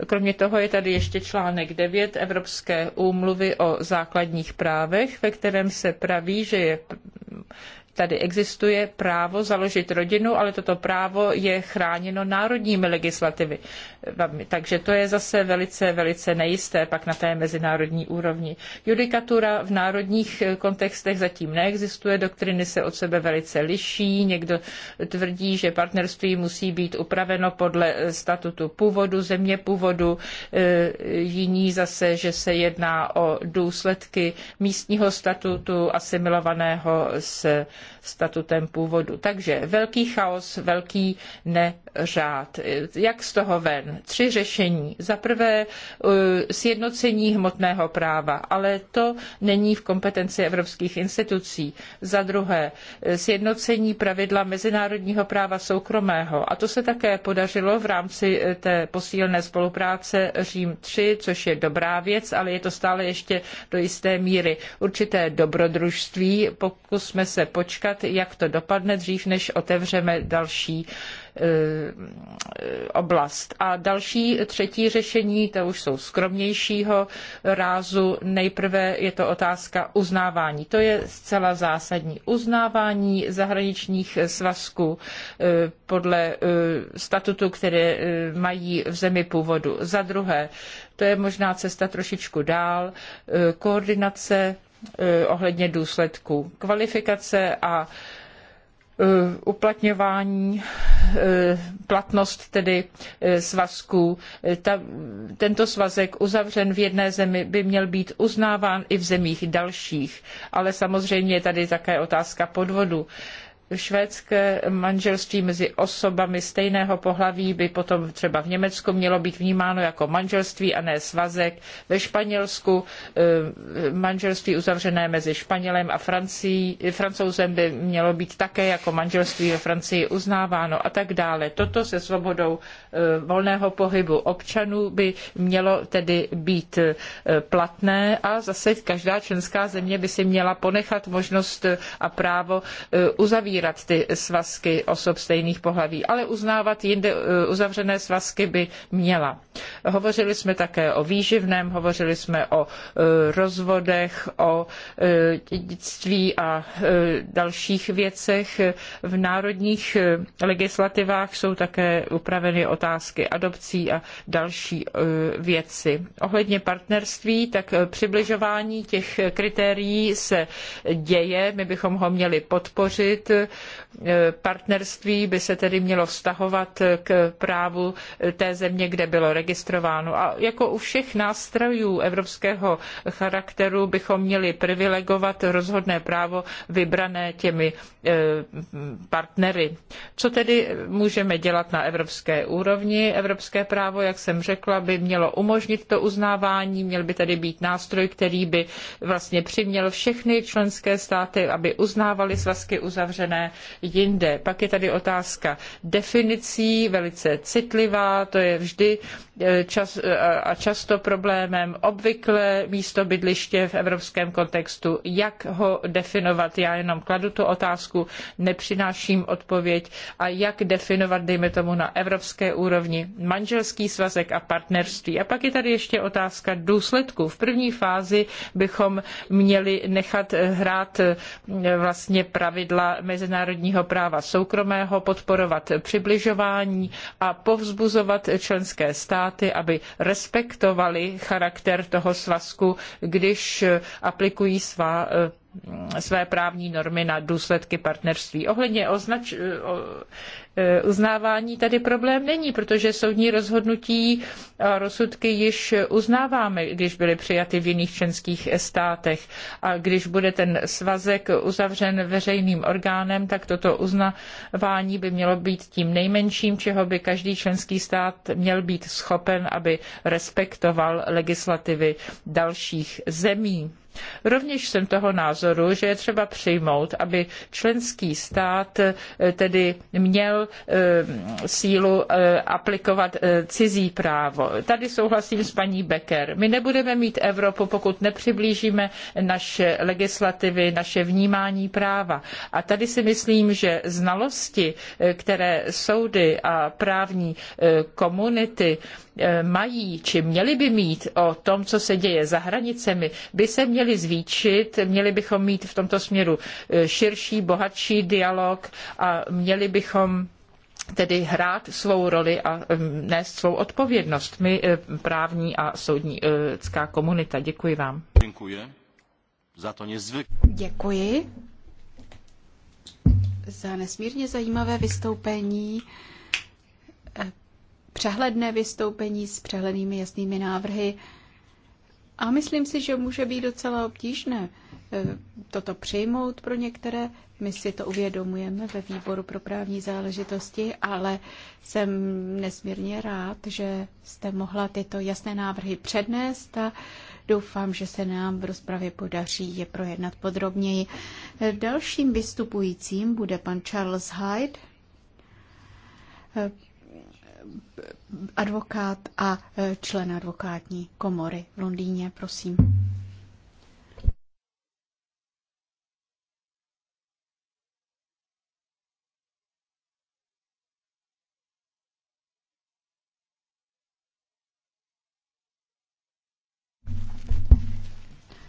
Kromě toho je tady ještě článek 9 Evropské úmluvy o základních právech, ve kterém se praví, že je Tady existuje právo založit rodinu, ale toto právo je chráněno národními legislativy. Takže to je zase velice, velice nejisté pak na té mezinárodní úrovni. Judikatura v národních eh, kontextech zatím neexistuje, doktriny se od sebe velice liší. Někdo tvrdí, že partnerství musí být upraveno podle eh, statutu původu, země původu. Eh, jiní zase, že se jedná o důsledky místního statutu asimilovaného s statutem původu. Takže velký chaos, velký neřád. Jak z toho ven? Tři řešení. Za prvé eh, sjednocení hmotného práva, ale to není v kompetenci evropských institucí. Za druhé eh, sjednocení pravidla mezinárodního práva soukromého. A to se také podařilo v rámci eh, té posílené spolupráce Řím 3, což je dobrá věc, ale je to stále ještě do jisté míry určité dobrodružství. Pokusme se počítat počkat, jak to dopadne dřív, než otevřeme další eh, oblast. A další třetí řešení, to už jsou skromnějšího rázu. Nejprve je to otázka uznávání. To je zcela zásadní. Uznávání zahraničních svazků eh, podle eh, statutu, které mají v zemi původu. Za druhé, to je možná cesta trošičku dál, koordinace Eh, ohledně důsledků kvalifikace a eh, uplatňování, eh, platnost tedy svazků. Ta, tento svazek uzavřen v jedné zemi by měl být uznáván i v zemích dalších. Ale samozřejmě je tady také otázka podvodu švédské manželství mezi osobami stejného pohlaví by potom třeba v Německu mělo být vnímáno jako manželství a ne svazek. Ve Španělsku eh, manželství uzavřené mezi Španělem a Francií, Francouzem by mělo být také jako manželství ve Francii uznáváno a tak dále. Toto se svobodou eh, volného pohybu občanů by mělo tedy být eh, platné a zase každá členská země by si měla ponechat možnost a právo uzavírat uzavírat ty svazky osob stejných pohlaví, ale uznávat jinde eh, uzavřené svazky by měla. Hovořili jsme také o výživném, hovořili jsme o eh, rozvodech, o eh, dědictví a dalších věcech. V národních legislativách jsou také upraveny otázky adopcí a další věci. Ohledně partnerství, tak přibližování těch kritérií se děje, my bychom ho měli podpořit. Eh, partnerství by se tedy mělo vztahovat k právu té země, kde bylo registrováno. A jako u všech nástrojů evropského charakteru bychom měli privilegovat rozhodné právo vybrané těmi eh, partnery. Co tedy můžeme dělat na evropské úrovni? Evropské právo, jak jsem řekla, by mělo umožnit to uznávání, měl by tedy být nástroj, který by vlastně přiměl všechny členské státy, aby uznávali svazky uzavřené jinde. Pak je tady otázka definicí, velice citlivá, to je vždy e, čas, e, a často problémem obvykle místo bydliště v evropském kontextu, jak ho definovat. Já jenom kladu tu otázku, nepřináším odpověď a jak definovat, dejme tomu, na evropské úrovni manželský svazek a partnerství. A pak je tady ještě otázka důsledků. V první fázi bychom měli nechat hrát e, vlastně pravidla mezi mezinárodního práva soukromého, podporovat přibližování a povzbuzovat členské státy, aby respektovali charakter toho svazku, když aplikují svá eh, své právní normy na důsledky partnerství. Ohledně označ, E, uznávání tady problém není, protože soudní rozhodnutí a rozsudky již uznáváme, když byly přijaty v jiných členských státech. A když bude ten svazek uzavřen veřejným orgánem, tak toto uznávání by mělo být tím nejmenším, čeho by každý členský stát měl být schopen, aby respektoval legislativy dalších zemí. Rovněž jsem toho názoru, že je třeba přijmout, aby členský stát tedy měl měl eh, sílu eh, aplikovat eh, cizí právo. Tady souhlasím s paní Becker. My nebudeme mít Evropu, pokud nepřiblížíme naše legislativy, naše vnímání práva. A tady si myslím, že znalosti, které soudy a právní komunity mají, či měli by mít o tom, co se děje za hranicemi, by se měly zvýšit, měli bychom mít v tomto směru širší, bohatší dialog a měli bychom tedy hrát svou roli a nést svou odpovědnost. My, eh, právní a soudnická eh, komunita. Děkuji vám. Děkuji za to nezvyklé. Děkuji za nesmírně zajímavé vystoupení, eh, přehledné vystoupení s přehlednými jasnými návrhy. A myslím si, že může být docela obtížné E, toto přijmout pro některé. My si to uvědomujeme ve výboru pro právní záležitosti, ale jsem nesmírně rád, že jste mohla tyto jasné návrhy přednést a doufám, že se nám v rozpravě podaří je projednat podrobněji. E, dalším vystupujícím bude pan Charles Hyde, e, advokát a člen advokátní komory v Londýně. Prosím.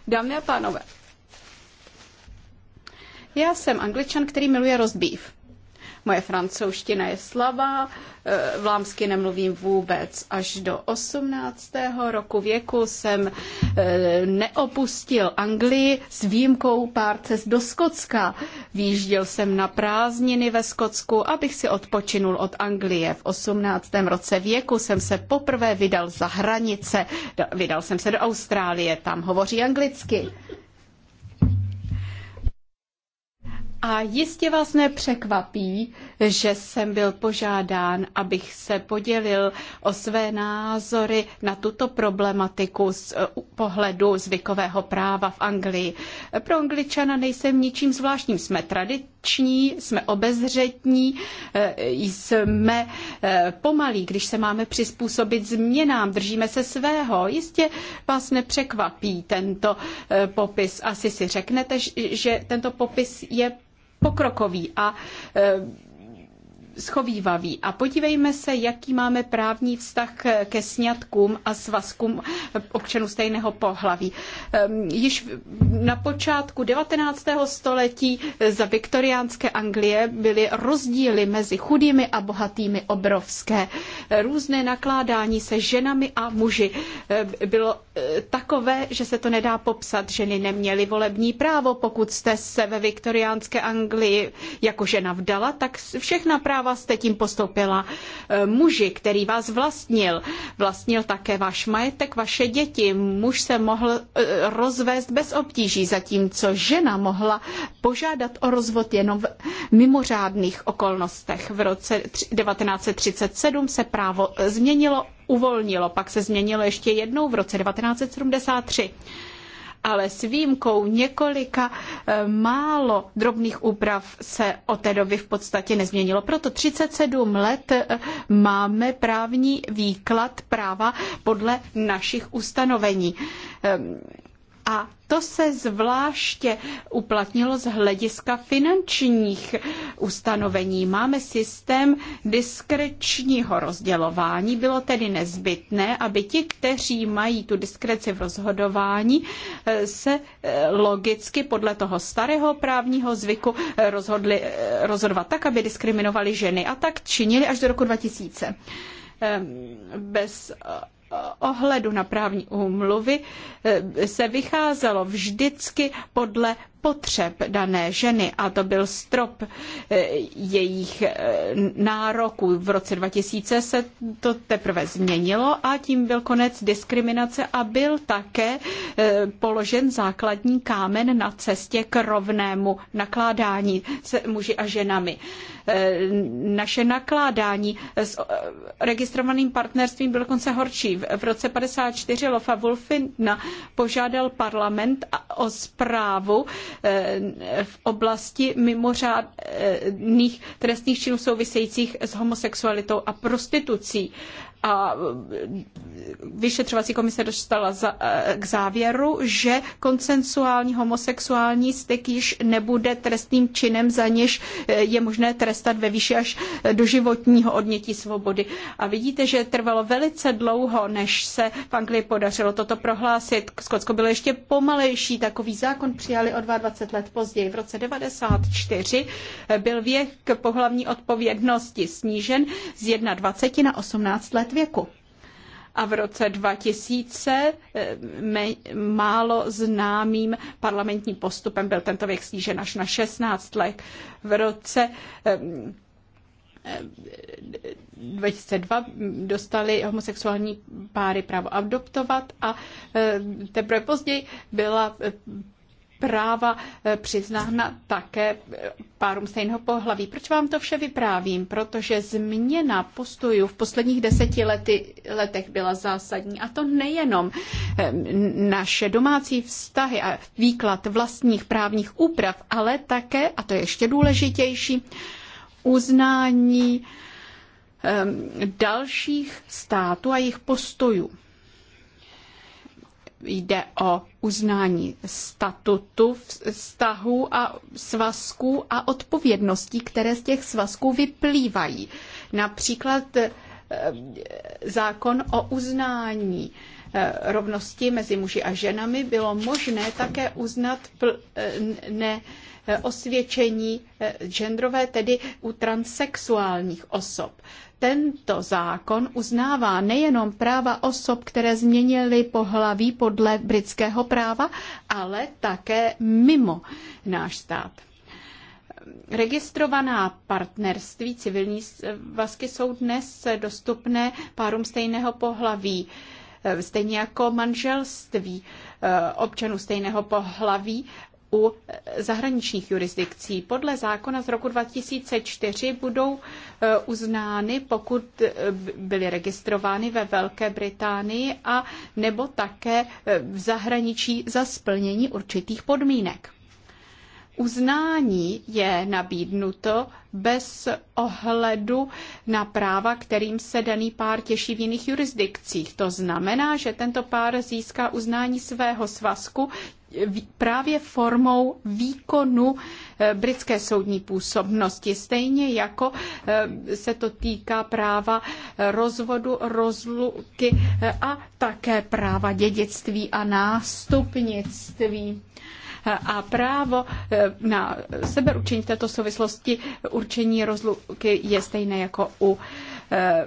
Dámy a pánové, já jsem angličan, který miluje roast beef. Moje francouzština je slabá, eh, vlámsky nemluvím vůbec. Až do 18. roku věku jsem eh, neopustil Anglii s výjimkou pár cest do Skotska. Výjížděl jsem na prázdniny ve Skotsku, abych si odpočinul od Anglie. V 18. roce věku jsem se poprvé vydal za hranice. Vydal jsem se do Austrálie, tam hovoří anglicky. A jistě vás nepřekvapí, že jsem byl požádán, abych se podělil o své názory na tuto problematiku z eh, pohledu zvykového práva v Anglii. Pro Angličana nejsem ničím zvláštním. Jsme tradiční, jsme obezřetní, eh, jsme eh, pomalí, když se máme přizpůsobit změnám, držíme se svého. Jistě vás nepřekvapí tento popis. Asi si řeknete, že tento popis je pokrokový a eh, schovývaví. A podívejme se, jaký máme právní vztah ke sňatkům a svazkům občanů stejného pohlaví. Ehm, již na počátku 19. století za viktoriánské Anglie byly rozdíly mezi chudými a bohatými obrovské. Různé nakládání se ženami a muži ehm, bylo eh, takové, že se to nedá popsat. Ženy neměly volební právo. Pokud jste se ve viktoriánské Anglii jako žena vdala, tak všechna práva práva jste tím postoupila eh, muži, který vás vlastnil. Vlastnil také váš majetek, vaše děti. Muž se mohl eh, rozvést bez obtíží, zatímco žena mohla požádat o rozvod jenom v mimořádných okolnostech. V roce 1937 se právo eh, změnilo, uvolnilo, pak se změnilo ještě jednou v roce 1973 ale s výjimkou několika eh, málo drobných úprav se od té doby v podstatě nezměnilo. Proto 37 let eh, máme právní výklad práva podle našich ustanovení. Ehm, a to se zvláště uplatnilo z hlediska finančních ustanovení. Máme systém diskrečního rozdělování. Bylo tedy nezbytné, aby ti, kteří mají tu diskreci v rozhodování, se logicky podle toho starého právního zvyku rozhodli, rozhodovat tak, aby diskriminovali ženy. A tak činili až do roku 2000. Ehm, bez ohledu na právní úmluvy eh, se vycházelo vždycky podle potřeb dané ženy a to byl strop eh, jejich eh, nároků. V roce 2000 se to teprve změnilo a tím byl konec diskriminace a byl také eh, položen základní kámen na cestě k rovnému nakládání se muži a ženami. Naše nakládání s registrovaným partnerstvím bylo dokonce horší. V roce 54 Lofa Wolfina požádal parlament o zprávu Eh, v oblasti mimořádných trestných činů souvisejících s homosexualitou a prostitucí a vyšetřovací komise dostala za, eh, k závěru, že konsenzuální homosexuální styk již nebude trestným činem, za něž eh, je možné trestat ve výši až do životního odnětí svobody. A vidíte, že trvalo velice dlouho, než se v Anglii podařilo toto prohlásit. Skotsko bylo ještě pomalejší, takový zákon přijali o 22 let později. V roce 94 eh, byl věk pohlavní odpovědnosti snížen z 21 na 18 let věku. A v roce 2000 eh, málo známým parlamentním postupem byl tento věk snížen až na 16 let. V roce 2002 eh, eh, dostali homosexuální páry právo adoptovat a teprve později byla práva eh, přiznána také eh, párům stejného pohlaví. Proč vám to vše vyprávím? Protože změna postojů v posledních deseti lety, letech byla zásadní. A to nejenom eh, naše domácí vztahy a výklad vlastních právních úprav, ale také, a to je ještě důležitější, uznání ehm, dalších států a jejich postojů jde o uznání statutu vztahu a svazků a odpovědností, které z těch svazků vyplývají. Například eh, zákon o uznání eh, rovnosti mezi muži a ženami bylo možné také uznat eh, ne, Eh, osvědčení eh, genderové, tedy u transsexuálních osob. Tento zákon uznává nejenom práva osob, které změnily pohlaví podle britského práva, ale také mimo náš stát registrovaná partnerství, civilní svazky jsou dnes dostupné párům stejného pohlaví, eh, stejně jako manželství občanů stejného pohlaví u zahraničních jurisdikcí. Podle zákona z roku 2004 budou e, uznány, pokud e, byly registrovány ve Velké Británii a nebo také e, v zahraničí za splnění určitých podmínek. Uznání je nabídnuto bez ohledu na práva, kterým se daný pár těší v jiných jurisdikcích. To znamená, že tento pár získá uznání svého svazku právě formou výkonu eh, britské soudní působnosti, stejně jako eh, se to týká práva rozvodu, rozluky eh, a také práva dědictví a nástupnictví a právo na sebeurčení v této souvislosti určení rozluky je stejné jako u Eh,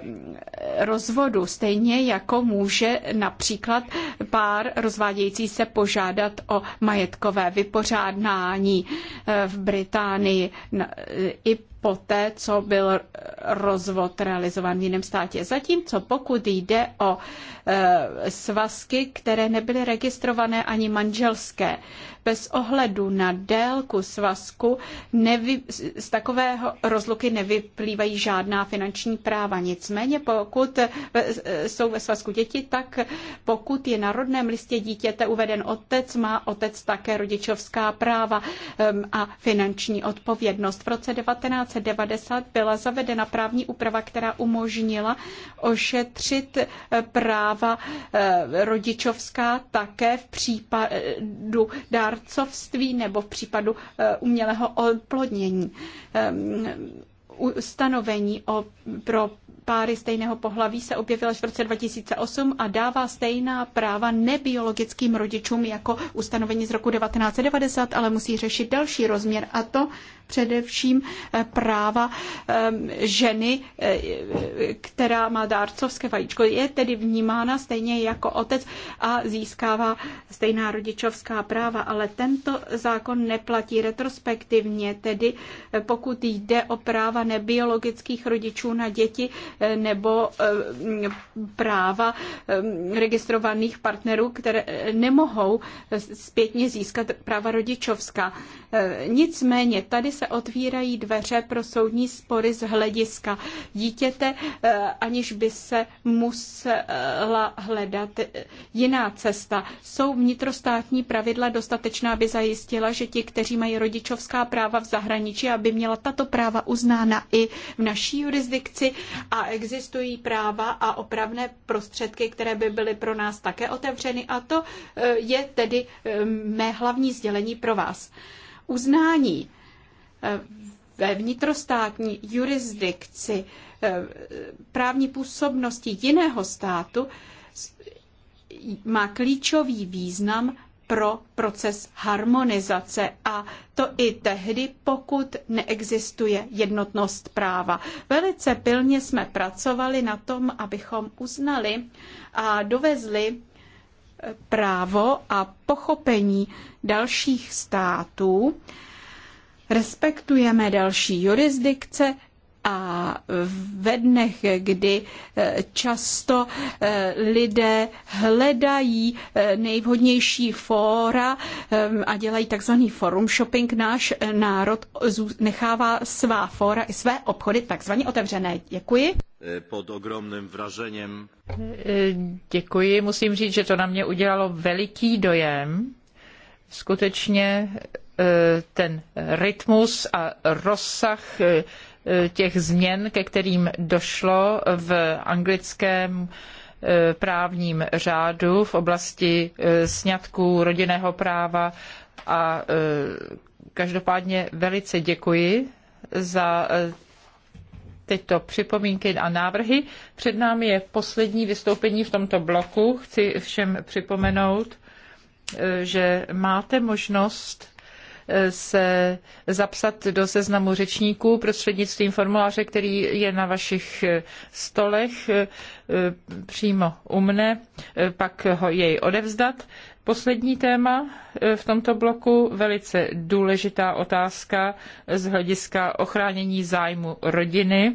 rozvodu, stejně jako může například pár rozvádějící se požádat o majetkové vypořádání eh, v Británii. I poté, co byl rozvod realizován v jiném státě. Zatímco pokud jde o e, svazky, které nebyly registrované ani manželské, bez ohledu na délku svazku nevy, z takového rozluky nevyplývají žádná finanční práva. Nicméně pokud jsou ve svazku děti, tak pokud je na rodném listě dítěte uveden otec, má otec také rodičovská práva e, a finanční odpovědnost. V roce 19 1990 byla zavedena právní úprava, která umožnila ošetřit eh, práva eh, rodičovská také v případu dárcovství nebo v případu eh, umělého oplodnění ehm, ustanovení o, pro páry stejného pohlaví se objevil až v roce 2008 a dává stejná práva nebiologickým rodičům jako ustanovení z roku 1990, ale musí řešit další rozměr a to především eh, práva ehm, ženy, eh, která má dárcovské vajíčko. Je tedy vnímána stejně jako otec a získává stejná rodičovská práva, ale tento zákon neplatí retrospektivně, tedy eh, pokud jde o práva nebiologických rodičů na děti, nebo eh, práva eh, registrovaných partnerů, které nemohou zpětně získat práva rodičovská. Eh, nicméně tady se otvírají dveře pro soudní spory z hlediska dítěte, aniž by se musela hledat jiná cesta. Jsou vnitrostátní pravidla dostatečná, aby zajistila, že ti, kteří mají rodičovská práva v zahraničí, aby měla tato práva uznána i v naší jurisdikci a existují práva a opravné prostředky, které by byly pro nás také otevřeny a to eh, je tedy eh, mé hlavní sdělení pro vás. Uznání eh, ve vnitrostátní jurisdikci právní působnosti jiného státu má klíčový význam pro proces harmonizace a to i tehdy, pokud neexistuje jednotnost práva. Velice pilně jsme pracovali na tom, abychom uznali a dovezli eh, právo a pochopení dalších států, respektujeme další jurisdikce, a ve dnech, kdy eh, často eh, lidé hledají eh, nejvhodnější fóra a dělají takzvaný forum shopping, náš národ nechává svá fóra i své obchody takzvaně otevřené. Děkuji. Pod ogromným vražením. Děkuji, musím říct, že to na mě udělalo veliký dojem. Skutečně ten rytmus a rozsah Eh, těch změn, ke kterým došlo v anglickém eh, právním řádu v oblasti eh, sňatků rodinného práva a každopádně velice děkuji za tyto připomínky a návrhy. Před námi je poslední vystoupení v tomto bloku. Chci všem připomenout, že máte možnost se zapsat do seznamu řečníků prostřednictvím formuláře, který je na vašich eh, stolech eh, přímo u mne, eh, pak ho jej odevzdat. Poslední téma v tomto bloku, velice důležitá otázka z hlediska ochránění zájmu rodiny,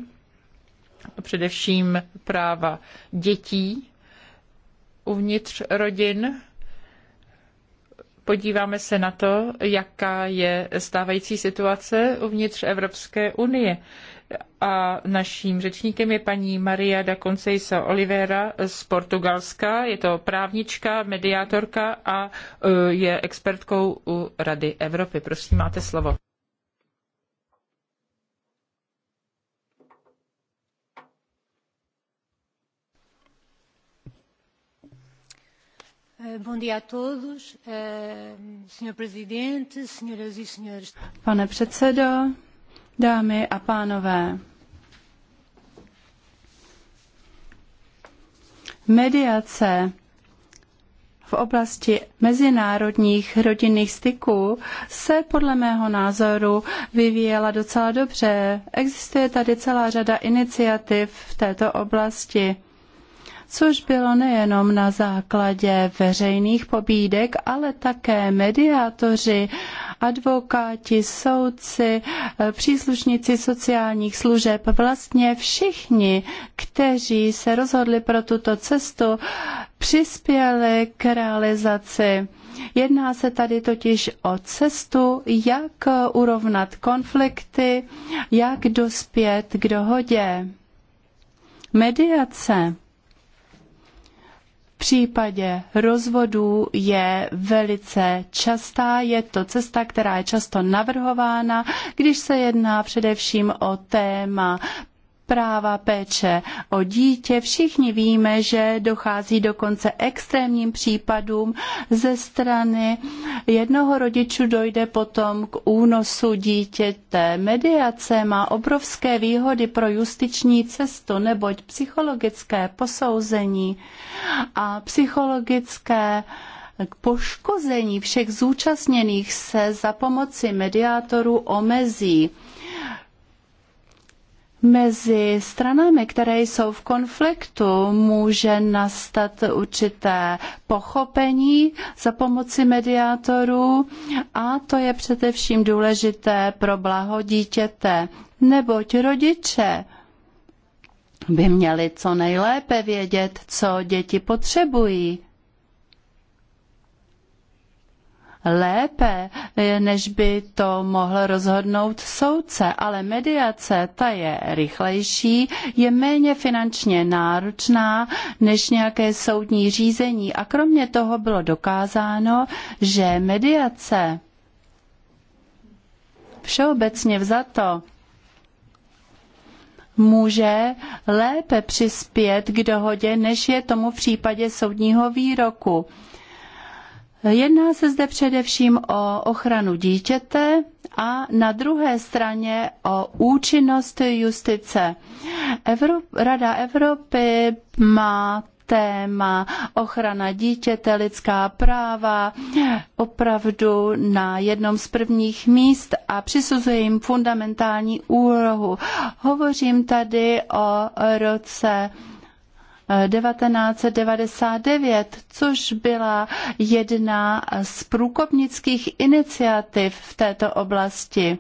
především práva dětí uvnitř rodin podíváme se na to, jaká je stávající situace uvnitř Evropské unie. A naším řečníkem je paní Maria da Conceição Oliveira z Portugalska. Je to právnička, mediátorka a e, je expertkou u Rady Evropy. Prosím, máte slovo. Eh, eh, e Pane předsedo, dámy a pánové, mediace v oblasti mezinárodních rodinných styků se podle mého názoru vyvíjela docela dobře. Existuje tady celá řada iniciativ v této oblasti což bylo nejenom na základě veřejných pobídek, ale také mediátoři, advokáti, soudci, příslušníci sociálních služeb, vlastně všichni, kteří se rozhodli pro tuto cestu, přispěli k realizaci Jedná se tady totiž o cestu, jak urovnat konflikty, jak dospět k dohodě. Mediace případě rozvodů je velice častá. Je to cesta, která je často navrhována, když se jedná především o téma práva péče o dítě. Všichni víme, že dochází dokonce extrémním případům ze strany jednoho rodičů dojde potom k únosu dítěte. Mediace má obrovské výhody pro justiční cestu, neboť psychologické posouzení a psychologické k poškození všech zúčastněných se za pomoci mediátorů omezí mezi stranami, které jsou v konfliktu, může nastat určité pochopení za pomoci mediátorů a to je především důležité pro blaho dítěte, neboť rodiče by měli co nejlépe vědět, co děti potřebují. lépe, než by to mohl rozhodnout soudce, ale mediace ta je rychlejší, je méně finančně náročná než nějaké soudní řízení a kromě toho bylo dokázáno, že mediace všeobecně vzato může lépe přispět k dohodě, než je tomu v případě soudního výroku. Jedná se zde především o ochranu dítěte a na druhé straně o účinnost justice. Evrop, Rada Evropy má téma ochrana dítěte, lidská práva opravdu na jednom z prvních míst a přisuzuje jim fundamentální úlohu. Hovořím tady o roce 1999, což byla jedna z průkopnických iniciativ v této oblasti.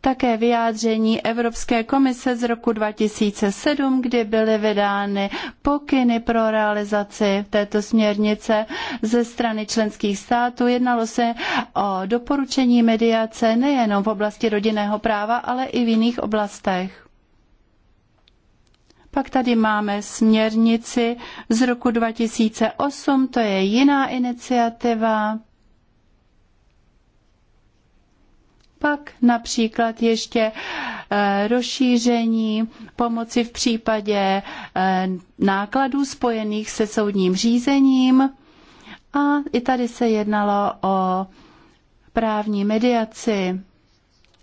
Také vyjádření Evropské komise z roku 2007, kdy byly vydány pokyny pro realizaci této směrnice ze strany členských států. Jednalo se o doporučení mediace nejenom v oblasti rodinného práva, ale i v jiných oblastech. Pak tady máme směrnici z roku 2008, to je jiná iniciativa. Pak například ještě eh, rozšíření pomoci v případě eh, nákladů spojených se soudním řízením. A i tady se jednalo o právní mediaci.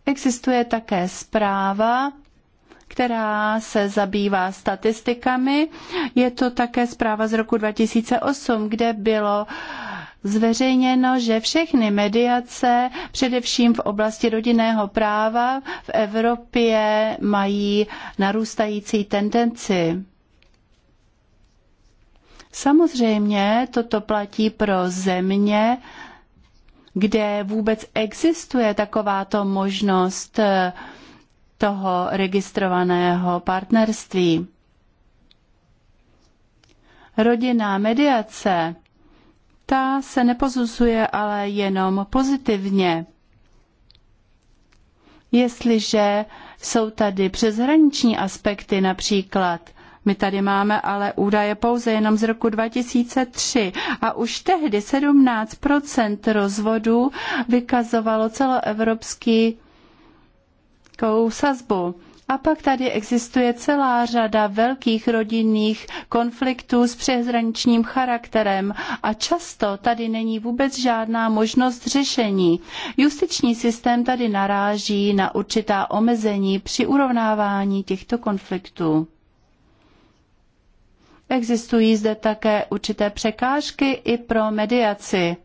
Existuje také zpráva která se zabývá statistikami. Je to také zpráva z roku 2008, kde bylo zveřejněno, že všechny mediace, především v oblasti rodinného práva, v Evropě mají narůstající tendenci. Samozřejmě toto platí pro země, kde vůbec existuje takováto možnost toho registrovaného partnerství. Rodinná mediace, ta se nepozusuje, ale jenom pozitivně. Jestliže jsou tady přeshraniční aspekty například, my tady máme ale údaje pouze jenom z roku 2003 a už tehdy 17 rozvodů vykazovalo celoevropský nízkou sazbu. A pak tady existuje celá řada velkých rodinných konfliktů s přeshraničním charakterem a často tady není vůbec žádná možnost řešení. Justiční systém tady naráží na určitá omezení při urovnávání těchto konfliktů. Existují zde také určité překážky i pro mediaci.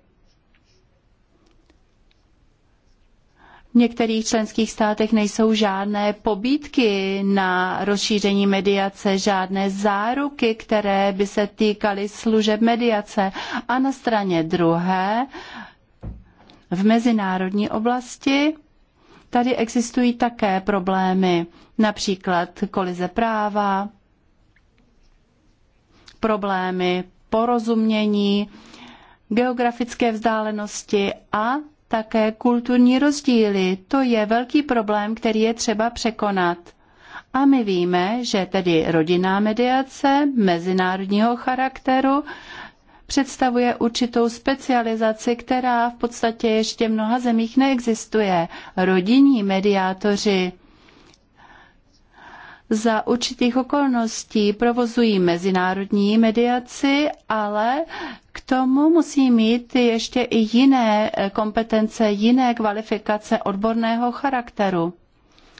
V některých členských státech nejsou žádné pobídky na rozšíření mediace, žádné záruky, které by se týkaly služeb mediace. A na straně druhé, v mezinárodní oblasti, tady existují také problémy, například kolize práva, problémy porozumění, geografické vzdálenosti a také kulturní rozdíly. To je velký problém, který je třeba překonat. A my víme, že tedy rodinná mediace mezinárodního charakteru představuje určitou specializaci, která v podstatě ještě v mnoha zemích neexistuje. Rodinní mediátoři za určitých okolností provozují mezinárodní mediaci, ale k tomu musí mít ještě i jiné kompetence, jiné kvalifikace odborného charakteru.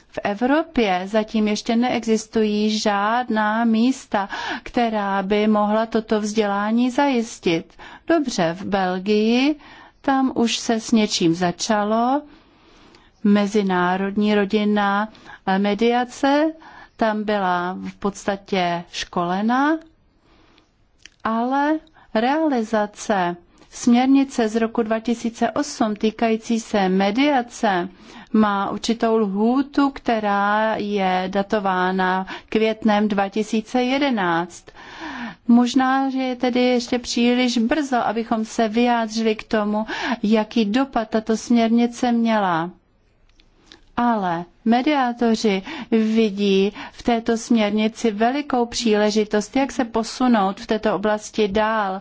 V Evropě zatím ještě neexistují žádná místa, která by mohla toto vzdělání zajistit. Dobře, v Belgii tam už se s něčím začalo, mezinárodní rodinná mediace, tam byla v podstatě školena, ale realizace směrnice z roku 2008 týkající se mediace má určitou lhůtu, která je datována květnem 2011. Možná, že je tedy ještě příliš brzo, abychom se vyjádřili k tomu, jaký dopad tato směrnice měla ale mediátoři vidí v této směrnici velikou příležitost, jak se posunout v této oblasti dál.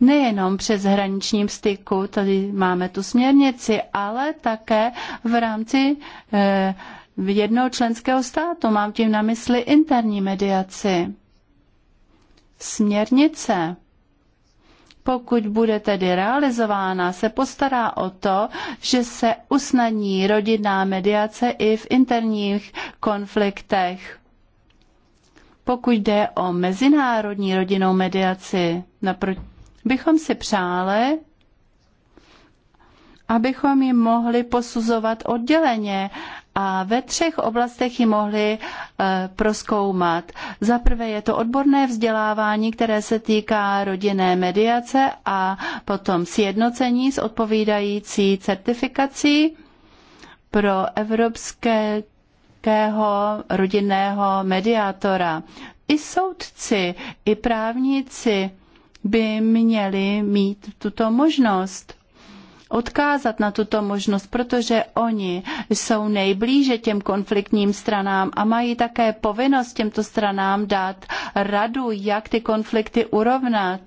Nejenom přes hraničním styku, tady máme tu směrnici, ale také v rámci eh, jednoho členského státu. Mám tím na mysli interní mediaci. Směrnice pokud bude tedy realizována, se postará o to, že se usnadní rodinná mediace i v interních konfliktech. Pokud jde o mezinárodní rodinnou mediaci, bychom si přáli, abychom ji mohli posuzovat odděleně a ve třech oblastech ji mohli eh, proskoumat. Za prvé je to odborné vzdělávání, které se týká rodinné mediace a potom sjednocení s odpovídající certifikací pro evropského rodinného mediátora. I soudci, i právníci by měli mít tuto možnost odkázat na tuto možnost, protože oni jsou nejblíže těm konfliktním stranám a mají také povinnost těmto stranám dát radu, jak ty konflikty urovnat.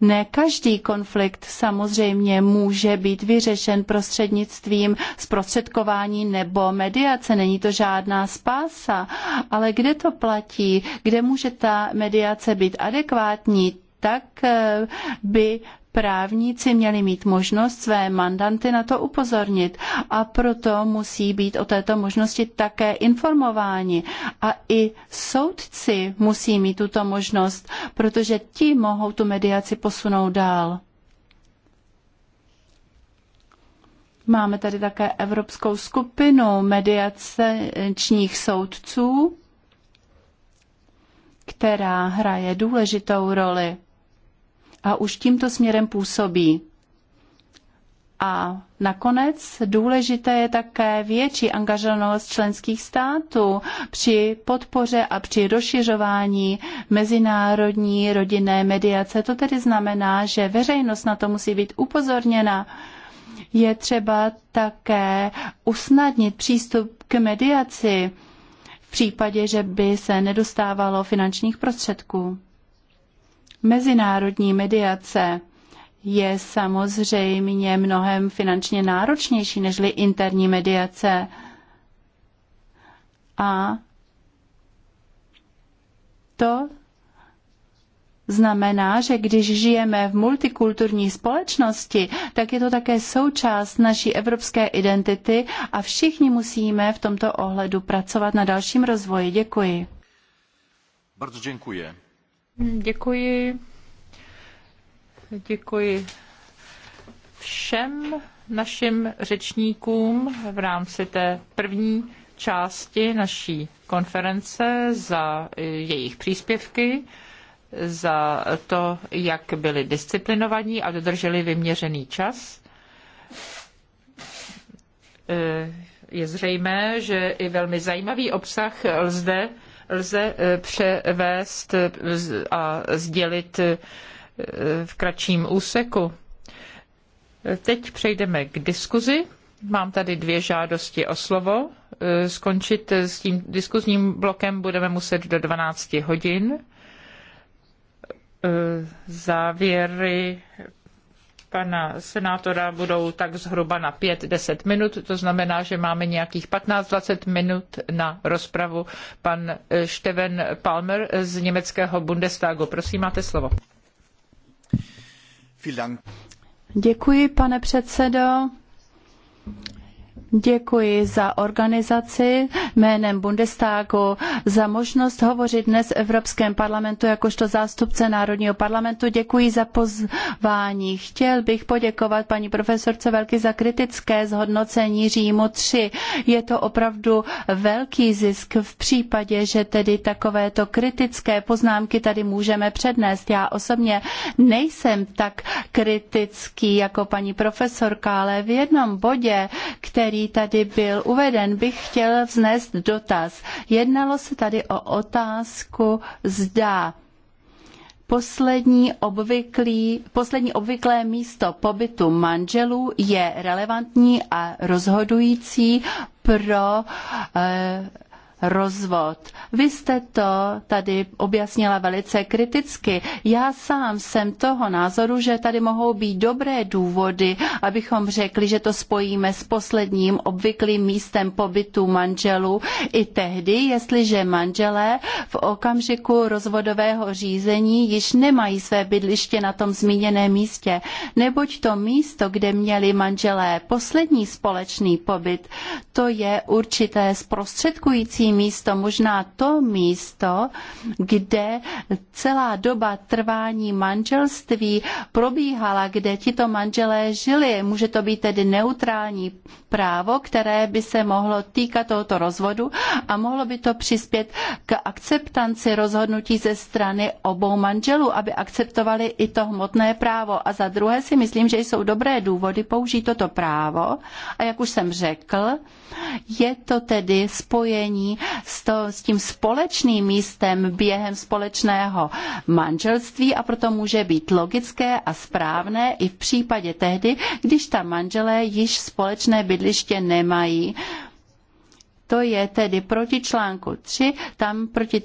Ne každý konflikt samozřejmě může být vyřešen prostřednictvím zprostředkování nebo mediace. Není to žádná spása, ale kde to platí, kde může ta mediace být adekvátní, tak eh, by právníci měli mít možnost své mandanty na to upozornit a proto musí být o této možnosti také informováni. A i soudci musí mít tuto možnost, protože ti mohou tu mediaci posunout dál. Máme tady také Evropskou skupinu mediačních soudců, která hraje důležitou roli a už tímto směrem působí. A nakonec důležité je také větší angažovanost členských států při podpoře a při rozšiřování mezinárodní rodinné mediace. To tedy znamená, že veřejnost na to musí být upozorněna. Je třeba také usnadnit přístup k mediaci v případě, že by se nedostávalo finančních prostředků. Mezinárodní mediace je samozřejmě mnohem finančně náročnější než interní mediace. A to znamená, že když žijeme v multikulturní společnosti, tak je to také součást naší evropské identity a všichni musíme v tomto ohledu pracovat na dalším rozvoji. Děkuji. Bardzo děkuji. Hm, děkuji. Děkuji všem našim řečníkům v rámci té první části naší konference za jejich příspěvky, za to, jak byli disciplinovaní a dodrželi vyměřený čas. Eh, je zřejmé, že i velmi zajímavý obsah lze lze eh, převést eh, a sdělit eh, v kratším úseku. Teď přejdeme k diskuzi. Mám tady dvě žádosti o slovo. Skončit s tím diskuzním blokem budeme muset do 12 hodin. Závěry pana senátora budou tak zhruba na 5-10 minut, to znamená, že máme nějakých 15-20 minut na rozpravu. Pan eh, Steven Palmer z německého Bundestagu, prosím, máte slovo. Děkuji, pane předsedo. Děkuji za organizaci jménem Bundestagu, za možnost hovořit dnes v Evropském parlamentu jakožto zástupce Národního parlamentu. Děkuji za pozvání. Chtěl bych poděkovat paní profesorce Velky za kritické zhodnocení Římu 3. Je to opravdu velký zisk v případě, že tedy takovéto kritické poznámky tady můžeme přednést. Já osobně nejsem tak kritický jako paní profesorka, ale v jednom bodě, který tady byl uveden, bych chtěl vznést dotaz. Jednalo se tady o otázku, zda poslední, obvyklý, poslední obvyklé místo pobytu manželů je relevantní a rozhodující pro eh, rozvod. Vy jste to tady objasnila velice kriticky. Já sám jsem toho názoru, že tady mohou být dobré důvody, abychom řekli, že to spojíme s posledním obvyklým místem pobytu manželů i tehdy, jestliže manželé v okamžiku rozvodového řízení již nemají své bydliště na tom zmíněném místě, neboť to místo, kde měli manželé poslední společný pobyt, to je určité zprostředkující místo, možná to místo, kde celá doba trvání manželství probíhala, kde tito manželé žili. Může to být tedy neutrální právo, které by se mohlo týkat tohoto rozvodu a mohlo by to přispět k akceptanci rozhodnutí ze strany obou manželů, aby akceptovali i to hmotné právo. A za druhé si myslím, že jsou dobré důvody použít toto právo. A jak už jsem řekl, je to tedy spojení s, to, s tím společným místem během společného manželství a proto může být logické a správné i v případě tehdy, když ta manželé již společné bydlí bydliště nemají. To je tedy proti článku 3, tam proti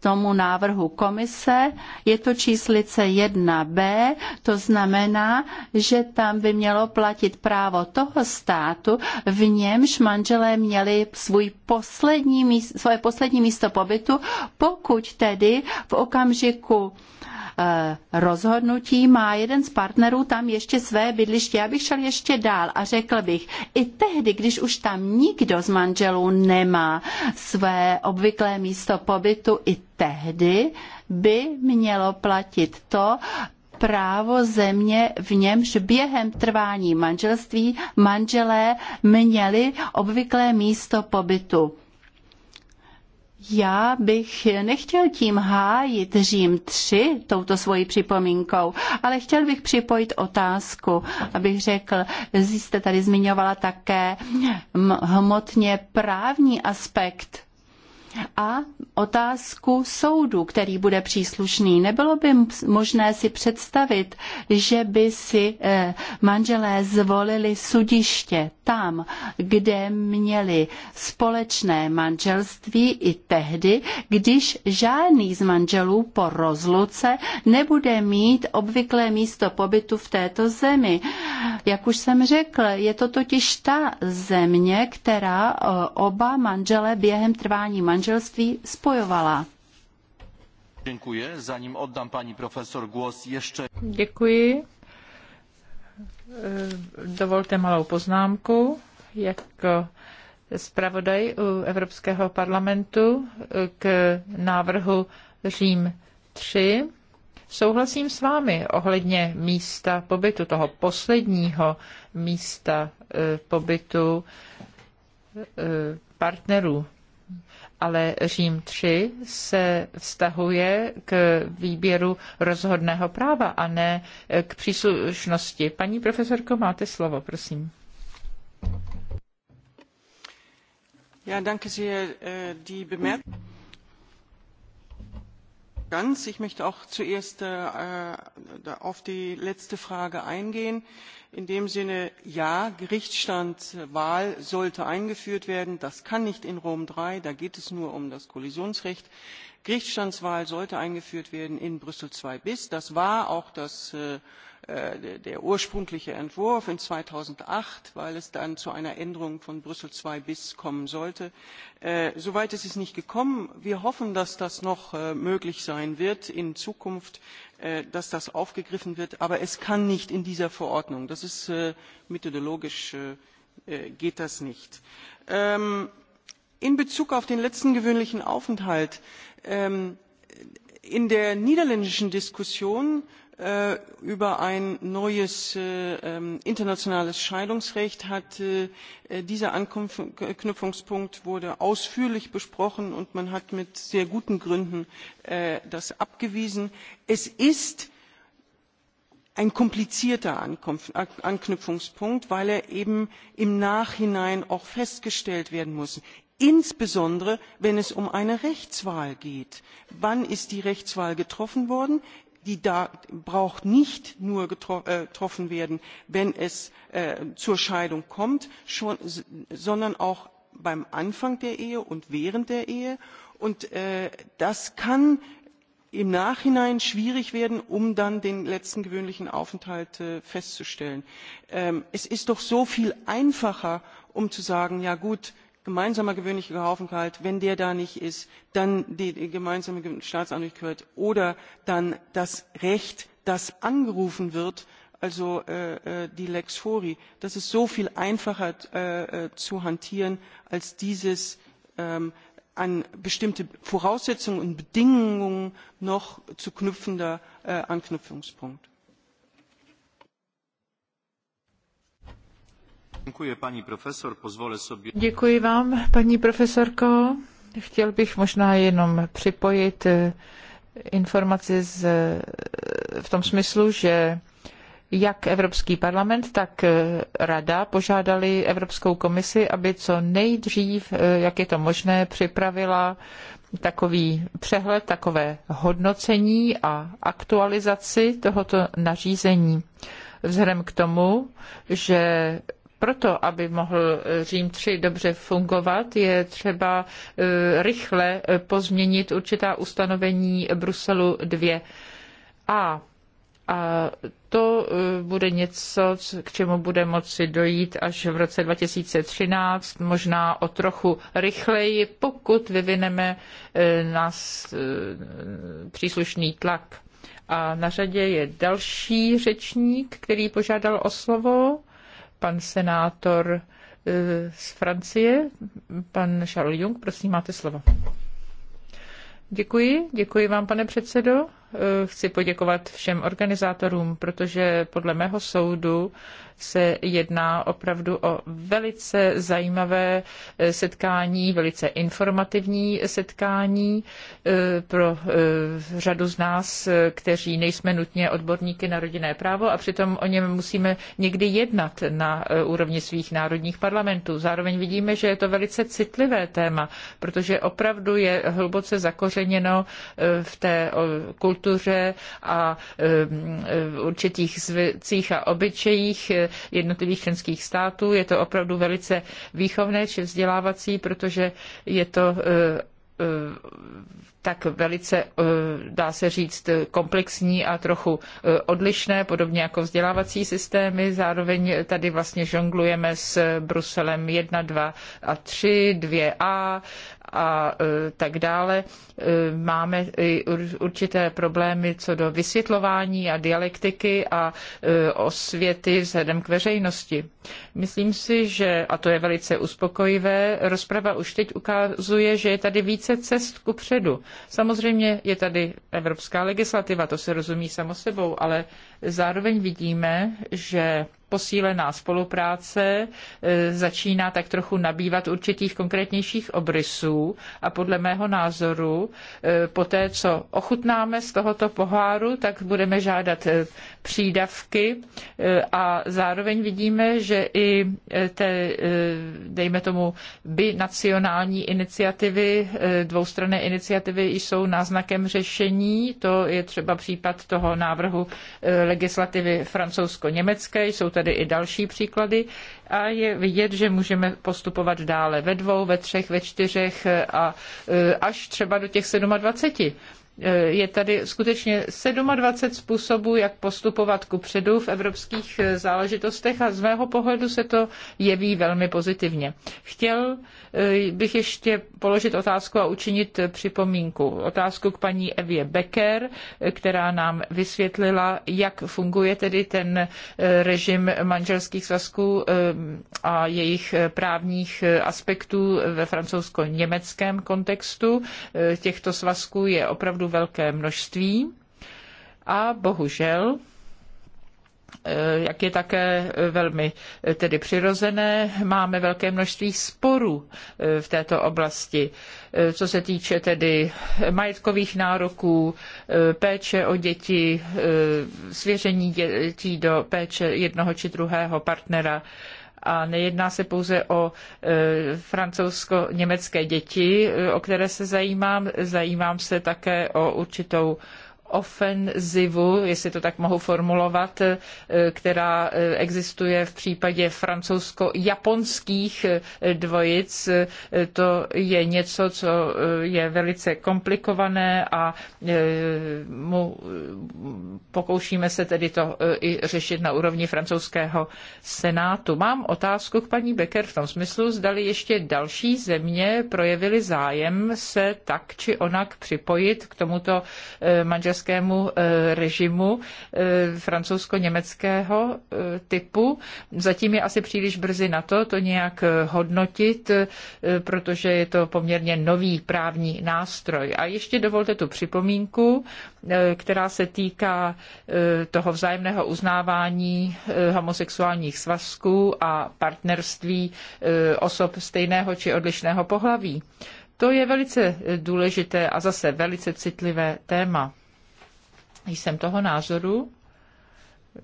tomu návrhu komise, je to číslice 1b, to znamená, že tam by mělo platit právo toho státu, v němž manželé měli svůj poslední, svoje poslední místo pobytu, pokud tedy v okamžiku Eh, rozhodnutí má jeden z partnerů tam ještě své bydliště. Já bych šel ještě dál a řekl bych, i tehdy, když už tam nikdo z manželů nemá své obvyklé místo pobytu, i tehdy by mělo platit to, právo země, v němž během trvání manželství manželé měli obvyklé místo pobytu. Já bych nechtěl tím hájit Řím 3 touto svojí připomínkou, ale chtěl bych připojit otázku, abych řekl, jste tady zmiňovala také hmotně právní aspekt a otázku soudu, který bude příslušný. Nebylo by možné si představit, že by si eh, manželé zvolili sudiště tam, kde měli společné manželství i tehdy, když žádný z manželů po rozluce nebude mít obvyklé místo pobytu v této zemi. Jak už jsem řekl, je to totiž ta země, která eh, oba manžele během trvání manželství manželství spojovala. Děkuji, zanim oddám paní profesor głos ještě. Děkuji. E, dovolte malou poznámku. Jako zpravodaj u Evropského parlamentu k návrhu Řím 3. Souhlasím s vámi ohledně místa pobytu, toho posledního místa e, pobytu e, partnerů ale Řím 3 se vztahuje k výběru rozhodného práva a ne k příslušnosti. Paní profesorko, máte slovo, prosím. Ja, danke sehr, äh, die Bemerkung ganz. Ich möchte auch zuerst äh, auf die letzte Frage eingehen. In dem Sinne, ja, Gerichtsstandswahl sollte eingeführt werden. Das kann nicht in Rom III, da geht es nur um das Kollisionsrecht. Gerichtsstandswahl sollte eingeführt werden in Brüssel II bis. Das war auch das äh, Äh, der ursprüngliche entwurf in zweitausendacht weil es dann zu einer änderung von brüssel ii bis kommen sollte. Äh, so weit ist es nicht gekommen. wir hoffen dass das noch äh, möglich sein wird in zukunft dass das aufgegriffen wird aber es kann nicht in dieser verordnung. das ist methodologisch geht das nicht. Ähm, in bezug auf den letzten gewöhnlichen aufenthalt ähm, in der niederländischen diskussion Äh, über ein neues äh, ähm, internationales scheidungsrecht hat. Äh, dieser anknüpfungspunkt wurde ausführlich besprochen und man hat mit sehr guten gründen das abgewiesen. es ist ein komplizierter anknüpfungspunkt weil er eben im nachhinein auch festgestellt werden muss insbesondere wenn es um eine rechtswahl geht wann ist die rechtswahl getroffen worden? die braucht nicht nur äh, getroffen werden wenn es äh, zur scheidung kommt sondern auch beim anfang der ehe und während der ehe und äh, das kann im nachhinein schwierig werden um dann den letzten gewöhnlichen aufenthalt festzustellen. Ähm, es ist doch so viel einfacher um zu sagen ja gut gemeinsamer gewöhnlicher aufenthalt wenn der da nicht ist dann die gemeinsame staatsangehörigkeit oder dann das recht das angerufen wird also äh, äh, die lex fori das ist so viel einfacher äh, zu hantieren als dieses ähm, an bestimmte voraussetzungen und bedingungen noch zu knüpfender anknüpfungspunkt. Děkuji, paní vám, paní profesorko. Chtěl bych možná jenom připojit eh, informaci z, eh, v tom smyslu, že jak Evropský parlament, tak eh, Rada požádali Evropskou komisi, aby co nejdřív, jak je to možné, připravila takový přehled, takové hodnocení a aktualizaci tohoto nařízení. Vzhledem k tomu, že proto, aby mohl eh, Řím 3 dobře fungovat, je třeba eh, rychle eh, pozměnit určitá ustanovení Bruselu 2. A a to bude něco, k čemu bude moci dojít až v roce 2013, možná o trochu rychleji, pokud vyvineme nás příslušný tlak. A na řadě je další řečník, který požádal o slovo pan senátor eh, z Francie, pan Charles Jung, prosím, máte slovo. Děkuji, děkuji vám, pane předsedo. Eh, chci poděkovat všem organizátorům, protože podle mého soudu se jedná opravdu o velice zajímavé eh, setkání, velice informativní setkání eh, pro řadu z nás, kteří nejsme nutně odborníky na rodinné právo a přitom o něm musíme někdy jednat na úrovni svých národních parlamentů. Zároveň vidíme, že je to velice citlivé téma, protože opravdu je hluboce zakořeněno v té kultuře kultuře a eh, eh, určitých zvycích a obyčejích eh, jednotlivých členských států. Je to opravdu velice výchovné či vzdělávací, protože je to tak velice, dá se říct, komplexní a trochu odlišné, podobně jako vzdělávací systémy. Zároveň tady vlastně žonglujeme s Bruselem 1, 2 a 3, 2a a e, tak dále. E, máme i určité problémy co do vysvětlování a dialektiky a e, osvěty vzhledem k veřejnosti. Myslím si, že, a to je velice uspokojivé, rozprava už teď ukazuje, že je tady více cest ku předu. Samozřejmě je tady evropská legislativa, to se rozumí samo sebou, ale zároveň vidíme, že posílená spolupráce e, začíná tak trochu nabývat určitých konkrétnějších obrysů a podle mého názoru e, po té, co ochutnáme z tohoto poháru, tak budeme žádat e, přídavky a zároveň vidíme, že i té, dejme tomu, binacionální iniciativy, dvoustranné iniciativy jsou náznakem řešení. To je třeba případ toho návrhu legislativy francouzsko-německé. Jsou tady tady i další příklady a je vidět, že můžeme postupovat dále ve dvou, ve třech, ve čtyřech a e, až třeba do těch 27. Eh, je tady skutečně 27 způsobů, jak postupovat ku předu v evropských eh, záležitostech a z mého pohledu se to jeví velmi pozitivně. Chtěl eh, bych ještě položit otázku a učinit připomínku. Otázku k paní Evě Becker, která nám vysvětlila, jak funguje tedy ten režim manželských svazků a jejich právních aspektů ve francouzsko-německém kontextu. Těchto svazků je opravdu opravdu velké množství a bohužel eh, jak je také eh, velmi eh, tedy přirozené, máme velké množství sporů v této oblasti, co se týče tedy majetkových nároků, péče o děti, svěření dětí do péče jednoho či druhého partnera a nejedná se pouze o e, francouzsko-německé děti, e, o které se zajímám, zajímám se také o určitou ofenzivu, jestli to tak mohu formulovat, eh, která eh, existuje v případě francouzsko-japonských eh, dvojic. To je něco, co je velice komplikované a mu, pokoušíme se tedy to i řešit na úrovni francouzského senátu. Mám otázku k paní Becker v tom smyslu, zdali ještě další země projevily zájem se tak či onak připojit k tomuto manželství diktátorskému eh, režimu eh, francouzsko-německého eh, typu. Zatím je asi příliš brzy na to, to nějak hodnotit, protože je to poměrně nový právní nástroj. A ještě dovolte tu připomínku, která se týká toho vzájemného uznávání homosexuálních svazků a partnerství osob stejného či odlišného pohlaví. To je velice důležité a zase velice citlivé téma jsem toho názoru,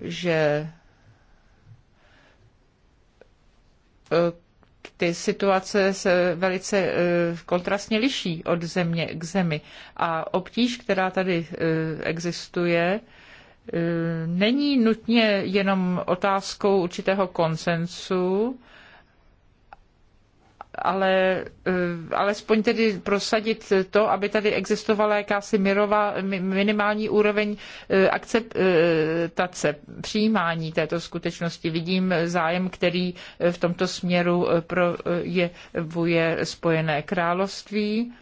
že eh, ty situace se velice eh, kontrastně liší od země k zemi. A obtíž, která tady eh, existuje, není nutně jenom otázkou určitého konsensu, ale eh, alespoň tedy prosadit to, aby tady existovala jakási mirová, minimální úroveň eh, akceptace, přijímání této skutečnosti. Vidím zájem, který eh, v tomto směru projevuje Spojené království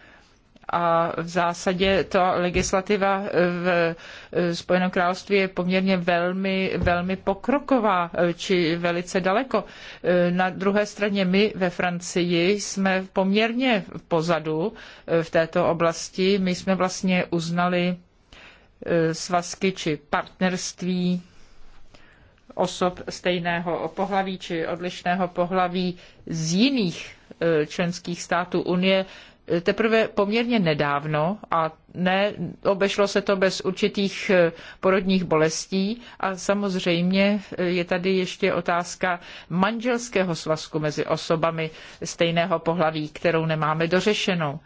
a v zásadě ta legislativa v e, Spojeném království je poměrně velmi, velmi pokroková, e, či velice daleko. E, na druhé straně my ve Francii jsme poměrně pozadu v této oblasti. My jsme vlastně uznali svazky či partnerství osob stejného pohlaví či odlišného pohlaví z jiných členských států Unie teprve poměrně nedávno a ne, obešlo se to bez určitých eh, porodních bolestí a samozřejmě eh, je tady ještě otázka manželského svazku mezi osobami stejného pohlaví, kterou nemáme dořešenou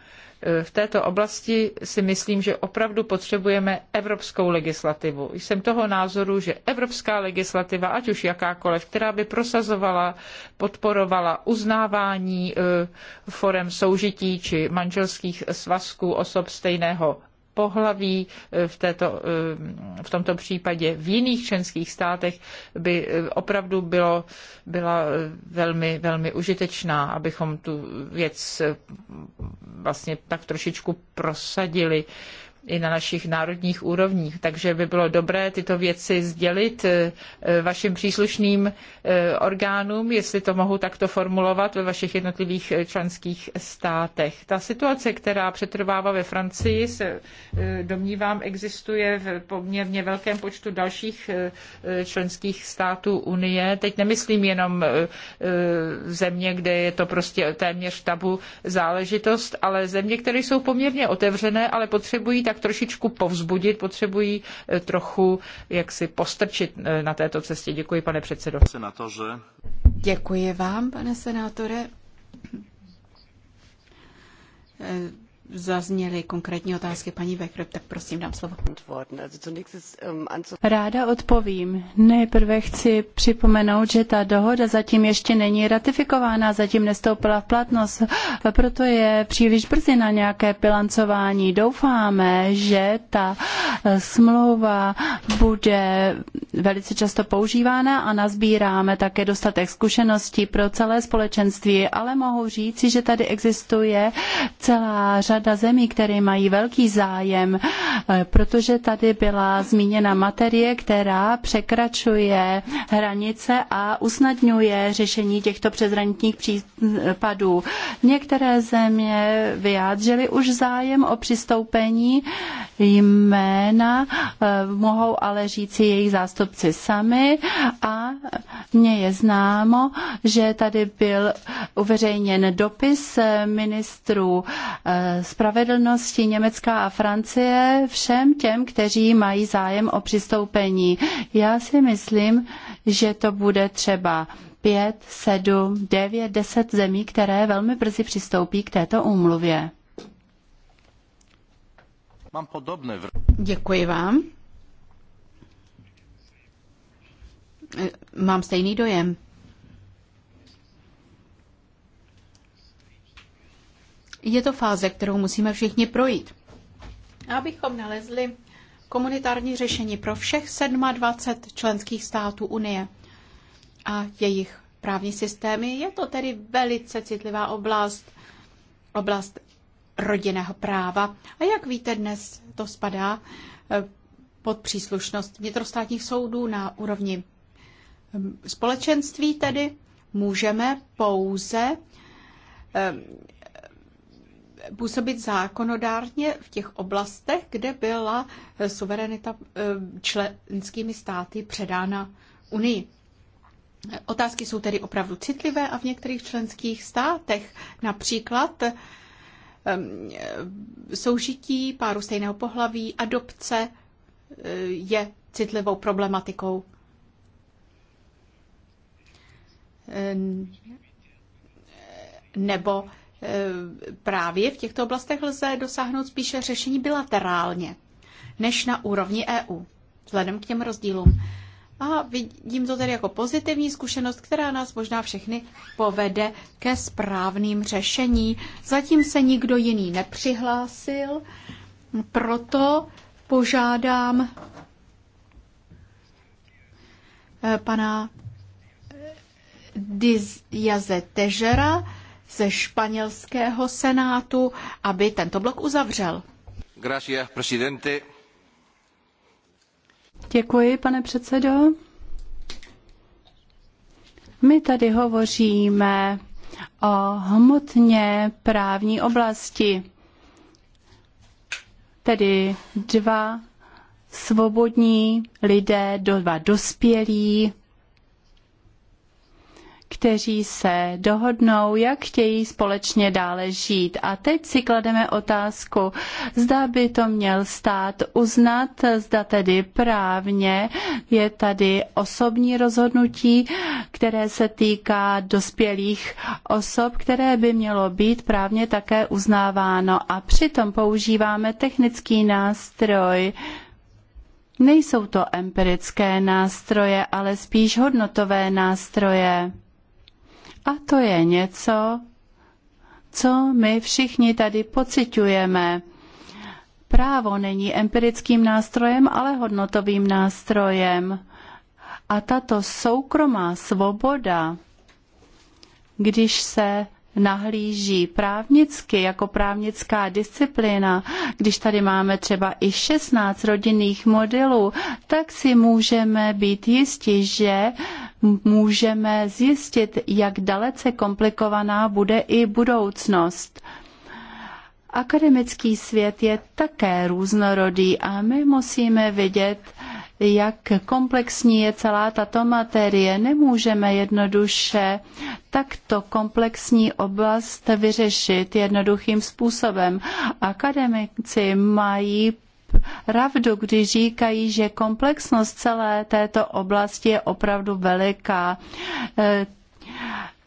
v této oblasti si myslím, že opravdu potřebujeme evropskou legislativu. Jsem toho názoru, že evropská legislativa, ať už jakákoliv, která by prosazovala, podporovala uznávání eh, forem soužití či manželských svazků osob stejného pohlaví eh, v, této, eh, v tomto případě v jiných členských státech by eh, opravdu bylo, byla velmi, velmi užitečná, abychom tu věc vlastně tak trošičku prosadili i na našich národních úrovních. Takže by bylo dobré tyto věci sdělit eh, vašim příslušným eh, orgánům, jestli to mohu takto formulovat ve vašich jednotlivých eh, členských státech. Ta situace, která přetrvává ve Francii, se domnívám existuje v poměrně velkém počtu dalších členských států Unie. Teď nemyslím jenom země, kde je to prostě téměř tabu záležitost, ale země, které jsou poměrně otevřené, ale potřebují tak tak trošičku povzbudit, potřebují eh, trochu eh, jak si postrčit eh, na této cestě. Děkuji, pane předsedo. Senatoře. Děkuji vám, pane senátore zazněly konkrétní otázky paní tak prosím dám slovo. Ähm, Ráda odpovím. Nejprve chci připomenout, že ta dohoda zatím ještě není ratifikována, zatím nestoupila v platnost, proto je příliš brzy na nějaké bilancování. Doufáme, že ta eh, smlouva bude velice často používána a nazbíráme také dostatek zkušeností pro celé společenství, ale mohu říci, že tady existuje celá řada řada zemí, které mají velký zájem, eh, protože tady byla zmíněna materie, která překračuje hranice a usnadňuje řešení těchto přezranitních případů. Některé země vyjádřily už zájem o přistoupení jména, eh, mohou ale říci jejich zástupci sami a mně je známo, že tady byl uveřejněn dopis ministrů eh, spravedlnosti Německa a Francie všem těm, kteří mají zájem o přistoupení. Já si myslím, že to bude třeba pět, sedm, devět, deset zemí, které velmi brzy přistoupí k této úmluvě. Mám podobné. Děkuji vám. E, mám stejný dojem. Je to fáze, kterou musíme všichni projít. Abychom nalezli komunitární řešení pro všech 27 členských států Unie a jejich právní systémy, je to tedy velice citlivá oblast, oblast rodinného práva. A jak víte, dnes to spadá eh, pod příslušnost vnitrostátních soudů na úrovni hm, společenství, tedy můžeme pouze hm, působit zákonodárně v těch oblastech, kde byla eh, suverenita eh, členskými státy předána Unii. Otázky jsou tedy opravdu citlivé a v některých členských státech například eh, soužití páru stejného pohlaví, adopce je citlivou problematikou. Nebo Eh, právě v těchto oblastech lze dosáhnout spíše řešení bilaterálně než na úrovni EU, vzhledem k těm rozdílům. A vidím to tedy jako pozitivní zkušenost, která nás možná všechny povede ke správným řešení. Zatím se nikdo jiný nepřihlásil, proto požádám eh, pana Diaz Težera, ze španělského senátu, aby tento blok uzavřel. Gracias, presidente. Děkuji, pane předsedo. My tady hovoříme o hmotně právní oblasti, tedy dva svobodní lidé, dva dospělí kteří se dohodnou, jak chtějí společně dále žít. A teď si klademe otázku, zda by to měl stát uznat, zda tedy právně je tady osobní rozhodnutí, které se týká dospělých osob, které by mělo být právně také uznáváno. A přitom používáme technický nástroj, Nejsou to empirické nástroje, ale spíš hodnotové nástroje. A to je něco, co my všichni tady pociťujeme. Právo není empirickým nástrojem, ale hodnotovým nástrojem. A tato soukromá svoboda, když se nahlíží právnicky jako právnická disciplína, když tady máme třeba i 16 rodinných modelů, tak si můžeme být jisti, že můžeme zjistit, jak dalece komplikovaná bude i budoucnost. Akademický svět je také různorodý a my musíme vidět, jak komplexní je celá tato materie. Nemůžeme jednoduše takto komplexní oblast vyřešit jednoduchým způsobem. Akademici mají pravdu, když říkají, že komplexnost celé této oblasti je opravdu veliká e,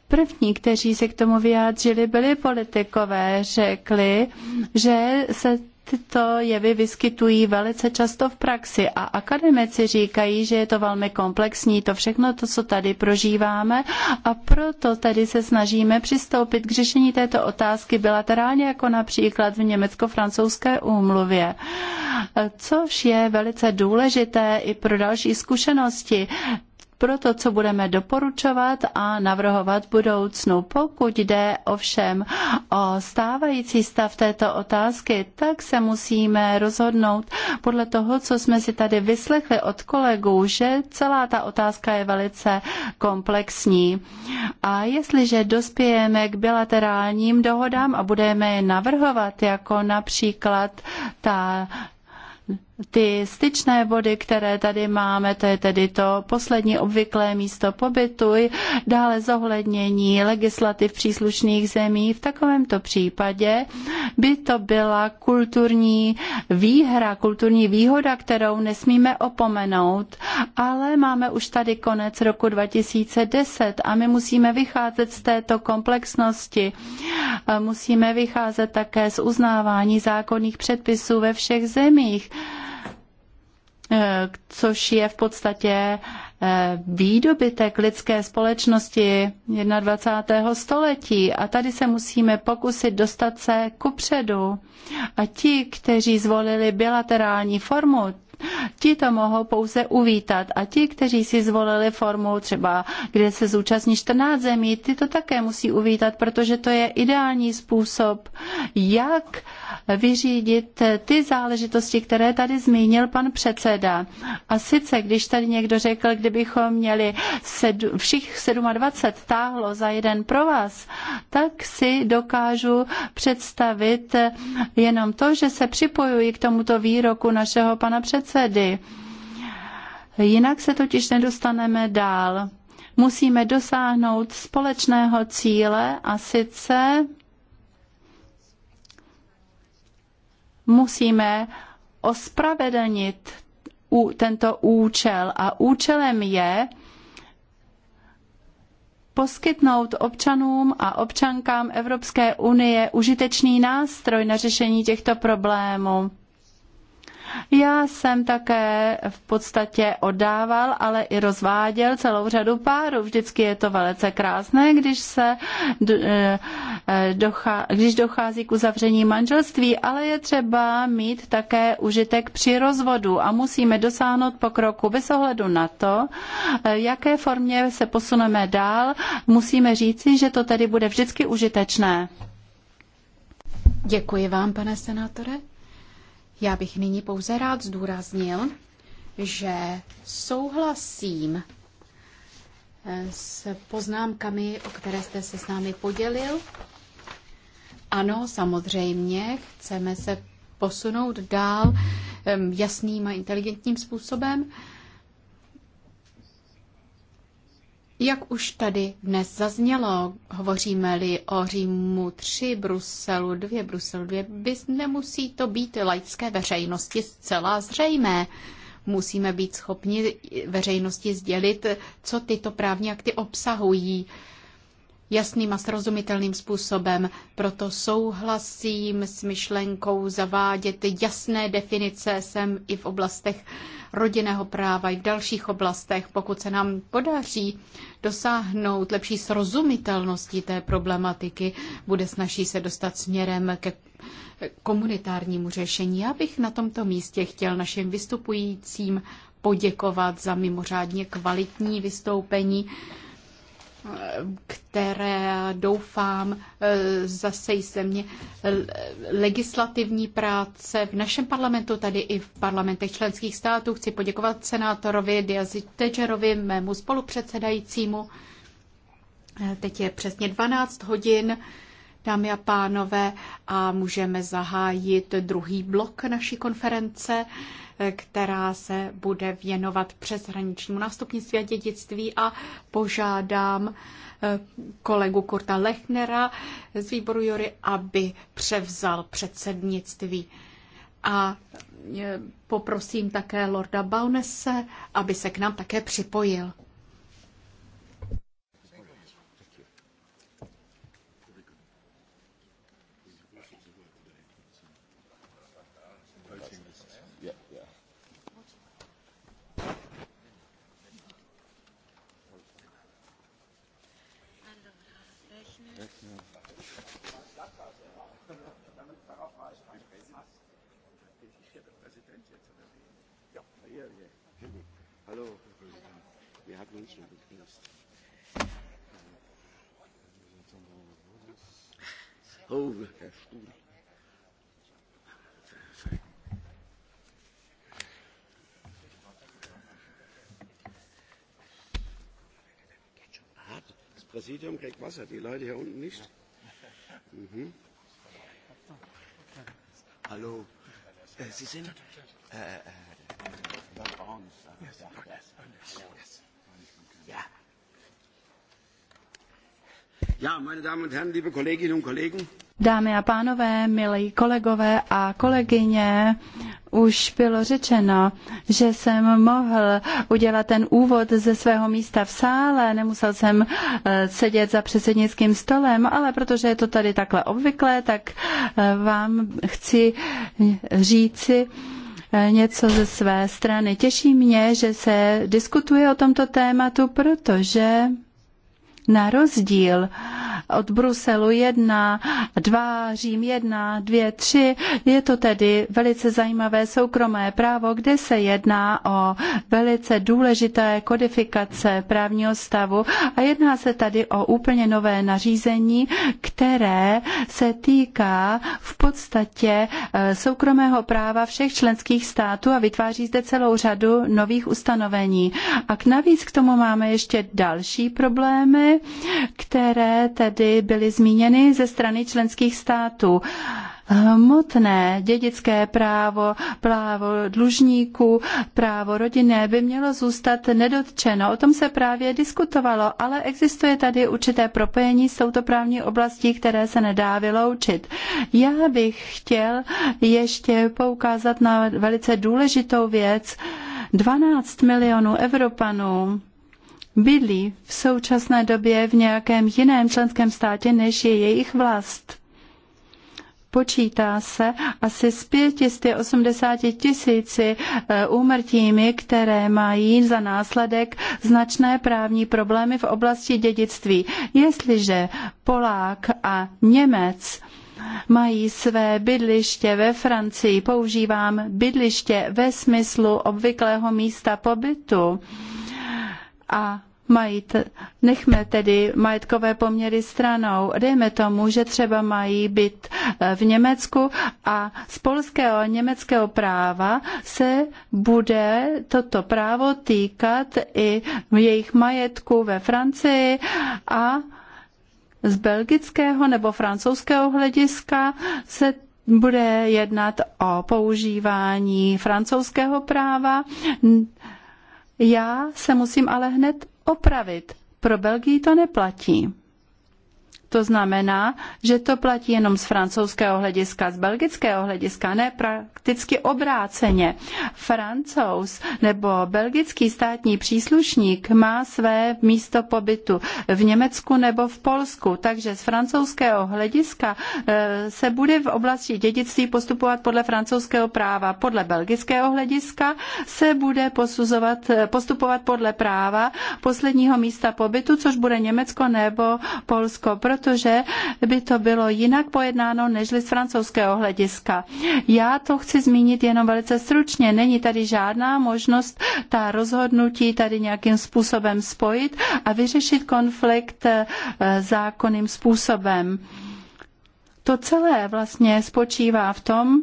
první, kteří se k tomu vyjádřili, byli politikové, řekli, že se tyto jevy vyskytují velice často v praxi a akademici říkají, že je to velmi komplexní, to všechno to, co tady prožíváme a proto tady se snažíme přistoupit k řešení této otázky bilaterálně, jako například v německo-francouzské úmluvě, což je velice důležité i pro další zkušenosti pro to, co budeme doporučovat a navrhovat budoucnu. Pokud jde ovšem o stávající stav této otázky, tak se musíme rozhodnout podle toho, co jsme si tady vyslechli od kolegů, že celá ta otázka je velice komplexní. A jestliže dospějeme k bilaterálním dohodám a budeme je navrhovat, jako například ta ty styčné body, které tady máme, to je tedy to poslední obvyklé místo pobytu, dále zohlednění legislativ příslušných zemí. V takovémto případě by to byla kulturní výhra, kulturní výhoda, kterou nesmíme opomenout, ale máme už tady konec roku 2010 a my musíme vycházet z této komplexnosti. Musíme vycházet také z uznávání zákonných předpisů ve všech zemích. Eh, což je v podstatě eh, výdobytek lidské společnosti 21. století. A tady se musíme pokusit dostat se ku předu. A ti, kteří zvolili bilaterální formu, Ti to mohou pouze uvítat a ti, kteří si zvolili formu třeba, kde se zúčastní 14 zemí, ty to také musí uvítat, protože to je ideální způsob, jak vyřídit ty záležitosti, které tady zmínil pan předseda. A sice, když tady někdo řekl, kdybychom měli sedm, všich 27 táhlo za jeden pro vás, tak si dokážu představit jenom to, že se připojuji k tomuto výroku našeho pana předseda předsedy. Jinak se totiž nedostaneme dál. Musíme dosáhnout společného cíle a sice musíme ospravedlnit tento účel a účelem je poskytnout občanům a občankám Evropské unie užitečný nástroj na řešení těchto problémů. Já jsem také v podstatě oddával, ale i rozváděl celou řadu párů. Vždycky je to velice krásné, když se eh, eh, když dochází k uzavření manželství, ale je třeba mít také užitek při rozvodu a musíme dosáhnout pokroku bez ohledu na to, eh, jaké formě se posuneme dál. Musíme říci, že to tedy bude vždycky užitečné. Děkuji vám, pane senátore. Já bych nyní pouze rád zdůraznil, že souhlasím eh, s poznámkami, o které jste se s námi podělil. Ano, samozřejmě, chceme se posunout dál eh, jasným a inteligentním způsobem. Jak už tady dnes zaznělo, hovoříme-li o Římu 3, Bruselu 2, Brusel 2, bys nemusí to být laické veřejnosti zcela zřejmé. Musíme být schopni veřejnosti sdělit, co tyto právní akty obsahují jasným a srozumitelným způsobem. Proto souhlasím s myšlenkou zavádět jasné definice sem i v oblastech rodinného práva i v dalších oblastech. Pokud se nám podaří dosáhnout lepší srozumitelnosti té problematiky, bude snaží se dostat směrem ke komunitárnímu řešení. Já bych na tomto místě chtěl našim vystupujícím poděkovat za mimořádně kvalitní vystoupení které doufám e, zase mě e, legislativní práce v našem parlamentu, tady i v parlamentech členských států. Chci poděkovat senátorovi Diazi Tečerovi, mému spolupředsedajícímu. E, teď je přesně 12 hodin, dámy a pánové, a můžeme zahájit druhý blok naší konference která se bude věnovat přeshraničnímu nástupnictví a dědictví a požádám eh, kolegu Kurta Lechnera z výboru Jury, aby převzal předsednictví. A eh, poprosím také Lorda Baunese, aby se k nám také připojil. Das Präsidium kriegt Wasser, die Leute hier unten nicht. Mhm. Hallo. Äh, Sie sind. Äh, äh, Lord äh, Barnes. Äh, yes, yes, yes. Ja. Ja, meine Damen und Herren, liebe Kolleginnen und Kollegen. Dámy a pánové, milí kolegové a kolegyně, už bylo řečeno, že jsem mohl udělat ten úvod ze svého místa v sále, nemusel jsem eh, sedět za předsednickým stolem, ale protože je to tady takhle obvyklé, tak eh, vám chci říci, E, něco ze své strany. Těší mě, že se diskutuje o tomto tématu, protože na rozdíl od Bruselu 1, 2, Řím 1, 2, 3. Je to tedy velice zajímavé soukromé právo, kde se jedná o velice důležité kodifikace právního stavu a jedná se tady o úplně nové nařízení, které se týká v podstatě eh, soukromého práva všech členských států a vytváří zde celou řadu nových ustanovení. A navíc k tomu máme ještě další problémy, které tedy tedy byly zmíněny ze strany členských států hmotné dědické právo, právo dlužníků, právo rodinné by mělo zůstat nedotčeno. O tom se právě diskutovalo, ale existuje tady určité propojení s touto právní oblastí, které se nedá vyloučit. Já bych chtěl ještě poukázat na velice důležitou věc. 12 milionů Evropanů bydlí v současné době v nějakém jiném členském státě, než je jejich vlast. Počítá se asi z 580 tisíci eh, úmrtími, které mají za následek značné právní problémy v oblasti dědictví. Jestliže Polák a Němec mají své bydliště ve Francii, používám bydliště ve smyslu obvyklého místa pobytu, a mají t- nechme tedy majetkové poměry stranou. Dejme tomu, že třeba mají byt eh, v Německu a z polského a německého práva se bude toto právo týkat i jejich majetku ve Francii a z belgického nebo francouzského hlediska se bude jednat o používání francouzského práva já se musím ale hned opravit. Pro Belgii to neplatí. To znamená, že to platí jenom z francouzského hlediska, z belgického hlediska, ne prakticky obráceně. Francouz nebo belgický státní příslušník má své místo pobytu v Německu nebo v Polsku, takže z francouzského hlediska e, se bude v oblasti dědictví postupovat podle francouzského práva. Podle belgického hlediska se bude posuzovat, e, postupovat podle práva posledního místa pobytu, což bude Německo nebo Polsko. Proto protože by to bylo jinak pojednáno než z francouzského hlediska. Já to chci zmínit jenom velice stručně. Není tady žádná možnost ta rozhodnutí tady nějakým způsobem spojit a vyřešit konflikt eh, zákonným způsobem. To celé vlastně spočívá v tom,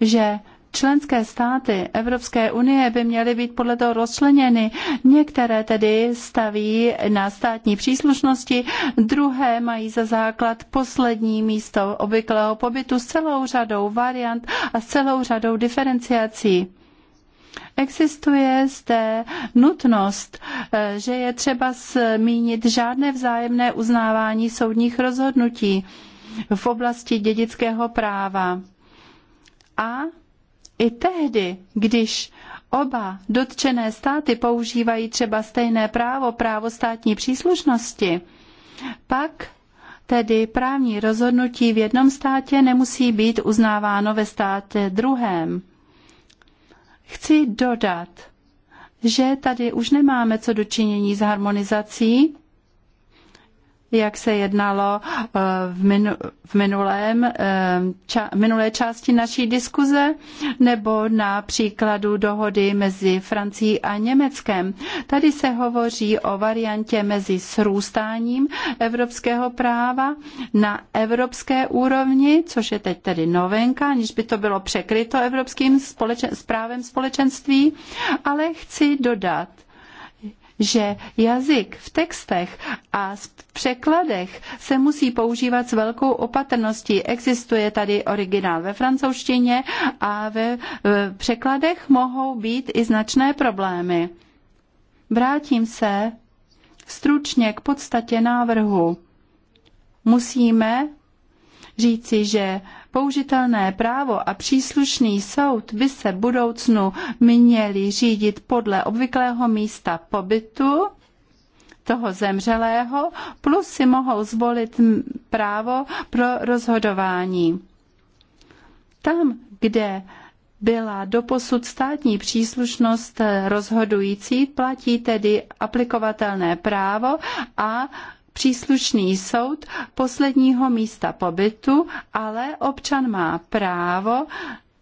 že Členské státy Evropské unie by měly být podle toho rozčleněny. Některé tedy staví na státní příslušnosti, druhé mají za základ poslední místo obvyklého pobytu s celou řadou variant a s celou řadou diferenciací. Existuje zde nutnost, eh, že je třeba zmínit žádné vzájemné uznávání soudních rozhodnutí v oblasti dědického práva. A i tehdy, když oba dotčené státy používají třeba stejné právo, právo státní příslušnosti, pak tedy právní rozhodnutí v jednom státě nemusí být uznáváno ve státě druhém. Chci dodat, že tady už nemáme co dočinění s harmonizací, jak se jednalo eh, v, minu, v minulém, eh, ča, minulé části naší diskuze, nebo na příkladu dohody mezi Francií a Německem. Tady se hovoří o variantě mezi srůstáním evropského práva na evropské úrovni, což je teď tedy novenka, aniž by to bylo překryto evropským společen, správem společenství, ale chci dodat, že jazyk v textech a v překladech se musí používat s velkou opatrností. Existuje tady originál ve francouzštině a ve překladech mohou být i značné problémy. Vrátím se stručně k podstatě návrhu. Musíme říci, že použitelné právo a příslušný soud by se budoucnu měli řídit podle obvyklého místa pobytu toho zemřelého, plus si mohou zvolit právo pro rozhodování. Tam, kde byla doposud státní příslušnost rozhodující, platí tedy aplikovatelné právo a příslušný soud posledního místa pobytu, ale občan má právo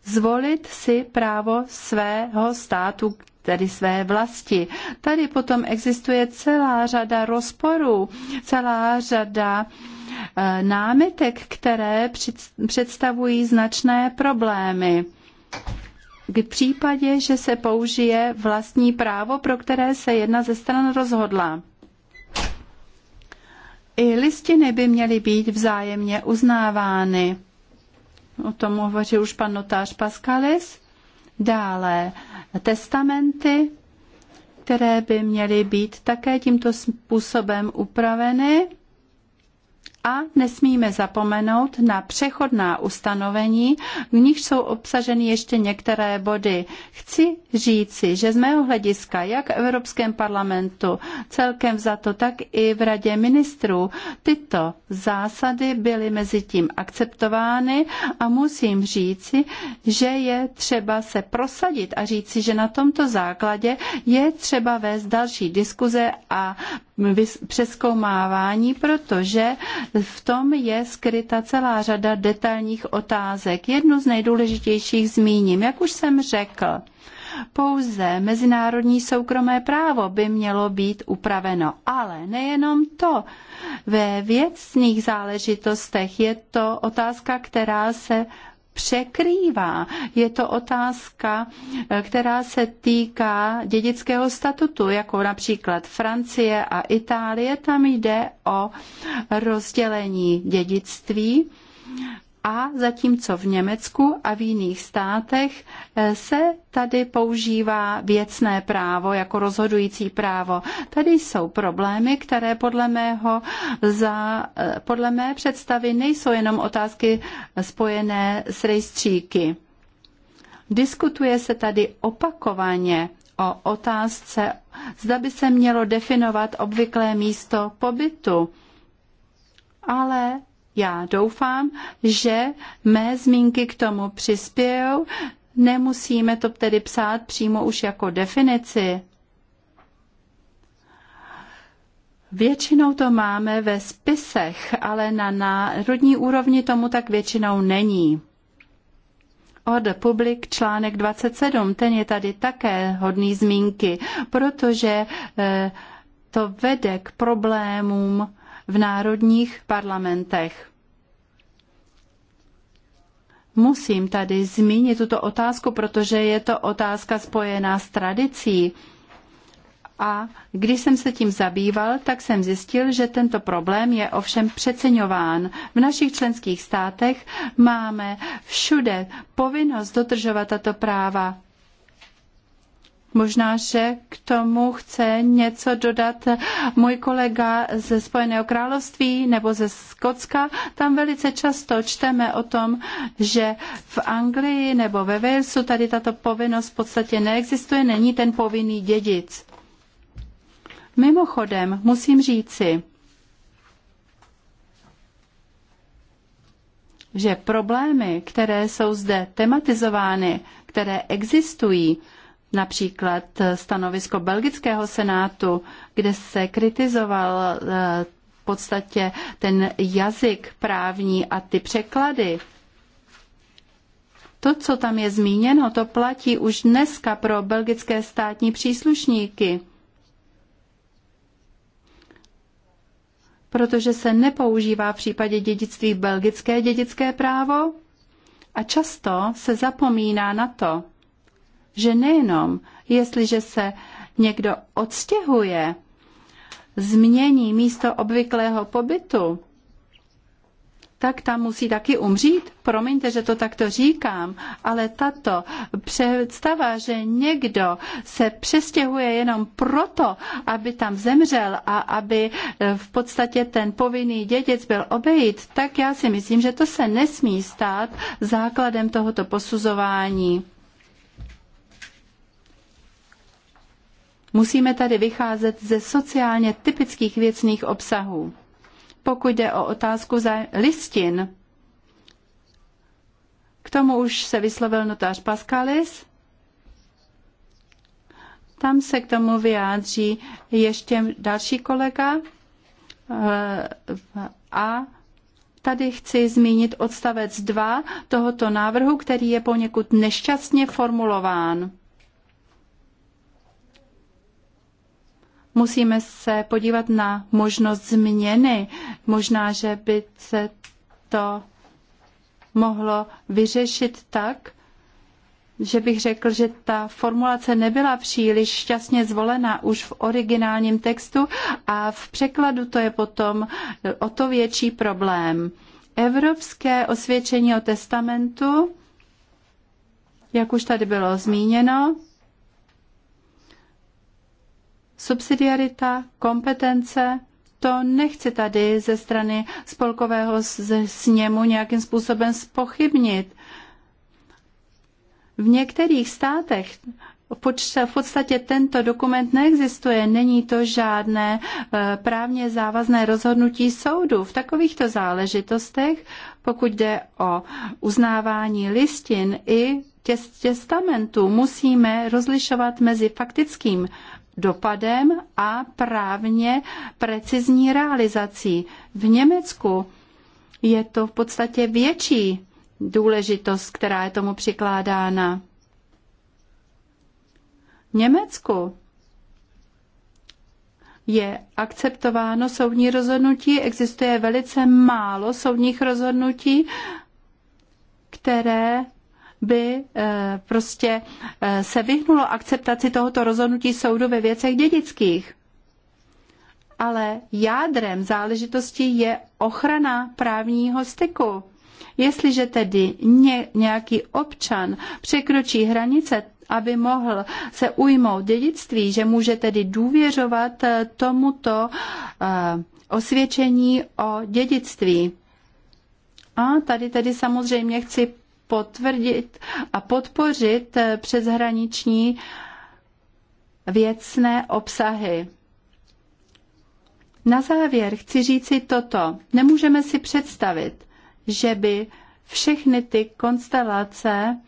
zvolit si právo svého státu, tedy své vlasti. Tady potom existuje celá řada rozporů, celá řada eh, námitek, které představují značné problémy. K případě, že se použije vlastní právo, pro které se jedna ze stran rozhodla. I listiny by měly být vzájemně uznávány. O tom hovořil už pan notář Pascalis. Dále testamenty, které by měly být také tímto způsobem upraveny a nesmíme zapomenout na přechodná ustanovení, v nich jsou obsaženy ještě některé body. Chci říci, že z mého hlediska, jak v Evropském parlamentu, celkem za to, tak i v Radě ministrů, tyto zásady byly mezi tím akceptovány a musím říci, že je třeba se prosadit a říci, že na tomto základě je třeba vést další diskuze a přeskoumávání, protože v tom je skryta celá řada detailních otázek. Jednu z nejdůležitějších zmíním, jak už jsem řekl. Pouze mezinárodní soukromé právo by mělo být upraveno, ale nejenom to. Ve věcných záležitostech je to otázka, která se překrývá. Je to otázka, eh, která se týká dědického statutu, jako například Francie a Itálie. Tam jde o rozdělení dědictví a zatímco v Německu a v jiných státech eh, se tady používá věcné právo jako rozhodující právo. Tady jsou problémy, které podle, mého za, eh, podle mé představy nejsou jenom otázky spojené s rejstříky. Diskutuje se tady opakovaně o otázce, zda by se mělo definovat obvyklé místo pobytu, ale já doufám, že mé zmínky k tomu přispějou. Nemusíme to tedy psát přímo už jako definici. Většinou to máme ve spisech, ale na národní úrovni tomu tak většinou není. Od publik článek 27, ten je tady také hodný zmínky, protože eh, to vede k problémům v národních parlamentech. Musím tady zmínit tuto otázku, protože je to otázka spojená s tradicí. A když jsem se tím zabýval, tak jsem zjistil, že tento problém je ovšem přeceňován. V našich členských státech máme všude povinnost dodržovat tato práva. Možná, že k tomu chce něco dodat můj kolega ze Spojeného království nebo ze Skotska. Tam velice často čteme o tom, že v Anglii nebo ve Walesu tady tato povinnost v podstatě neexistuje, není ten povinný dědic. Mimochodem, musím říci, že problémy, které jsou zde tematizovány, které existují, Například stanovisko belgického senátu, kde se kritizoval eh, v podstatě ten jazyk právní a ty překlady. To, co tam je zmíněno, to platí už dneska pro belgické státní příslušníky. protože se nepoužívá v případě dědictví belgické dědické právo a často se zapomíná na to, že nejenom jestliže se někdo odstěhuje, změní místo obvyklého pobytu, tak tam musí taky umřít. Promiňte, že to takto říkám, ale tato představa, že někdo se přestěhuje jenom proto, aby tam zemřel a aby eh, v podstatě ten povinný dědec byl obejít, tak já si myslím, že to se nesmí stát základem tohoto posuzování. Musíme tady vycházet ze sociálně typických věcných obsahů. Pokud jde o otázku za listin, k tomu už se vyslovil notář Pascalis. Tam se k tomu vyjádří ještě další kolega. A tady chci zmínit odstavec 2 tohoto návrhu, který je poněkud nešťastně formulován. Musíme se podívat na možnost změny. Možná, že by se to mohlo vyřešit tak, že bych řekl, že ta formulace nebyla příliš šťastně zvolená už v originálním textu a v překladu to je potom eh, o to větší problém. Evropské osvědčení o testamentu, jak už tady bylo zmíněno, Subsidiarita, kompetence, to nechci tady ze strany spolkového sněmu nějakým způsobem spochybnit. V některých státech v podstatě tento dokument neexistuje, není to žádné e, právně závazné rozhodnutí soudu. V takovýchto záležitostech, pokud jde o uznávání listin i testamentů, musíme rozlišovat mezi faktickým dopadem a právně precizní realizací. V Německu je to v podstatě větší důležitost, která je tomu přikládána. V Německu je akceptováno soudní rozhodnutí, existuje velice málo soudních rozhodnutí, které by eh, prostě eh, se vyhnulo akceptaci tohoto rozhodnutí soudu ve věcech dědických. Ale jádrem záležitosti je ochrana právního styku. Jestliže tedy ně, nějaký občan překročí hranice, aby mohl se ujmout dědictví, že může tedy důvěřovat eh, tomuto osvědčení o dědictví. A tady tedy samozřejmě chci potvrdit a podpořit eh, přeshraniční věcné obsahy. Na závěr chci říci toto. Nemůžeme si představit, že by všechny ty konstelace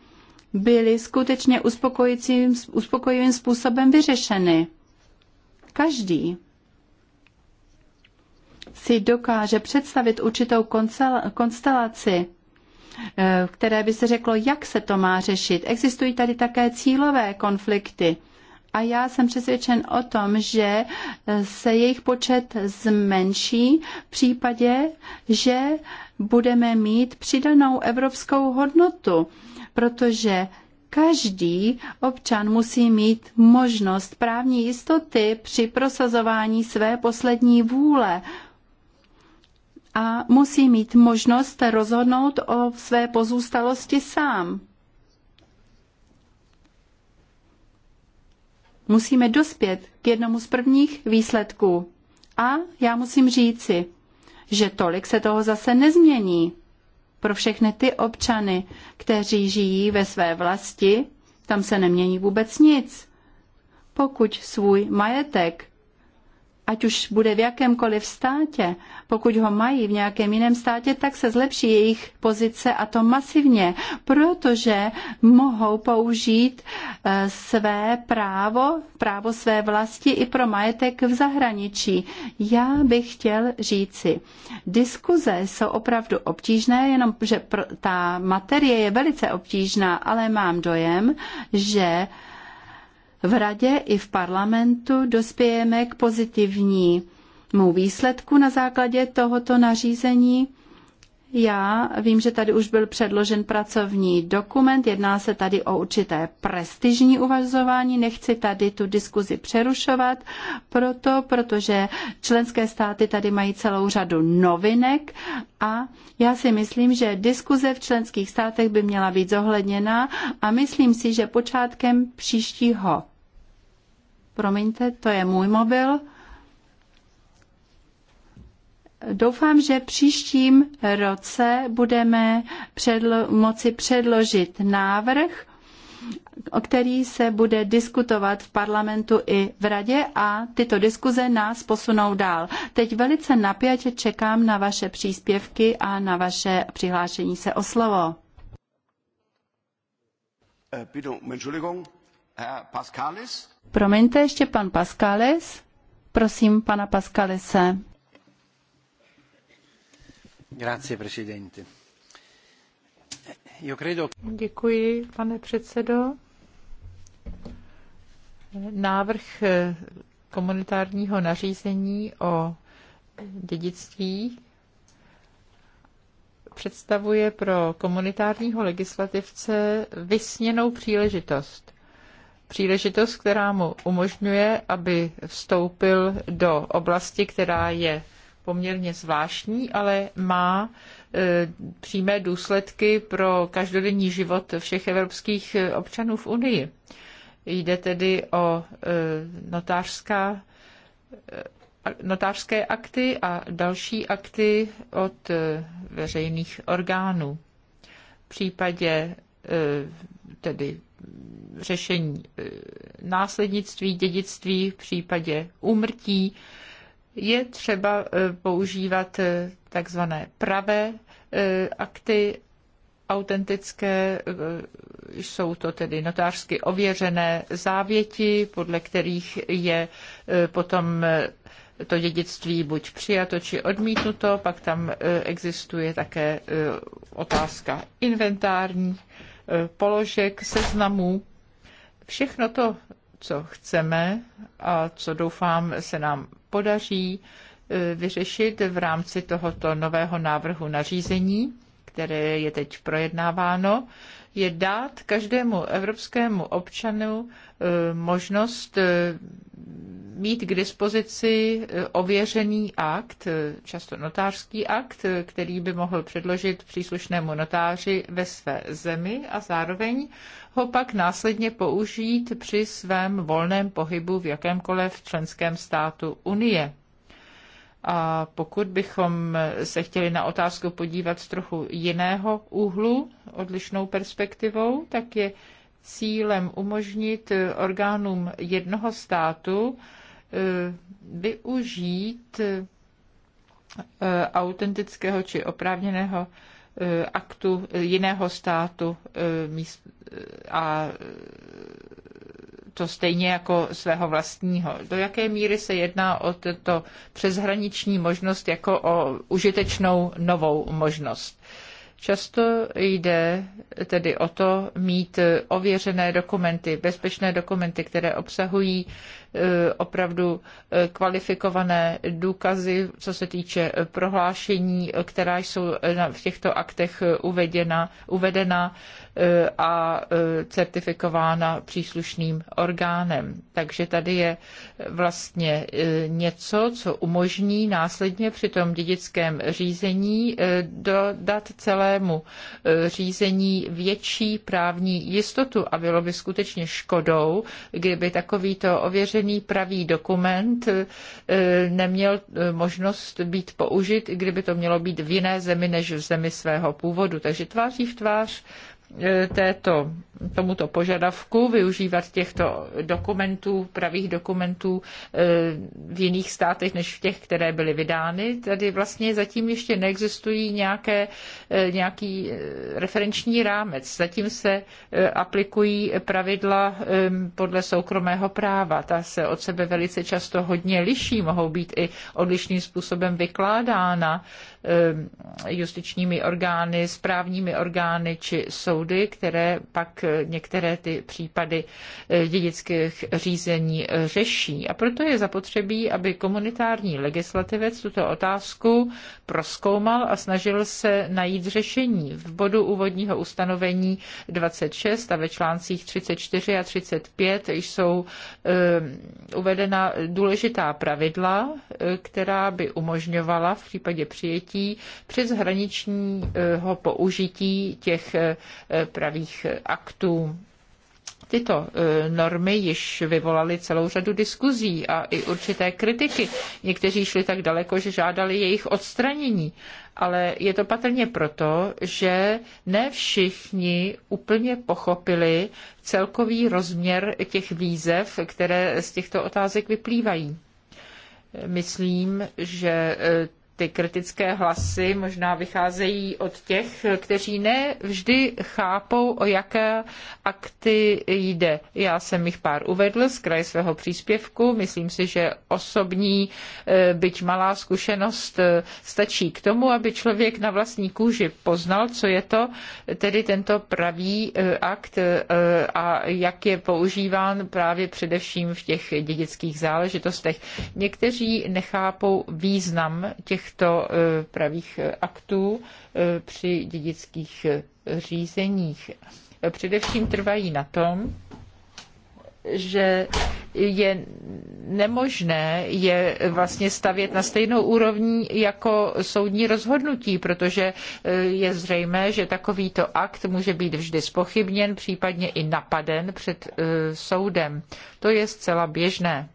byly skutečně uspokojujícím, uspokojivým způsobem vyřešeny. Každý si dokáže představit určitou konstelaci, Eh, které by se řeklo, jak se to má řešit. Existují tady také cílové konflikty. A já jsem přesvědčen o tom, že eh, se jejich počet zmenší v případě, že budeme mít přidanou evropskou hodnotu, protože každý občan musí mít možnost právní jistoty při prosazování své poslední vůle a musí mít možnost rozhodnout o své pozůstalosti sám. Musíme dospět k jednomu z prvních výsledků. A já musím říci, že tolik se toho zase nezmění. Pro všechny ty občany, kteří žijí ve své vlasti, tam se nemění vůbec nic. Pokud svůj majetek ať už bude v jakémkoliv státě, pokud ho mají v nějakém jiném státě, tak se zlepší jejich pozice a to masivně, protože mohou použít eh, své právo, právo své vlasti i pro majetek v zahraničí. Já bych chtěl říci, diskuze jsou opravdu obtížné, jenom že ta materie je velice obtížná, ale mám dojem, že v radě i v parlamentu dospějeme k pozitivnímu výsledku na základě tohoto nařízení já vím, že tady už byl předložen pracovní dokument, jedná se tady o určité prestižní uvažování, nechci tady tu diskuzi přerušovat, proto, protože členské státy tady mají celou řadu novinek a já si myslím, že diskuze v členských státech by měla být zohledněna a myslím si, že počátkem příštího, promiňte, to je můj mobil, Doufám, že příštím roce budeme předlo- moci předložit návrh, o který se bude diskutovat v parlamentu i v radě a tyto diskuze nás posunou dál. Teď velice napjatě čekám na vaše příspěvky a na vaše přihlášení se o slovo. Eh, Promiňte ještě pan Pascalis. Prosím pana Pascalise pane předsedající Návrh eh, komunitárního nařízení o dědictví představuje pro komunitárního legislativce vysněnou příležitost. Příležitost, která mu umožňuje, aby vstoupil do oblasti, která je poměrně zvláštní, ale má e, přímé důsledky pro každodenní život všech evropských e, občanů v Unii. Jde tedy o e, notářská, notářské akty a další akty od veřejných orgánů. V případě tedy řešení následnictví, dědictví v případě úmrtí, je třeba eh, používat eh, takzvané pravé eh, akty autentické, jsou to tedy notářsky ověřené závěti, podle kterých je potom to dědictví buď přijato či odmítnuto, pak tam existuje také otázka inventární, položek, seznamů. Všechno to, co chceme a co doufám se nám podaří eh, vyřešit v rámci tohoto nového návrhu nařízení, které je teď projednáváno, je dát každému evropskému občanu eh, možnost eh, mít k dispozici eh, ověřený akt, eh, často notářský akt, eh, který by mohl předložit příslušnému notáři ve své zemi a zároveň ho pak následně použít při svém volném pohybu v jakémkoliv členském státu Unie. A pokud bychom se chtěli na otázku podívat z trochu jiného úhlu, odlišnou perspektivou, tak je cílem umožnit orgánům jednoho státu Eh, využít eh, autentického či oprávněného eh, aktu jiného státu a to stejně jako svého vlastního. Do jaké míry se jedná o tuto přeshraniční možnost jako o užitečnou novou možnost? Často jde tedy o to mít ověřené dokumenty, bezpečné dokumenty, které obsahují Eh, opravdu eh, kvalifikované důkazy, co se týče eh, prohlášení, která jsou v těchto aktech uvedena, uvedena a certifikována příslušným orgánem. Takže tady je vlastně něco, co umožní následně při tom dědickém řízení dodat celému řízení větší právní jistotu a bylo by skutečně škodou, kdyby takovýto ověřený otevřený pravý dokument eh, neměl eh, možnost být použit, i kdyby to mělo být v jiné zemi než v zemi svého původu. Takže tváří v tvář E, této, tomuto požadavku využívat těchto dokumentů, pravých dokumentů e, v jiných státech než v těch, které byly vydány. Tady vlastně zatím ještě neexistují nějaké, e, nějaký referenční rámec. Zatím se aplikují pravidla podle soukromého práva. Ta se od sebe velice často hodně liší, mohou být i odlišným způsobem vykládána Eh, justičními orgány, správními orgány či soudy, které pak některé ty případy eh, dědických řízení řeší. A proto je zapotřebí, aby komunitární legislativec tuto otázku proskoumal a snažil se najít řešení. V bodu úvodního ustanovení 26 a ve článcích 34 a 35 jsou eh, uvedena důležitá pravidla, která by umožňovala v případě přijetí použití, přeshraničního použití těch eh, pravých aktů. Tyto eh, normy již vyvolaly celou řadu diskuzí a i určité kritiky. Někteří šli tak daleko, že žádali jejich odstranění. Ale je to patrně proto, že ne všichni úplně pochopili celkový rozměr těch výzev, které z těchto otázek vyplývají. Myslím, že eh, ty kritické hlasy možná vycházejí od těch, kteří ne vždy chápou, o jaké akty jde. Já jsem jich pár uvedl z kraje svého příspěvku. Myslím si, že osobní, eh, byť malá zkušenost eh, stačí k tomu, aby člověk na vlastní kůži poznal, co je to tedy tento pravý eh, akt a jak je používán právě především v těch dědických záležitostech. Někteří nechápou význam těch těchto eh, pravých eh, aktů eh, při dědických řízeních. Především trvají na tom, že je nemožné je vlastně stavět na stejnou úrovni jako soudní rozhodnutí, protože je zřejmé, že takovýto akt může být vždy spochybněn, případně i napaden před soudem. To je zcela běžné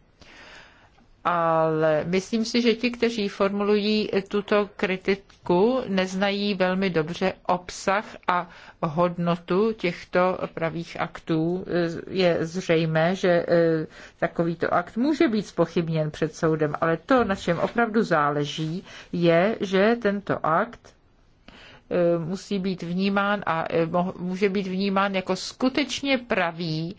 ale myslím si, že ti, kteří formulují tuto kritiku, neznají velmi dobře obsah a hodnotu těchto pravých aktů. Je zřejmé, že eh, takovýto akt může být spochybněn před soudem, ale to, na čem opravdu záleží, je, že tento akt eh, musí být vnímán a eh, může být vnímán jako skutečně pravý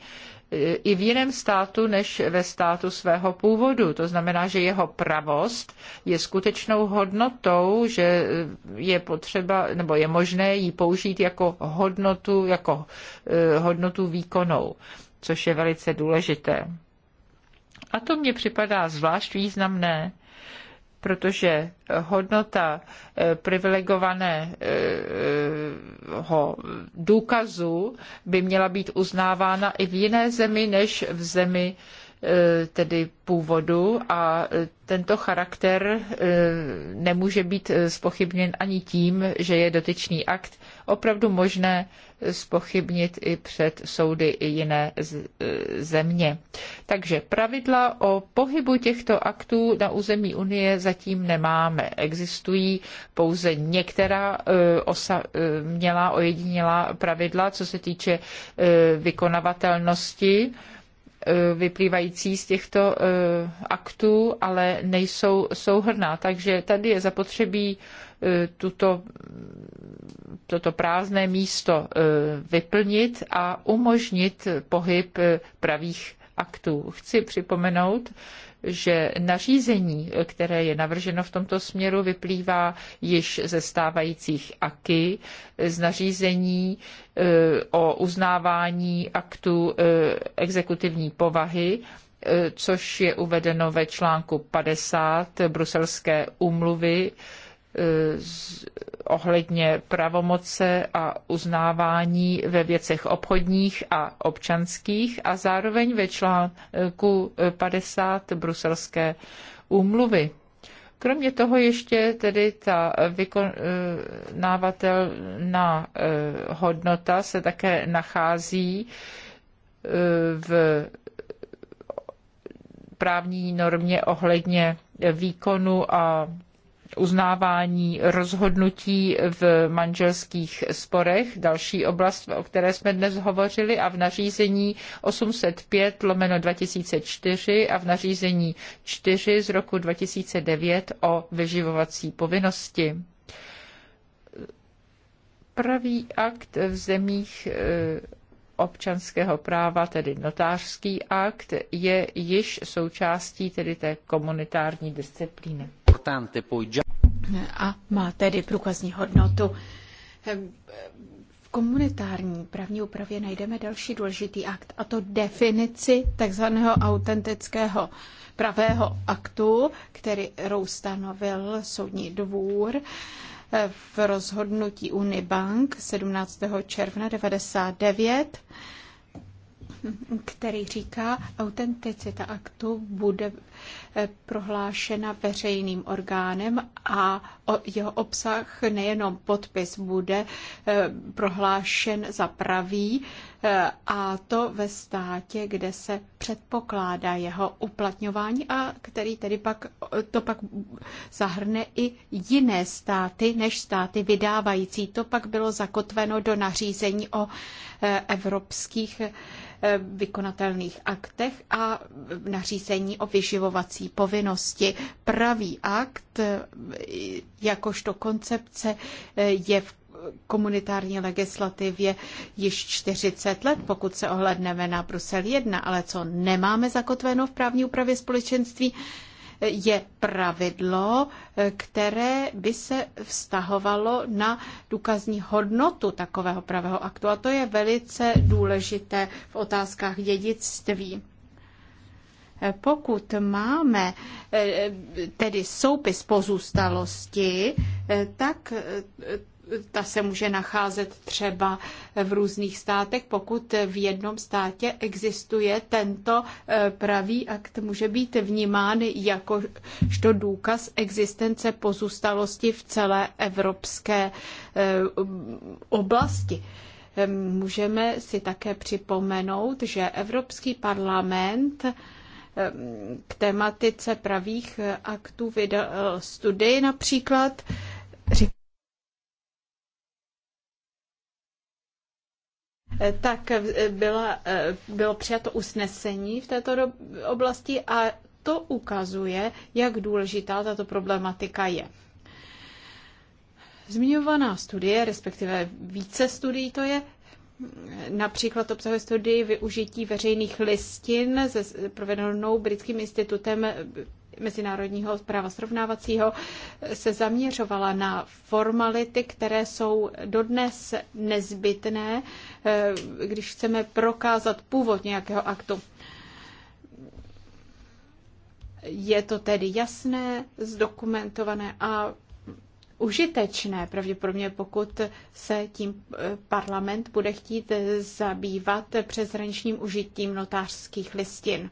i v jiném státu než ve státu svého původu. To znamená, že jeho pravost je skutečnou hodnotou, že je potřeba nebo je možné ji použít jako hodnotu, jako eh, hodnotu výkonou, což je velice důležité. A to mně připadá zvlášť významné, protože hodnota eh, privilegovaného důkazu by měla být uznávána i v jiné zemi než v zemi Eh, tedy původu a eh, tento charakter eh, nemůže být spochybněn ani tím, že je dotyčný akt opravdu možné spochybnit i před soudy i jiné země. Takže pravidla o pohybu těchto aktů na území Unie zatím nemáme. Existují pouze některá osa, měla ojedinělá pravidla, co se týče vykonavatelnosti Eh, vyplývající z těchto eh, aktů, ale nejsou souhrná. Takže tady je zapotřebí eh, tuto, toto prázdné místo vyplnit a umožnit pohyb pravých aktů. Chci připomenout, že nařízení, které je navrženo v tomto směru, vyplývá již ze stávajících AKY, z nařízení eh, o uznávání aktů eh, exekutivní povahy, eh, což je uvedeno ve článku 50 bruselské úmluvy Eh, ohledně pravomoce a uznávání ve věcech obchodních a občanských a zároveň ve článku 50 bruselské úmluvy. Kromě toho ještě tedy ta vykonávatelná eh, hodnota se také nachází eh, v právní normě ohledně výkonu a uznávání rozhodnutí v manželských sporech, další oblast, o které jsme dnes hovořili, a v nařízení 805 lomeno 2004 a v nařízení 4 z roku 2009 o vyživovací povinnosti. Pravý akt v zemích e, občanského práva, tedy notářský akt, je již součástí tedy té komunitární disciplíny a má tedy průkazní hodnotu. V komunitární právní úpravě najdeme další důležitý akt, a to definici takzvaného autentického pravého aktu, který stanovil soudní dvůr eh, v rozhodnutí Unibank 17. června 99 který říká, autenticita aktu bude Eh, prohlášena veřejným orgánem a jeho obsah, nejenom podpis, bude eh, prohlášen za pravý eh, a to ve státě, kde se předpokládá jeho uplatňování a který tedy pak, to pak zahrne i jiné státy než státy vydávající. To pak bylo zakotveno do nařízení o evropských vykonatelných aktech a nařízení o vyživovací povinnosti. Pravý akt, e, jakožto koncepce, e, je v komunitární legislativě již 40 let, pokud se ohledneme na Brusel 1, ale co nemáme zakotveno v právní úpravě společenství, je pravidlo, e, které by se vztahovalo na důkazní hodnotu takového pravého aktu. A to je velice důležité v otázkách dědictví. Pokud máme eh, tedy soupis pozůstalosti, eh, tak eh, ta se může nacházet třeba v různých státech. Pokud v jednom státě existuje tento pravý akt, může být vnímán jakožto důkaz existence pozůstalosti v celé evropské oblasti. Můžeme si také připomenout, že Evropský parlament k tematice pravých aktů vydal studii například. Tak byla, bylo přijato usnesení v této oblasti a to ukazuje, jak důležitá tato problematika je. Zmiňovaná studie, respektive více studií to je, Například obsahuje studii využití veřejných listin se, provedenou Britským institutem mezinárodního práva srovnávacího se zaměřovala na formality, které jsou dodnes nezbytné, eh, když chceme prokázat původ nějakého aktu. Je to tedy jasné, zdokumentované a užitečné, pravděpodobně pokud se tím eh, parlament bude chtít eh, zabývat přeshraničním užitím notářských listin.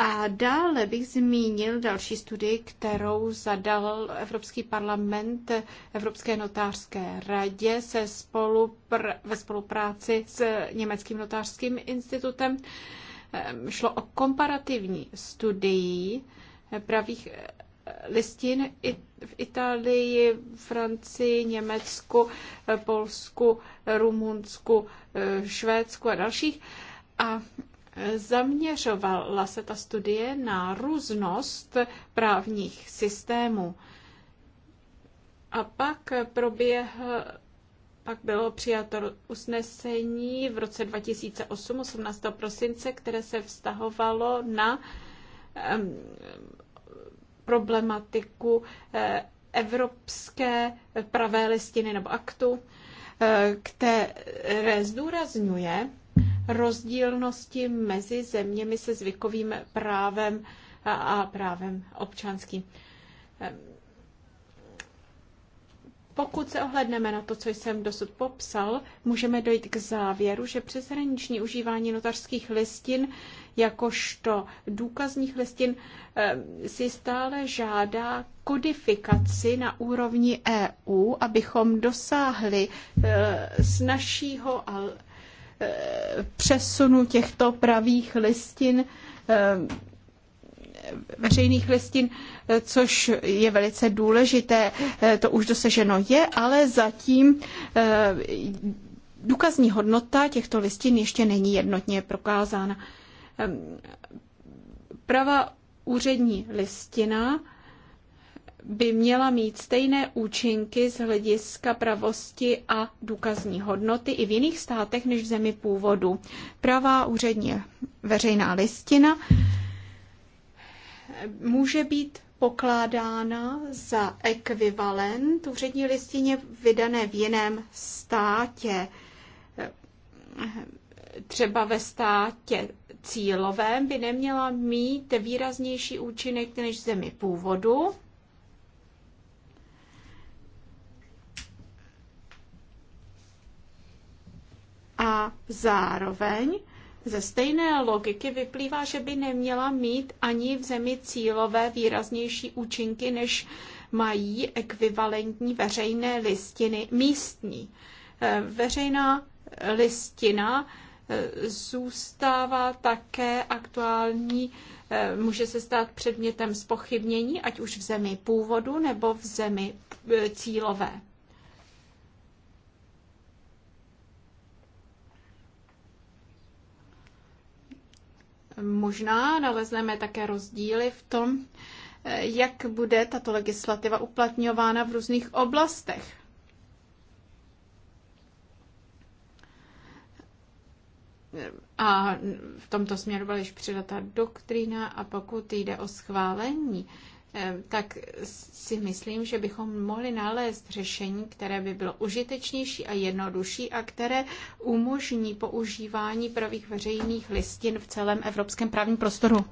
A dále bych zmínil další studii, kterou zadal Evropský parlament Evropské notářské radě se spolupr- ve spolupráci s Německým notářským institutem. Ehm, šlo o komparativní studii eh, pravých eh, listin v Itálii, Francii, Německu, eh, Polsku, Rumunsku, Švédsku a dalších. A zaměřovala se ta studie na různost právních systémů. A pak proběhl pak bylo přijato usnesení v roce 2008, 18. prosince, které se vztahovalo na problematiku eh, evropské pravé listiny nebo aktu, eh, které zdůrazňuje rozdílnosti mezi zeměmi se zvykovým právem a právem občanským. Pokud se ohledneme na to, co jsem dosud popsal, můžeme dojít k závěru, že přeshraniční užívání notařských listin jakožto důkazních listin eh, si stále žádá kodifikaci na úrovni EU, abychom dosáhli eh, snažšího našího eh, přesunu těchto pravých listin veřejných listin, což je velice důležité. Eh, to už dosaženo je, ale zatím eh, důkazní hodnota těchto listin ještě není jednotně prokázána. Ehm, Prava úřední listina by měla mít stejné účinky z hlediska pravosti a důkazní hodnoty i v jiných státech než v zemi původu. Pravá úřední veřejná listina může být pokládána za ekvivalent úřední listině vydané v jiném státě, třeba ve státě cílovém by neměla mít výraznější účinek než zemi původu. A zároveň ze stejné logiky vyplývá, že by neměla mít ani v zemi cílové výraznější účinky, než mají ekvivalentní veřejné listiny místní. Eh, veřejná listina eh, zůstává také aktuální, eh, může se stát předmětem spochybnění, ať už v zemi původu nebo v zemi cílové. Možná nalezneme také rozdíly v tom, eh, jak bude tato legislativa uplatňována v různých oblastech. A v tomto směru byla již přidata doktrína a pokud jde o schválení tak si myslím, že bychom mohli nalézt řešení, které by bylo užitečnější a jednodušší a které umožní používání pravých veřejných listin v celém evropském právním prostoru.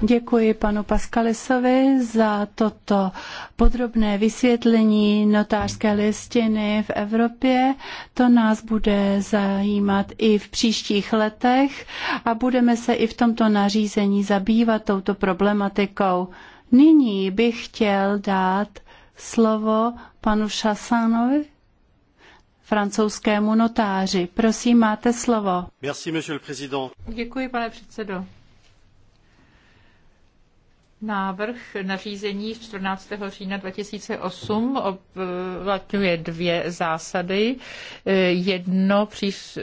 Děkuji panu Paskalisovi za toto podrobné vysvětlení notářské listiny v Evropě. To nás bude zajímat i v příštích letech a budeme se i v tomto nařízení zabývat touto problematikou. Nyní bych chtěl dát slovo panu Chassanovi francouzskému notáři. Prosím, máte slovo. Merci, Děkuji, pane předsedo. Návrh nařízení z 14. října 2008 uplatňuje dvě zásady. Jedno příš, eh,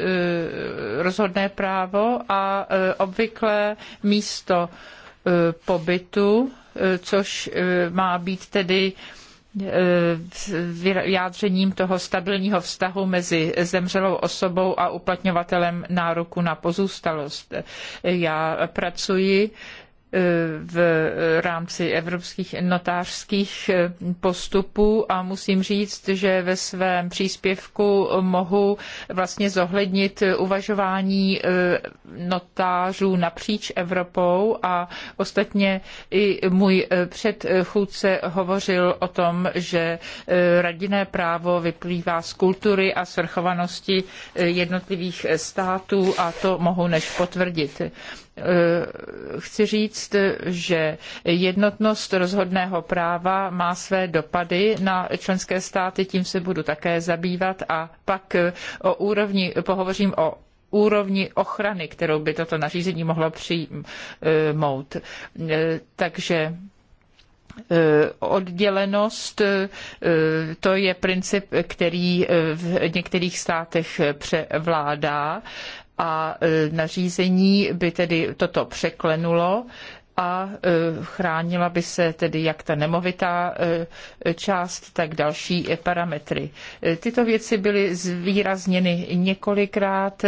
rozhodné právo a eh, obvyklé místo eh, pobytu, což má být tedy vyjádřením toho stabilního vztahu mezi zemřelou osobou a uplatňovatelem nároku na pozůstalost. Já pracuji v rámci evropských notářských eh, postupů a musím říct, že ve svém příspěvku mohu vlastně zohlednit uvažování eh, notářů napříč Evropou a ostatně i můj eh, předchůdce hovořil o tom, že rodinné právo vyplývá z kultury a svrchovanosti jednotlivých států a to mohu než potvrdit. Eh, chci říct, že jednotnost rozhodného práva má své dopady na členské státy, tím se budu také zabývat a pak eh, o úrovni, pohovořím o úrovni ochrany, kterou by toto nařízení mohlo přijmout. Eh, takže oddělenost, to je princip, který v některých státech převládá a e, nařízení by tedy toto překlenulo a e, chránila by se tedy jak ta nemovitá e, část, tak další parametry. Tyto věci byly zvýrazněny několikrát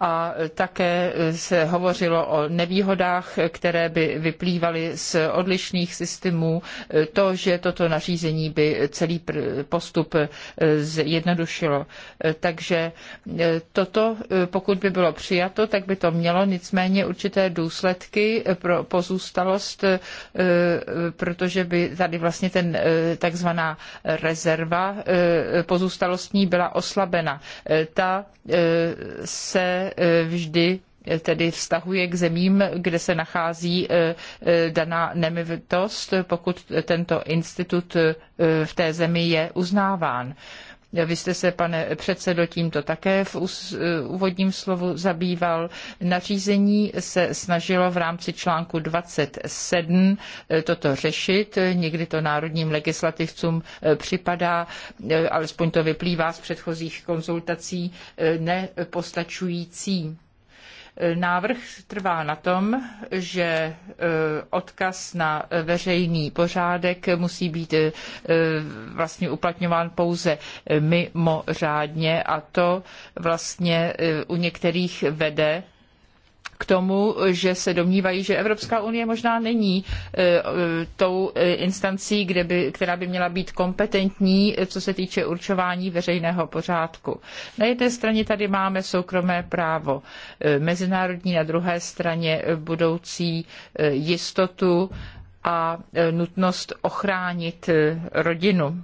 a také se hovořilo o nevýhodách, které by vyplývaly z odlišných systémů. To, že toto nařízení by celý postup eh, zjednodušilo. Takže eh, toto, eh, pokud by bylo přijato, tak by to mělo nicméně určité důsledky pro pozůstalost, protože by tady vlastně ten takzvaná rezerva pozůstalostní byla oslabena. Ta se Eh, vždy eh, tedy vztahuje k zemím, kde se nachází eh, daná nemovitost, pokud tento institut v té zemi je uznáván. Vy jste se, pane předsedo, tímto také v eh, úvodním slovu zabýval. Nařízení se snažilo v rámci článku 27 eh, toto řešit. Někdy to národním legislativcům eh, připadá, alespoň to vyplývá z předchozích konzultací, nepostačující Návrh trvá na tom, že e, odkaz na veřejný pořádek musí být e, vlastně uplatňován pouze mimořádně a to vlastně e, u některých vede k tomu, že se domnívají, že Evropská unie možná není e, e, tou e, instancí, kde by, která by měla být kompetentní, co se týče určování veřejného pořádku. Na jedné straně tady máme soukromé právo mezinárodní, na druhé straně budoucí jistotu a nutnost ochránit rodinu.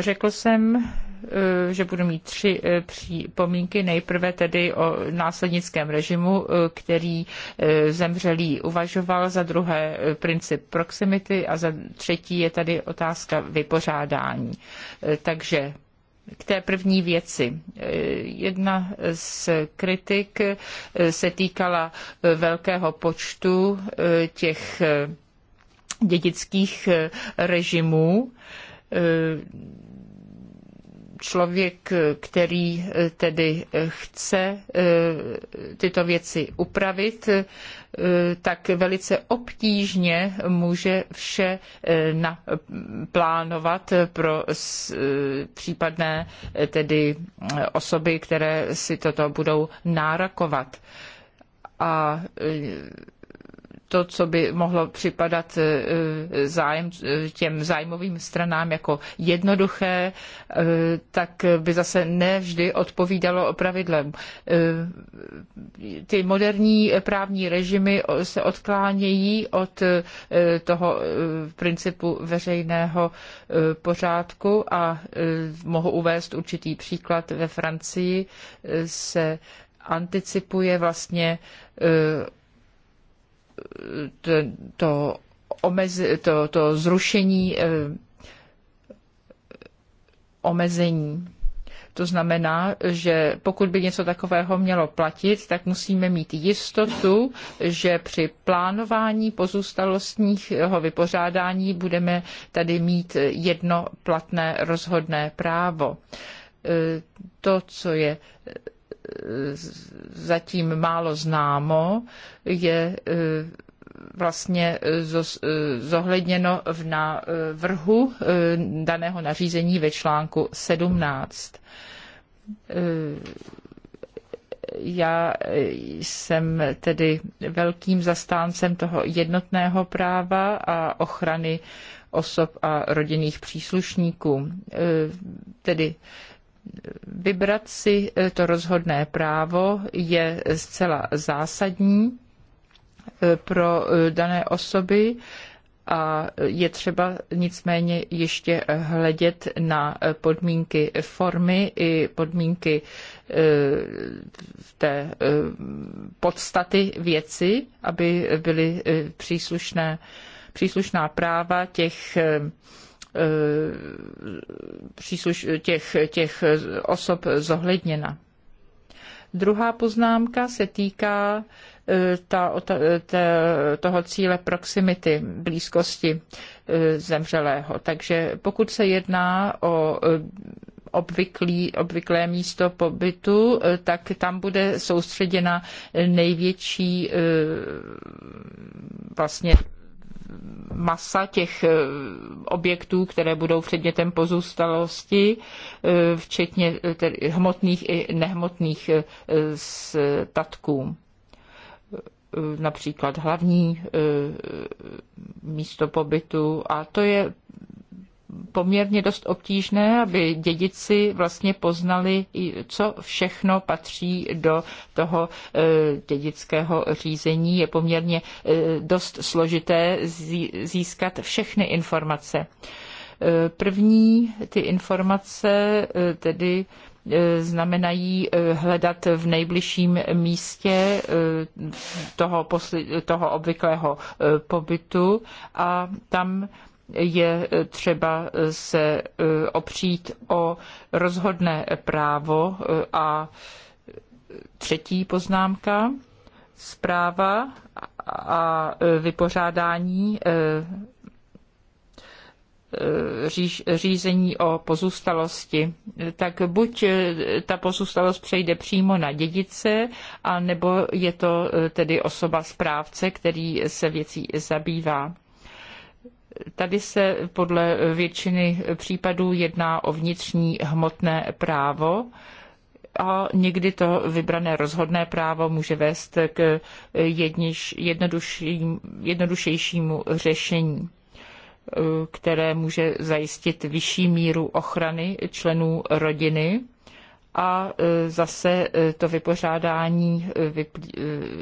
Řekl jsem, Eh, že budu mít tři eh, připomínky. Nejprve tedy o následnickém režimu, eh, který zemřelý uvažoval, za druhé princip proximity a za třetí je tady otázka vypořádání. Takže k té první věci. Jedna z kritik se týkala velkého počtu těch dědických režimů člověk, který eh, tedy eh, chce eh, tyto věci upravit, tak velice obtížně může vše naplánovat pro případné tedy osoby, které si toto budou nárokovat. A to, co by mohlo připadat eh, zájem, eh, těm zájmovým stranám jako jednoduché, eh, tak by zase nevždy odpovídalo pravidlem. Ty moderní právní režimy se odklánějí od toho principu veřejného pořádku a mohu uvést určitý příklad. Ve Francii se anticipuje vlastně to, omezi, to, to zrušení eh, omezení. To znamená, že pokud by něco takového mělo platit, tak musíme mít jistotu, že při plánování pozůstalostního vypořádání budeme tady mít jedno platné rozhodné právo. Eh, to, co je zatím málo známo, je e, vlastně e, zohledněno v návrhu e, daného nařízení ve článku 17. Já jsem tedy velkým zastáncem toho jednotného práva a ochrany osob a rodinných příslušníků. Tedy vybrat si eh, to rozhodné právo je zcela zásadní eh, pro eh, dané osoby a je třeba nicméně ještě hledět na podmínky formy i podmínky té podstaty věci, aby byly příslušné, příslušná práva těch Eh, přísluš, těch, těch osob zohledněna. Druhá poznámka se týká eh, ta, ta, ta, toho cíle proximity, blízkosti eh, zemřelého. Takže pokud se jedná o obvyklý, obvyklé místo pobytu, tak tam bude soustředěna největší vlastně masa těch eh, objektů, které budou předmětem pozůstalosti, eh, včetně eh, hmotných i nehmotných statků. Například hlavní místo pobytu a to je poměrně dost obtížné, aby dědici vlastně poznali, co všechno patří do toho e, dědického řízení. Je poměrně e, dost složité získat všechny informace. E, první ty informace tedy znamenají hledat v nejbližším místě toho, posl- toho obvyklého pobytu a tam je eh, třeba eh, se eh, opřít o rozhodné právo a třetí poznámka, zpráva a vypořádání řízení o pozůstalosti, tak buď ta pozůstalost přejde přímo na dědice, a nebo je to tedy osoba správce, který se věcí zabývá. Tady se podle většiny případů jedná o vnitřní hmotné právo a někdy to vybrané rozhodné právo může vést k jedniž, jednodušejšímu řešení, které může zajistit vyšší míru ochrany členů rodiny a e, zase e, to vypořádání e,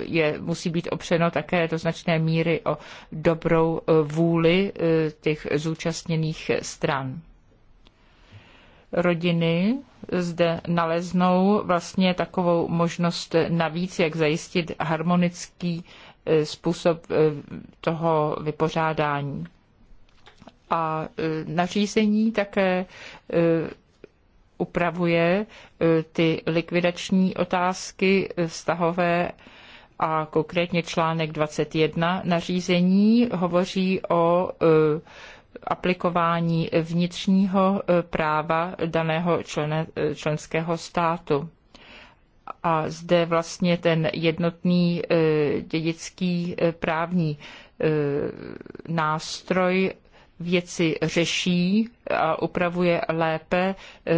je, musí být opřeno také do značné míry o dobrou vůli těch zúčastněných stran. Rodiny zde naleznou vlastně takovou možnost navíc, jak zajistit harmonický způsob toho vypořádání a nařízení také upravuje e, ty likvidační otázky e, vztahové a konkrétně článek 21 nařízení hovoří o e, aplikování vnitřního práva daného člene, členského státu. A zde vlastně ten jednotný dědický právní nástroj věci řeší a upravuje lépe, eh,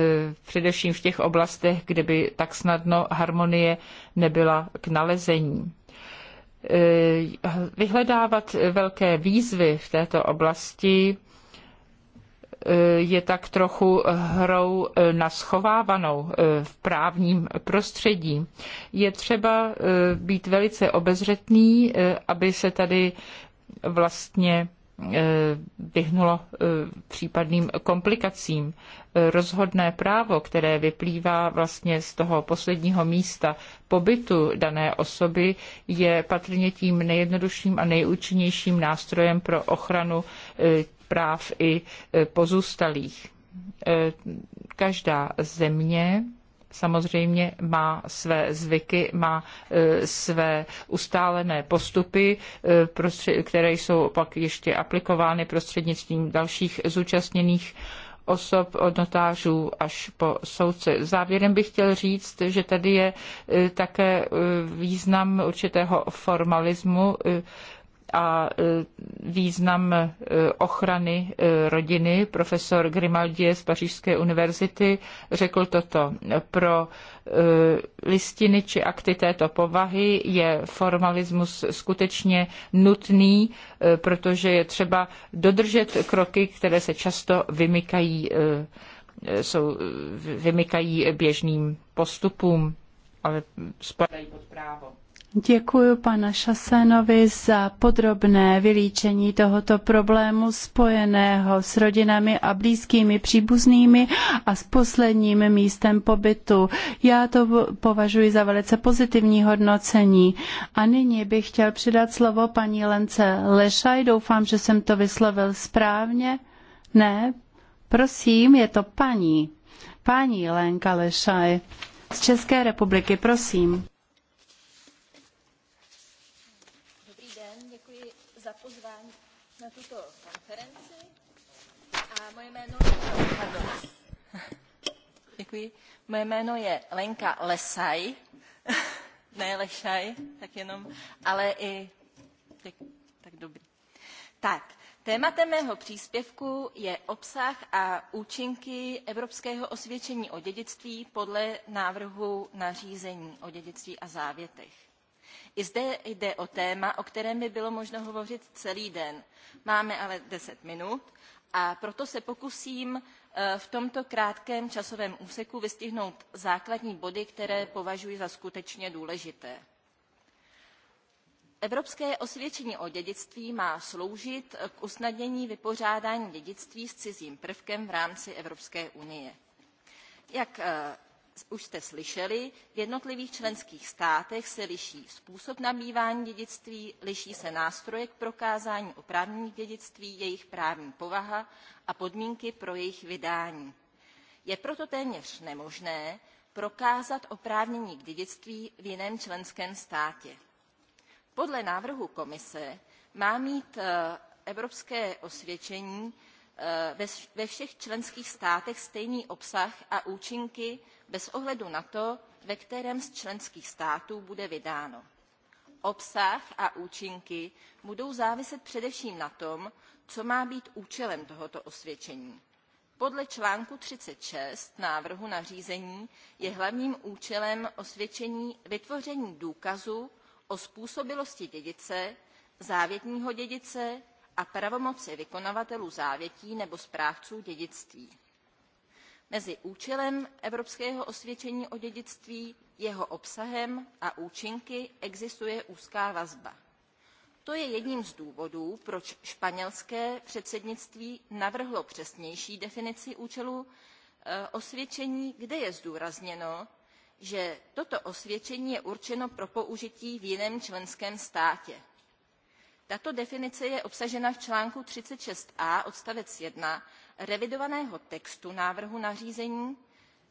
především v těch oblastech, kde by tak snadno harmonie nebyla k nalezení. Eh, vyhledávat velké výzvy v této oblasti eh, je tak trochu hrou na schovávanou v právním prostředí. Je třeba být velice obezřetný, aby se tady vlastně Eh, vyhnulo eh, případným komplikacím. Eh, rozhodné právo, které vyplývá vlastně z toho posledního místa pobytu dané osoby, je patrně tím nejjednodušším a nejúčinnějším nástrojem pro ochranu práv i pozůstalých. Každá země samozřejmě má své zvyky, má e, své ustálené postupy, e, které jsou pak ještě aplikovány prostřednictvím dalších zúčastněných osob od notářů až po soudce. Závěrem bych chtěl říct, že tady je e, také význam určitého formalismu, a e, význam e, ochrany e, rodiny. Profesor Grimaldi z Pařížské univerzity řekl toto. Pro listiny či akty této povahy je formalismus skutečně nutný, protože je třeba dodržet kroky, které se často vymykají, jsou, vymykají běžným postupům, ale spadají pod právo. Děkuji pana Šasenovi za podrobné vylíčení tohoto problému spojeného s rodinami a blízkými příbuznými a s posledním místem pobytu. Já to považuji za velice pozitivní hodnocení. A nyní bych chtěl přidat slovo paní Lence Lešaj. Doufám, že jsem to vyslovil správně. Ne, prosím, je to paní. Paní Lenka Lešaj z České republiky, prosím. Děkuji. Moje jméno je Lenka Lesaj, ne Lešaj, tak jenom, ale i... Tak, tak dobrý. Tak, tématem mého příspěvku je obsah a účinky Evropského osvědčení o dědictví podle návrhu nařízení o dědictví a závětech. I zde jde o téma, o kterém by bylo možno hovořit celý den. Máme ale 10 minut a proto se pokusím E, v tomto krátkém časovém úseku vystihnout základní body, které považuji za skutečně důležité. Evropské osvědčení o dědictví má sloužit k usnadnění vypořádání dědictví s cizím prvkem v rámci Evropské unie. Jak e, už jste slyšeli v jednotlivých členských státech se liší způsob nabývání dědictví liší se nástroje k prokázání oprávnění dědictví jejich právní povaha a podmínky pro jejich vydání. je proto téměř nemožné prokázat oprávnění k dědictví v jiném členském státě. podle návrhu komise má mít eh, evropské osvědčení Eh, ve všech členských státech stejný obsah a účinky bez ohledu na to, ve kterém z členských států bude vydáno. Obsah a účinky budou záviset především na tom, co má být účelem tohoto osvědčení. Podle článku 36 návrhu nařízení je hlavním účelem osvědčení vytvoření důkazu o způsobilosti dědice, závětního dědice a pravomoci vykonavatelů závětí nebo správců dědictví. Mezi účelem Evropského osvědčení o dědictví, jeho obsahem a účinky existuje úzká vazba. To je jedním z důvodů, proč španělské předsednictví navrhlo přesnější definici účelu e, osvědčení, kde je zdůrazněno, že toto osvědčení je určeno pro použití v jiném členském státě tato definice je obsažena v článku thirty six a odstavec one revidovaného textu návrhu nařízení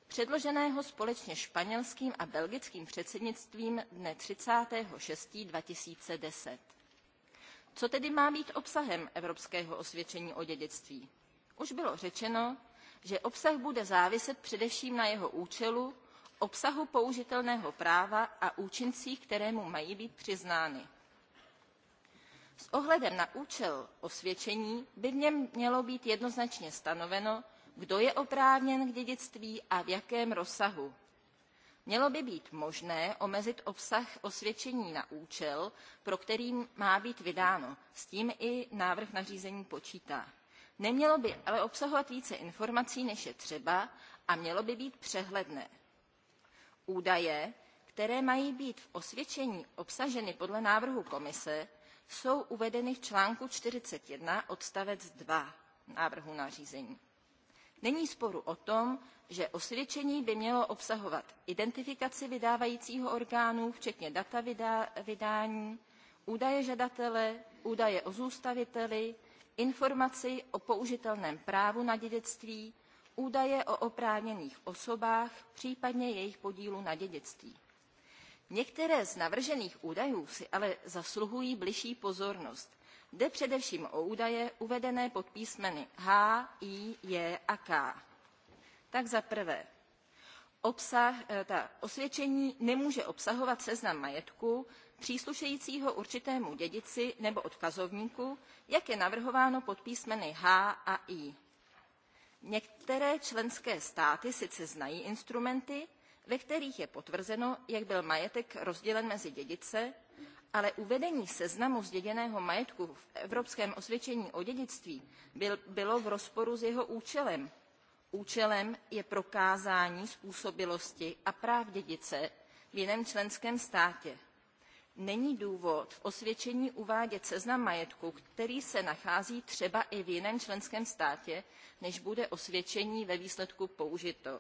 předloženého společně španělským a belgickým předsednictvím dne. thirty six. two thousand and ten co tedy má být obsahem evropského osvědčení o dědictví? už bylo řečeno že obsah bude záviset především na jeho účelu obsahu použitelného práva a účincích které mu mají být přiznány s ohledem na účel osvědčení by v něm mělo být jednoznačně stanoveno kdo je oprávněn k dědictví a v jakém rozsahu. mělo by být možné omezit obsah osvědčení na účel pro který má být vydáno s tím i návrh nařízení počítá. nemělo by ale obsahovat více informací než je třeba a mělo by být přehledné. údaje které mají být v osvědčení obsaženy podle návrhu komise jsou uvedeny v článku 41 odstavec 2 návrhu nařízení. Není sporu o tom, že osvědčení by mělo obsahovat identifikaci vydávajícího orgánu, včetně data vydá, vydání, údaje žadatele, údaje o zůstaviteli, informaci o použitelném právu na dědictví, údaje o oprávněných osobách, případně jejich podílu na dědictví. Některé z navržených údajů si ale zasluhují bližší pozornost. Jde především o údaje uvedené pod písmeny H, I, J a K. Tak za prvé, obsah, eh, ta osvědčení nemůže obsahovat seznam majetku příslušejícího určitému dědici nebo odkazovníku, jak je navrhováno pod písmeny H a I. Některé členské státy sice znají instrumenty, ve kterých je potvrzeno jak byl majetek rozdělen mezi dědice ale uvedení seznamu zděděného majetku v evropském osvědčení o dědictví byl, bylo v rozporu s jeho účelem. účelem je prokázání způsobilosti a práv dědice v jiném členském státě. není důvod v osvědčení uvádět seznam majetku který se nachází třeba i v jiném členském státě než bude osvědčení ve výsledku použito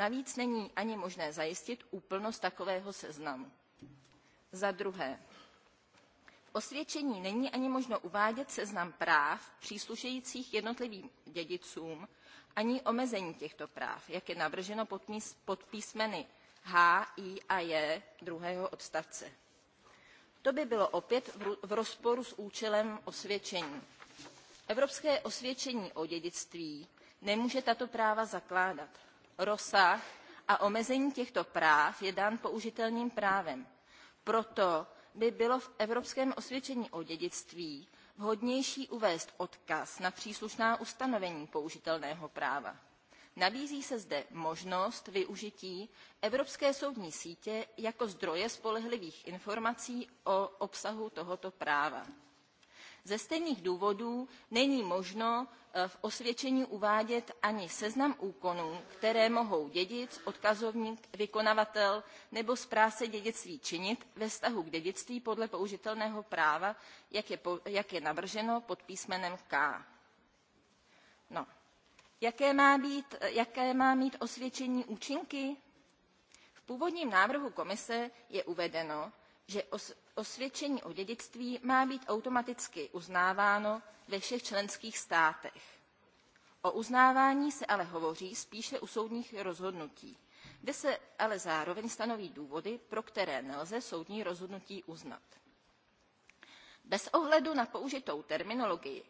Navíc není ani možné zajistit úplnost takového seznamu. Za druhé, v osvědčení není ani možno uvádět seznam práv příslušejících jednotlivým dědicům ani omezení těchto práv, jak je navrženo pod písmeny H, I a J druhého odstavce. To by bylo opět v rozporu s účelem osvědčení. Evropské osvědčení o dědictví nemůže tato práva zakládat rozsah a omezení těchto práv je dán použitelným právem. proto by bylo v evropském osvědčení o dědictví vhodnější uvést odkaz na příslušná ustanovení použitelného práva. nabízí se zde možnost využití evropské soudní sítě jako zdroje spolehlivých informací o obsahu tohoto práva. Ze stejných důvodů není možno eh, v osvědčení uvádět ani seznam úkonů, které mohou dědic, odkazovník, vykonavatel nebo správce dědictví činit ve vztahu k dědictví podle použitelného práva, jak je, po, jak je navrženo pod písmenem K. No. Jaké má, být, eh, jaké má mít osvědčení účinky? V původním návrhu komise je uvedeno, že os, osvědčení o dědictví má být automaticky uznáváno ve všech členských státech. O uznávání se ale hovoří spíše u soudních rozhodnutí, kde se ale zároveň stanoví důvody, pro které nelze soudní rozhodnutí uznat. Bez ohledu na použitou terminologii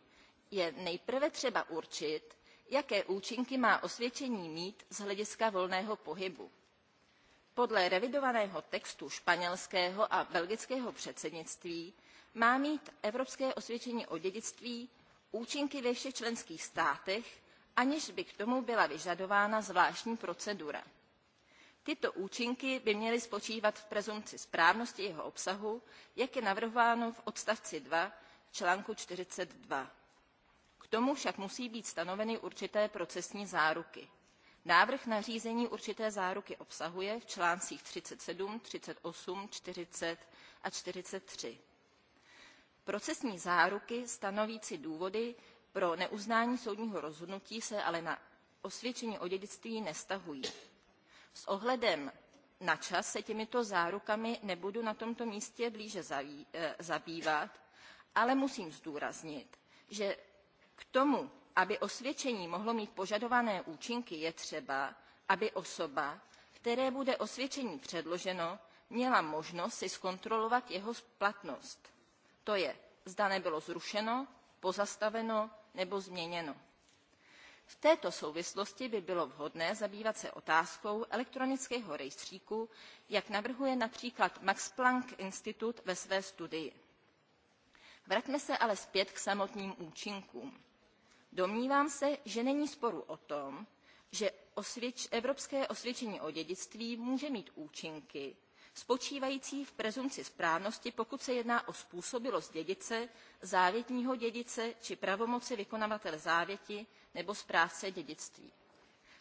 je nejprve třeba určit, jaké účinky má osvědčení mít z hlediska volného pohybu podle revidovaného textu španělského a belgického předsednictví má mít evropské osvědčení o dědictví účinky ve všech členských státech aniž by k tomu byla vyžadována zvláštní procedura. tyto účinky by měly spočívat v presumpci správnosti jeho obsahu jak je navrhováno v odstavci two článku. forty two k tomu však musí být stanoveny určité procesní záruky návrh nařízení určité záruky obsahuje v článcích 37, 38, 40 a. 43. procesní záruky stanovící důvody pro neuznání soudního rozhodnutí se ale na osvědčení o dědictví nestahují. s ohledem na čas se těmito zárukami nebudu na tomto místě blíže eh, zabývat ale musím zdůraznit že k tomu aby osvědčení mohlo mít požadované účinky je třeba aby osoba které bude osvědčení předloženo měla možnost si zkontrolovat jeho platnost to je zda nebylo zrušeno pozastaveno nebo změněno. v této souvislosti by bylo vhodné zabývat se otázkou elektronického rejstříku jak navrhuje například max planck institut ve své studii. vraťme se ale zpět k samotným účinkům domnívám se že není sporu o tom že evropské osvědčení o dědictví může mít účinky spočívající v presumpci správnosti pokud se jedná o způsobilost dědice závětního dědice či pravomoci vykonavatele závěti nebo správce dědictví.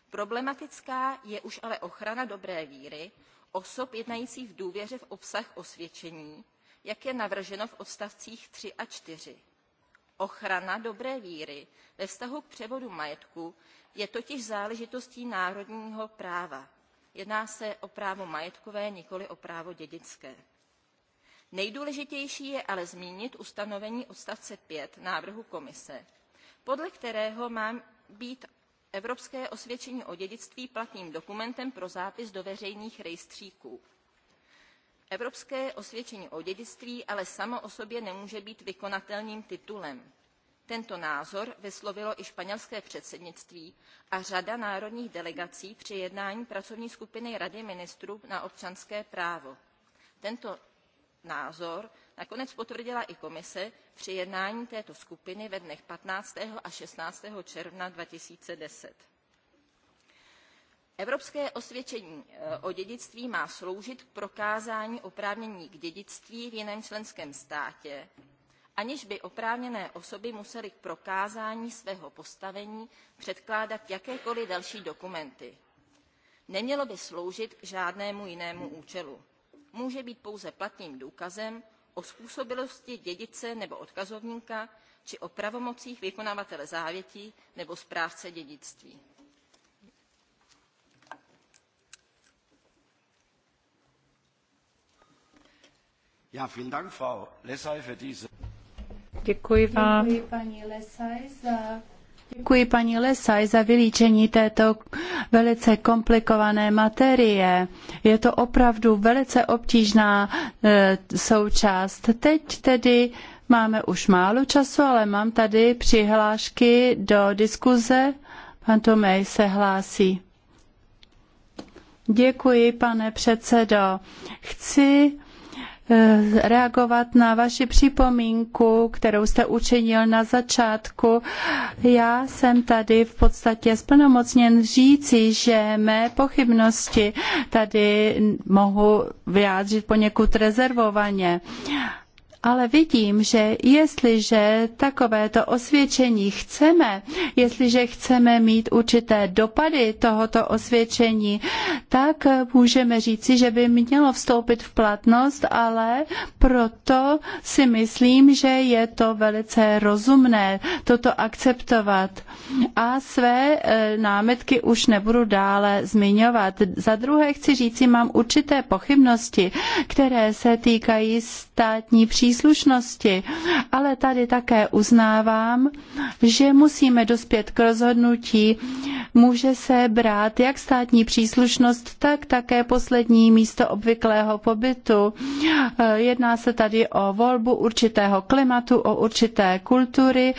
problematická je už ale ochrana dobré víry osob jednajících v důvěře v obsah osvědčení jak je navrženo v odstavcích three a four ochrana dobré víry ve vztahu k převodu majetku je totiž záležitostí národního práva jedná se o právo majetkové nikoli o právo dědické. nejdůležitější je ale zmínit ustanovení odstavce five návrhu komise podle kterého má být evropské osvědčení o dědictví platným dokumentem pro zápis do veřejných rejstříků. Evropské osvědčení o dědictví ale samo o sobě nemůže být vykonatelným titulem. Tento názor vyslovilo i španělské předsednictví a řada národních delegací při jednání pracovní skupiny Rady ministrů na občanské právo. Tento názor nakonec potvrdila i komise při jednání této skupiny ve dnech 15. a 16. června 2010. Evropské osvědčení eh, o dědictví má sloužit k prokázání oprávnění k dědictví v jiném členském státě, aniž by oprávněné osoby musely k prokázání svého postavení předkládat jakékoliv další dokumenty. Nemělo by sloužit k žádnému jinému účelu. Může být pouze platným důkazem o způsobilosti dědice nebo odkazovníka či o pravomocích vykonavatele závěti nebo správce dědictví. Děkuji vám. Děkuji paní Lesaj za Děkuji paní Lesaj za vylíčení této velice komplikované materie. Je to opravdu velice obtížná e, součást. Teď tedy máme už málo času, ale mám tady přihlášky do diskuze. Pan Tomej se hlásí. Děkuji, pane předsedo. Chci Eh, reagovat na vaši připomínku, kterou jste učinil na začátku. Já jsem tady v podstatě splnomocněn říci, že mé pochybnosti tady mohu vyjádřit poněkud rezervovaně ale vidím, že jestliže takovéto osvědčení chceme, jestliže chceme mít určité dopady tohoto osvědčení, tak můžeme říci, že by mělo vstoupit v platnost, ale proto si myslím, že je to velice rozumné toto akceptovat. A své e, námitky už nebudu dále zmiňovat. Za druhé chci říci, mám určité pochybnosti, které se týkají státní příslušnosti příslušnosti, ale tady také uznávám, že musíme dospět k rozhodnutí, může se brát jak státní příslušnost, tak také poslední místo obvyklého pobytu. Eh, jedná se tady o volbu určitého klimatu, o určité kultury,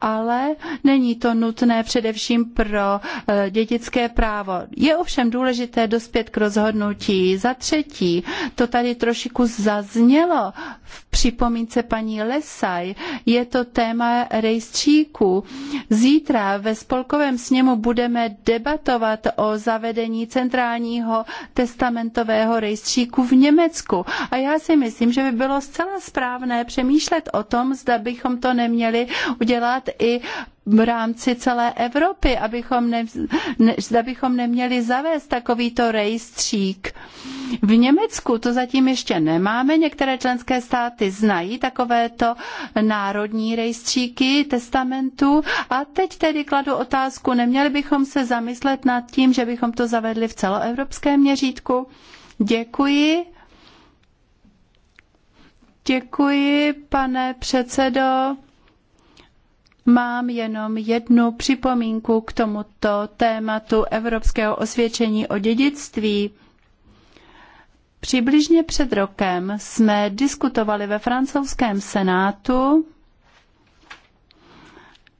ale není to nutné především pro eh, dědické právo. Je ovšem důležité dospět k rozhodnutí. Za třetí, to tady trošičku zaznělo v při připomínce paní Lesaj. Je to téma rejstříků. Zítra ve spolkovém sněmu budeme debatovat o zavedení centrálního testamentového rejstříku v Německu. A já si myslím, že by bylo zcela správné přemýšlet o tom, zda bychom to neměli udělat i v rámci celé Evropy, abychom ne, ne, zda bychom neměli zavést takovýto rejstřík. V Německu to zatím ještě nemáme, některé členské státy znají takovéto národní rejstříky testamentů a teď tedy kladu otázku, neměli bychom se zamyslet nad tím, že bychom to zavedli v celoevropském měřítku? Děkuji. Děkuji, pane předsedo. Mám jenom jednu připomínku k tomuto tématu Evropského osvědčení o dědictví. Přibližně před rokem jsme diskutovali ve francouzském senátu.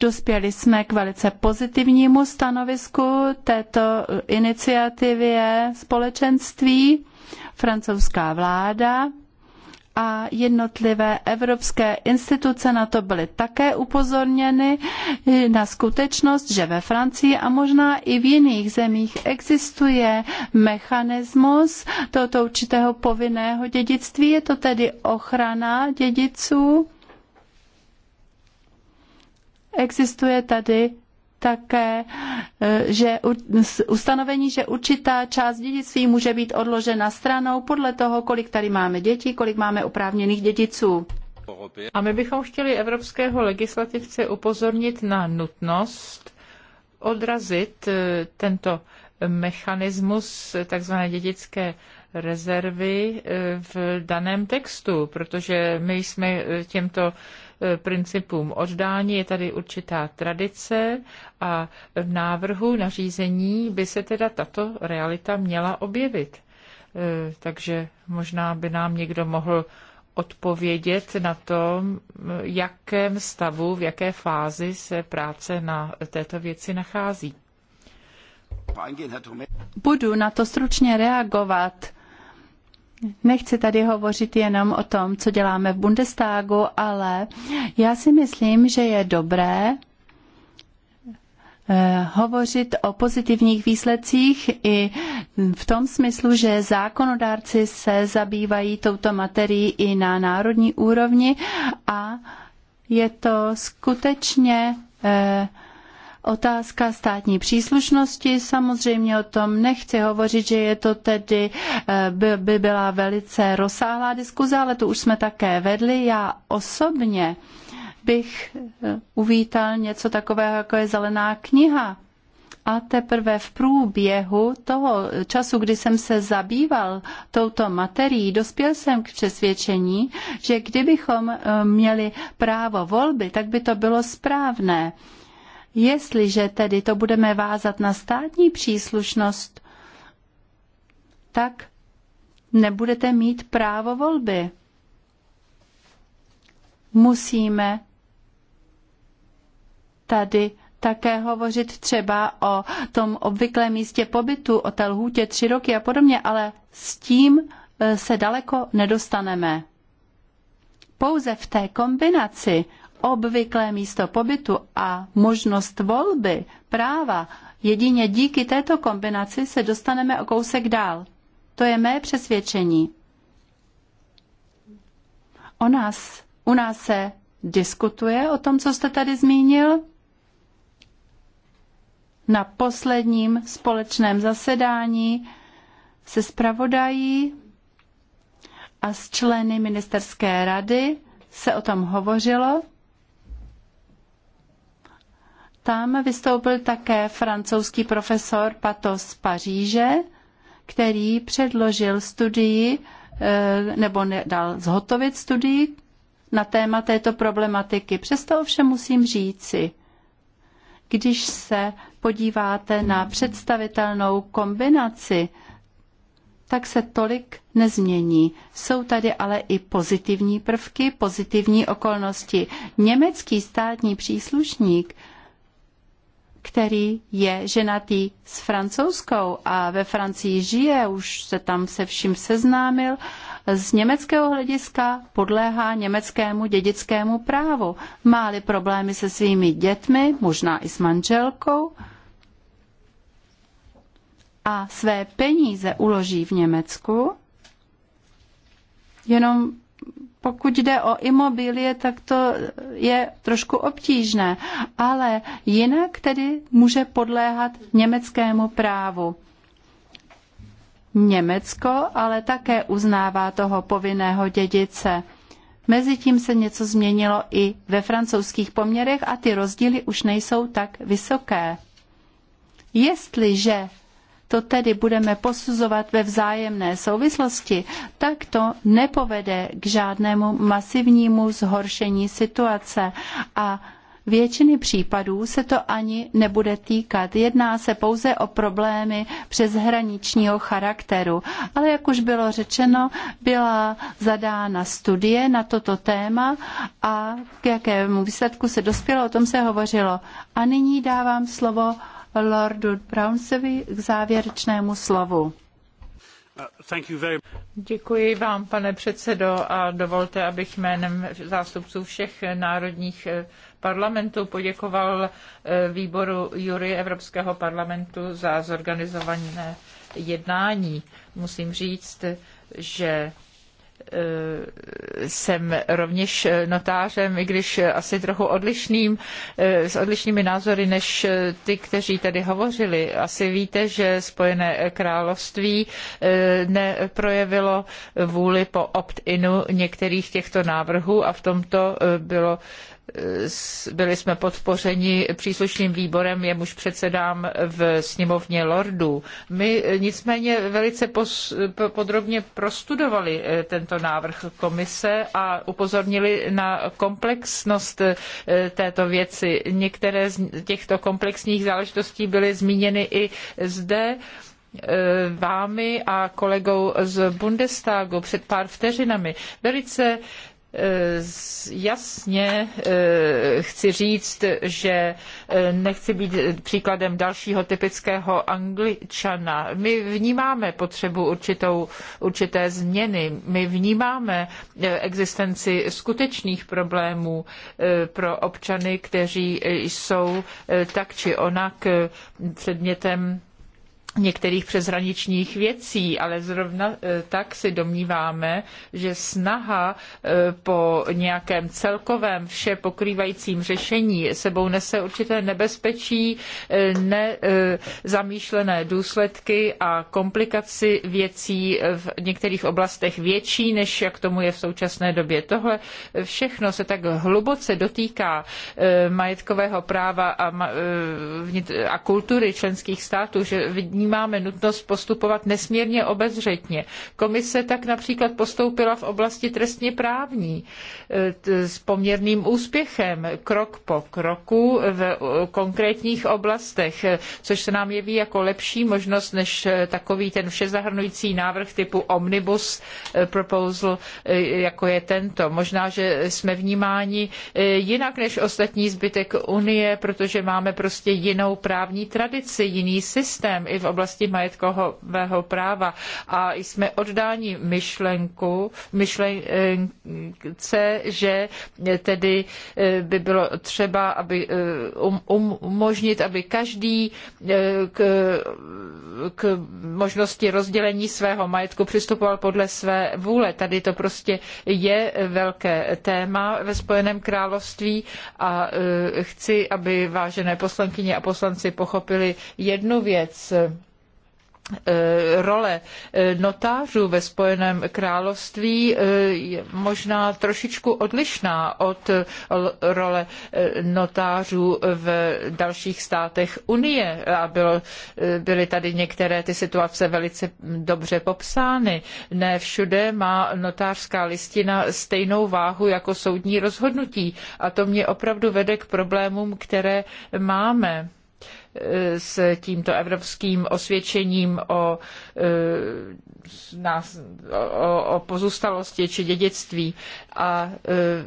Dospěli jsme k velice pozitivnímu stanovisku této iniciativě společenství. Francouzská vláda a jednotlivé evropské instituce na to byly také upozorněny na skutečnost, že ve Francii a možná i v jiných zemích existuje mechanismus tohoto určitého povinného dědictví. Je to tedy ochrana dědiců. Existuje tady také, eh, že ustanovení, že určitá část dědictví může být odložena stranou podle toho, kolik tady máme dětí, kolik máme oprávněných dědiců. A my bychom chtěli evropského legislativce upozornit na nutnost odrazit eh, tento mechanismus tzv. dědické rezervy eh, v daném textu, protože my jsme těmto E, principům oddání. Je tady určitá tradice a v návrhu nařízení by se teda tato realita měla objevit. E, takže možná by nám někdo mohl odpovědět na to, e, jakém stavu, v jaké fázi se práce na této věci nachází. Budu na to stručně reagovat. Nechci tady hovořit jenom o tom, co děláme v Bundestagu, ale já si myslím, že je dobré eh, hovořit o pozitivních výsledcích i v tom smyslu, že zákonodárci se zabývají touto materií i na národní úrovni a je to skutečně eh, Otázka státní příslušnosti, samozřejmě o tom nechci hovořit, že je to tedy, eh, by, by byla velice rozsáhlá diskuze, ale tu už jsme také vedli. Já osobně bych eh, uvítal něco takového, jako je zelená kniha. A teprve v průběhu toho času, kdy jsem se zabýval touto materií, dospěl jsem k přesvědčení, že kdybychom eh, měli právo volby, tak by to bylo správné. Jestliže tedy to budeme vázat na státní příslušnost, tak nebudete mít právo volby. Musíme tady také hovořit třeba o tom obvyklém místě pobytu, o té lhůtě tři roky a podobně, ale s tím eh, se daleko nedostaneme. Pouze v té kombinaci obvyklé místo pobytu a možnost volby práva, jedině díky této kombinaci se dostaneme o kousek dál. To je mé přesvědčení. O nás, u nás se diskutuje o tom, co jste tady zmínil? Na posledním společném zasedání se spravodají a s členy ministerské rady se o tom hovořilo tam vystoupil také francouzský profesor Pato z Paříže, který předložil studii eh, nebo dal zhotovit studii na téma této problematiky. Přesto ovšem musím říci, když se podíváte na představitelnou kombinaci, tak se tolik nezmění. Jsou tady ale i pozitivní prvky, pozitivní okolnosti. Německý státní příslušník který je ženatý s francouzskou a ve Francii žije, už se tam se vším seznámil, z německého hlediska podléhá německému dědickému právu. Máli problémy se svými dětmi, možná i s manželkou, a své peníze uloží v Německu, jenom pokud jde o imobilie, tak to je trošku obtížné, ale jinak tedy může podléhat německému právu. Německo ale také uznává toho povinného dědice. Mezitím se něco změnilo i ve francouzských poměrech a ty rozdíly už nejsou tak vysoké. Jestliže to tedy budeme posuzovat ve vzájemné souvislosti, tak to nepovede k žádnému masivnímu zhoršení situace a Většiny případů se to ani nebude týkat. Jedná se pouze o problémy přeshraničního charakteru. Ale jak už bylo řečeno, byla zadána studie na toto téma a k jakému výsledku se dospělo, o tom se hovořilo. A nyní dávám slovo lordu Brownsevi k závěrečnému slovu. Děkuji vám, pane předsedo, a dovolte, abych jménem zástupců všech národních eh, parlamentů poděkoval eh, výboru Jury Evropského parlamentu za zorganizované jednání. Musím říct, že Eh, jsem rovněž eh, notářem, i když eh, asi trochu odlišným, s odlišnými názory než ty, kteří tady hovořili. Asi víte, že Spojené království neprojevilo vůli po opt-inu některých těchto návrhů a v tomto bylo byli jsme podpořeni příslušným výborem, jemuž předsedám v sněmovně Lordů. My nicméně velice podrobně prostudovali eh, tento návrh komise a upozornili na komplexnost eh, této věci. Některé z těchto komplexních záležitostí byly zmíněny i zde eh, vámi a kolegou z Bundestagu před pár vteřinami. Velice Eh, jasně eh, chci říct, že eh, nechci být příkladem dalšího typického angličana. My vnímáme potřebu určitou, určité změny, my vnímáme existenci skutečných problémů pro občany, kteří jsou tak či onak předmětem některých přeshraničních věcí, ale zrovna eh, tak si domníváme, že snaha eh, po nějakém celkovém vše pokrývajícím řešení sebou nese určité nebezpečí, eh, nezamýšlené důsledky a komplikaci věcí v některých oblastech větší, než jak tomu je v současné době. Tohle všechno se tak hluboce dotýká majetkového práva a, kultury členských států, že vidí vnímáme nutnost postupovat nesmírně obezřetně. Komise tak například postoupila v oblasti trestně právní e, s poměrným úspěchem, krok po kroku v e, konkrétních oblastech, e, což se nám jeví jako lepší možnost než takový ten všezahrnující návrh typu omnibus proposal, jako je tento. Možná, že jsme vnímáni jinak než ostatní zbytek Unie, protože máme prostě jinou právní tradici, jiný systém i v oblasti majetkového práva. A jsme oddáni myšlenku, myšlence, že tedy eh, by bylo třeba, aby eh, um, um, umožnit, aby každý eh, k, k možnosti rozdělení svého majetku přistupoval podle své vůle. Tady to prostě je velké téma ve Spojeném království a chci, aby vážené poslankyně a poslanci pochopili jednu věc. Eh, role eh, notářů ve Spojeném království eh, je možná trošičku odlišná od role notářů v dalších státech Unie a bylo, byly tady některé ty situace velice dobře popsány. Ne všude má notářská listina stejnou váhu jako soudní rozhodnutí a to mě opravdu vede k problémům, které máme s tímto evropským osvědčením o, e, o, o pozůstalosti či dědictví a e,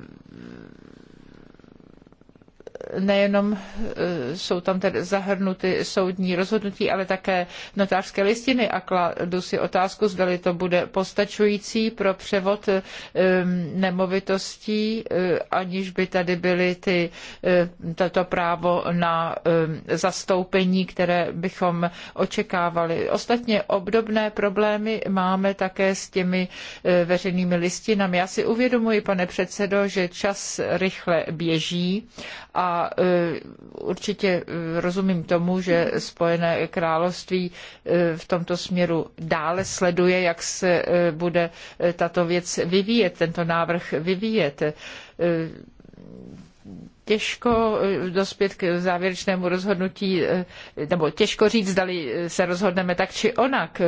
nejenom e, jsou tam tedy zahrnuty soudní rozhodnutí, ale také notářské listiny a kladu si otázku, zdali to bude postačující pro převod e, nemovitostí, e, aniž by tady byly ty, tato právo na zastoupení, které bychom očekávali. Ostatně obdobné problémy máme také s těmi veřejnými listinami. Já si uvědomuji, pane předsedo, že čas rychle běží a a e, určitě e, rozumím tomu, že Spojené království e, v tomto směru dále sleduje, jak se bude tato věc vyvíjet, tento návrh vyvíjet těžko eh, dospět k závěrečnému rozhodnutí, eh, nebo těžko říct, zdali eh, se rozhodneme tak či onak,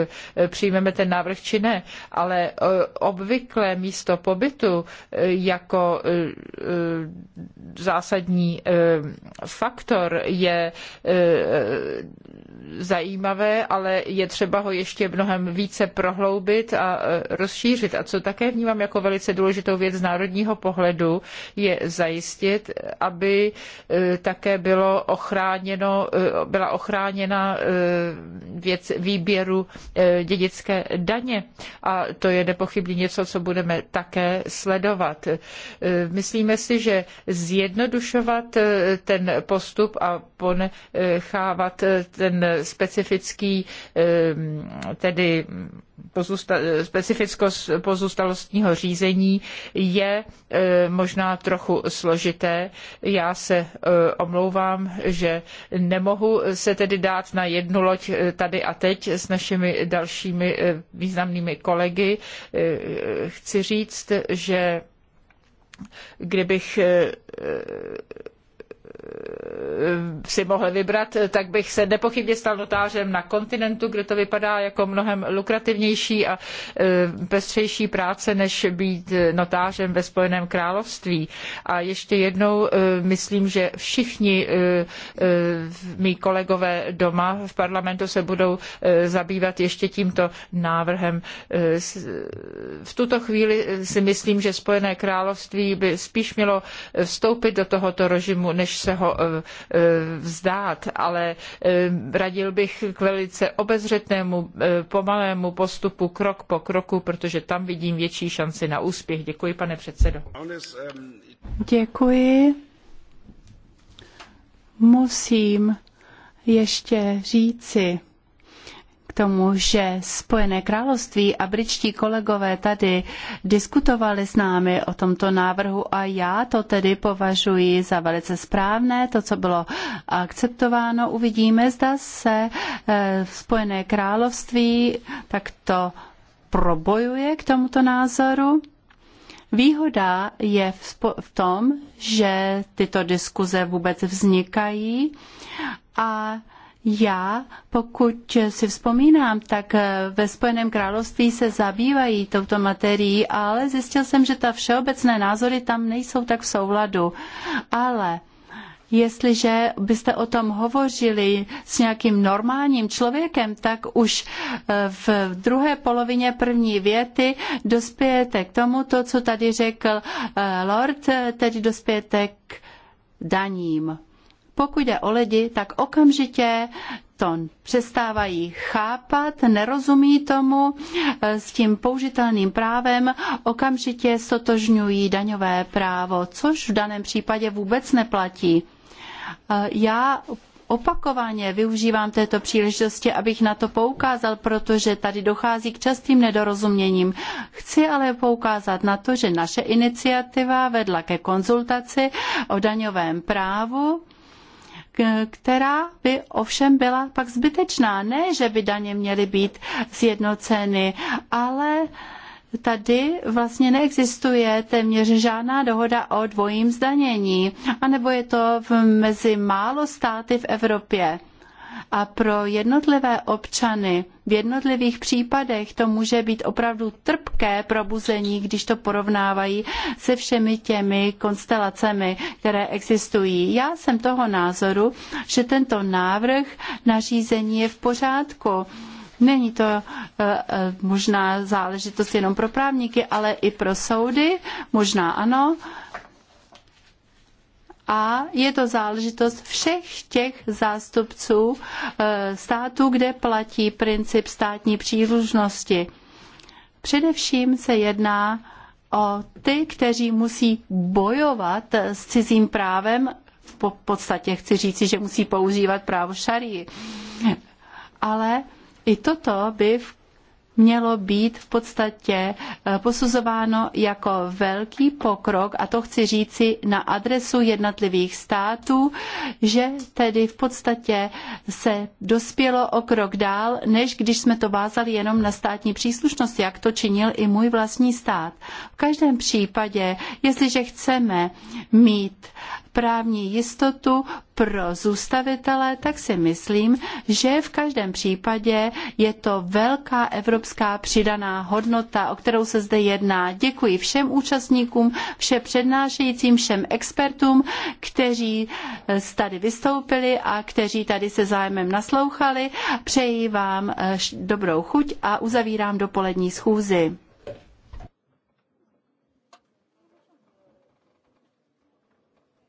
přijmeme ten návrh či ne, ale obvykle místo pobytu jako zásadní faktor je zajímavé, ale je třeba ho ještě mnohem více prohloubit a rozšířit. A co také vnímám jako velice důležitou věc z národního pohledu, je zajistit, aby eh, také bylo ochráněno, eh, byla ochráněna eh, věc výběru dědické daně. A to je nepochybně něco, co budeme také sledovat. Myslíme si, že zjednodušovat ten postup a ponechávat ten specifický tedy pozusta- specifickost pozůstalostního řízení je e, možná trochu složité. Já se e, omlouvám, že nemohu se tedy dát na jednu loď e, tady a teď s našimi dalšími významnými kolegy. Chci říct, že kdybych Eh, si mohl vybrat, tak bych se nepochybně stal notářem na kontinentu, kde to vypadá jako mnohem lukrativnější a eh, pestřejší práce, než být notářem ve Spojeném království. A ještě jednou eh, myslím, že všichni mý kolegové doma v parlamentu se budou zabývat ještě tímto návrhem. V tuto chvíli si myslím, že Spojené království by spíš mělo vstoupit do tohoto režimu, než se ho eh, eh, vzdát, ale eh, radil bych k velice obezřetnému, pomalému postupu krok po kroku, protože tam vidím větší šanci na úspěch. Děkuji, pane předsedo. Děkuji. Musím ještě říci, tomu, že Spojené království a britští kolegové tady diskutovali s námi o tomto návrhu a já to tedy považuji za velice správné, to, co bylo akceptováno. Uvidíme, zda se eh, Spojené království takto probojuje k tomuto názoru. Výhoda je v, tom, že tyto diskuze vůbec vznikají a já, pokud si vzpomínám, tak eh, ve Spojeném království se zabývají touto materií, ale zjistil jsem, že ta všeobecné názory tam nejsou tak v souladu. Ale Jestliže byste o tom hovořili s nějakým normálním člověkem, tak už eh, v druhé polovině první věty dospějete k tomu, to, co tady řekl eh, Lord, tedy dospějete k daním. Pokud je o lidi, tak okamžitě to přestávají chápat, nerozumí tomu eh, s tím použitelným právem, okamžitě sotožňují daňové právo, což v daném případě vůbec neplatí. Eh, já opakovaně využívám této příležitosti, abych na to poukázal, protože tady dochází k častým nedorozuměním. Chci ale poukázat na to, že naše iniciativa vedla ke konzultaci o daňovém právu která by ovšem byla pak zbytečná. Ne, že by daně měly být sjednoceny, ale tady vlastně neexistuje téměř žádná dohoda o dvojím zdanění, anebo je to mezi málo státy v Evropě. A pro jednotlivé občany v jednotlivých případech to může být opravdu trpké probuzení, když to porovnávají se všemi těmi konstelacemi, které existují. Já jsem toho názoru, že tento návrh nařízení je v pořádku. Není to eh, eh, možná záležitost jenom pro právníky, ale i pro soudy, možná ano, a je to záležitost všech těch zástupců eh, států, kde platí princip státní příružnosti. Především se jedná o ty, kteří musí bojovat eh, s cizím právem, v podstatě chci říci, že musí používat právo šarii. Ale i toto by v mělo být v podstatě eh, posuzováno jako velký pokrok, a to chci říci na adresu jednotlivých států, že tedy v podstatě se dospělo o krok dál, než když jsme to vázali jenom na státní příslušnost, jak to činil i můj vlastní stát. V každém případě, jestliže chceme mít právní jistotu pro zůstavitele, tak si myslím, že v každém případě je to velká evropská přidaná hodnota, o kterou se zde jedná. Děkuji všem účastníkům, všem přednášejícím, všem expertům, kteří eh, tady vystoupili a kteří tady se zájmem naslouchali. Přeji vám eh, dobrou chuť a uzavírám dopolední schůzi.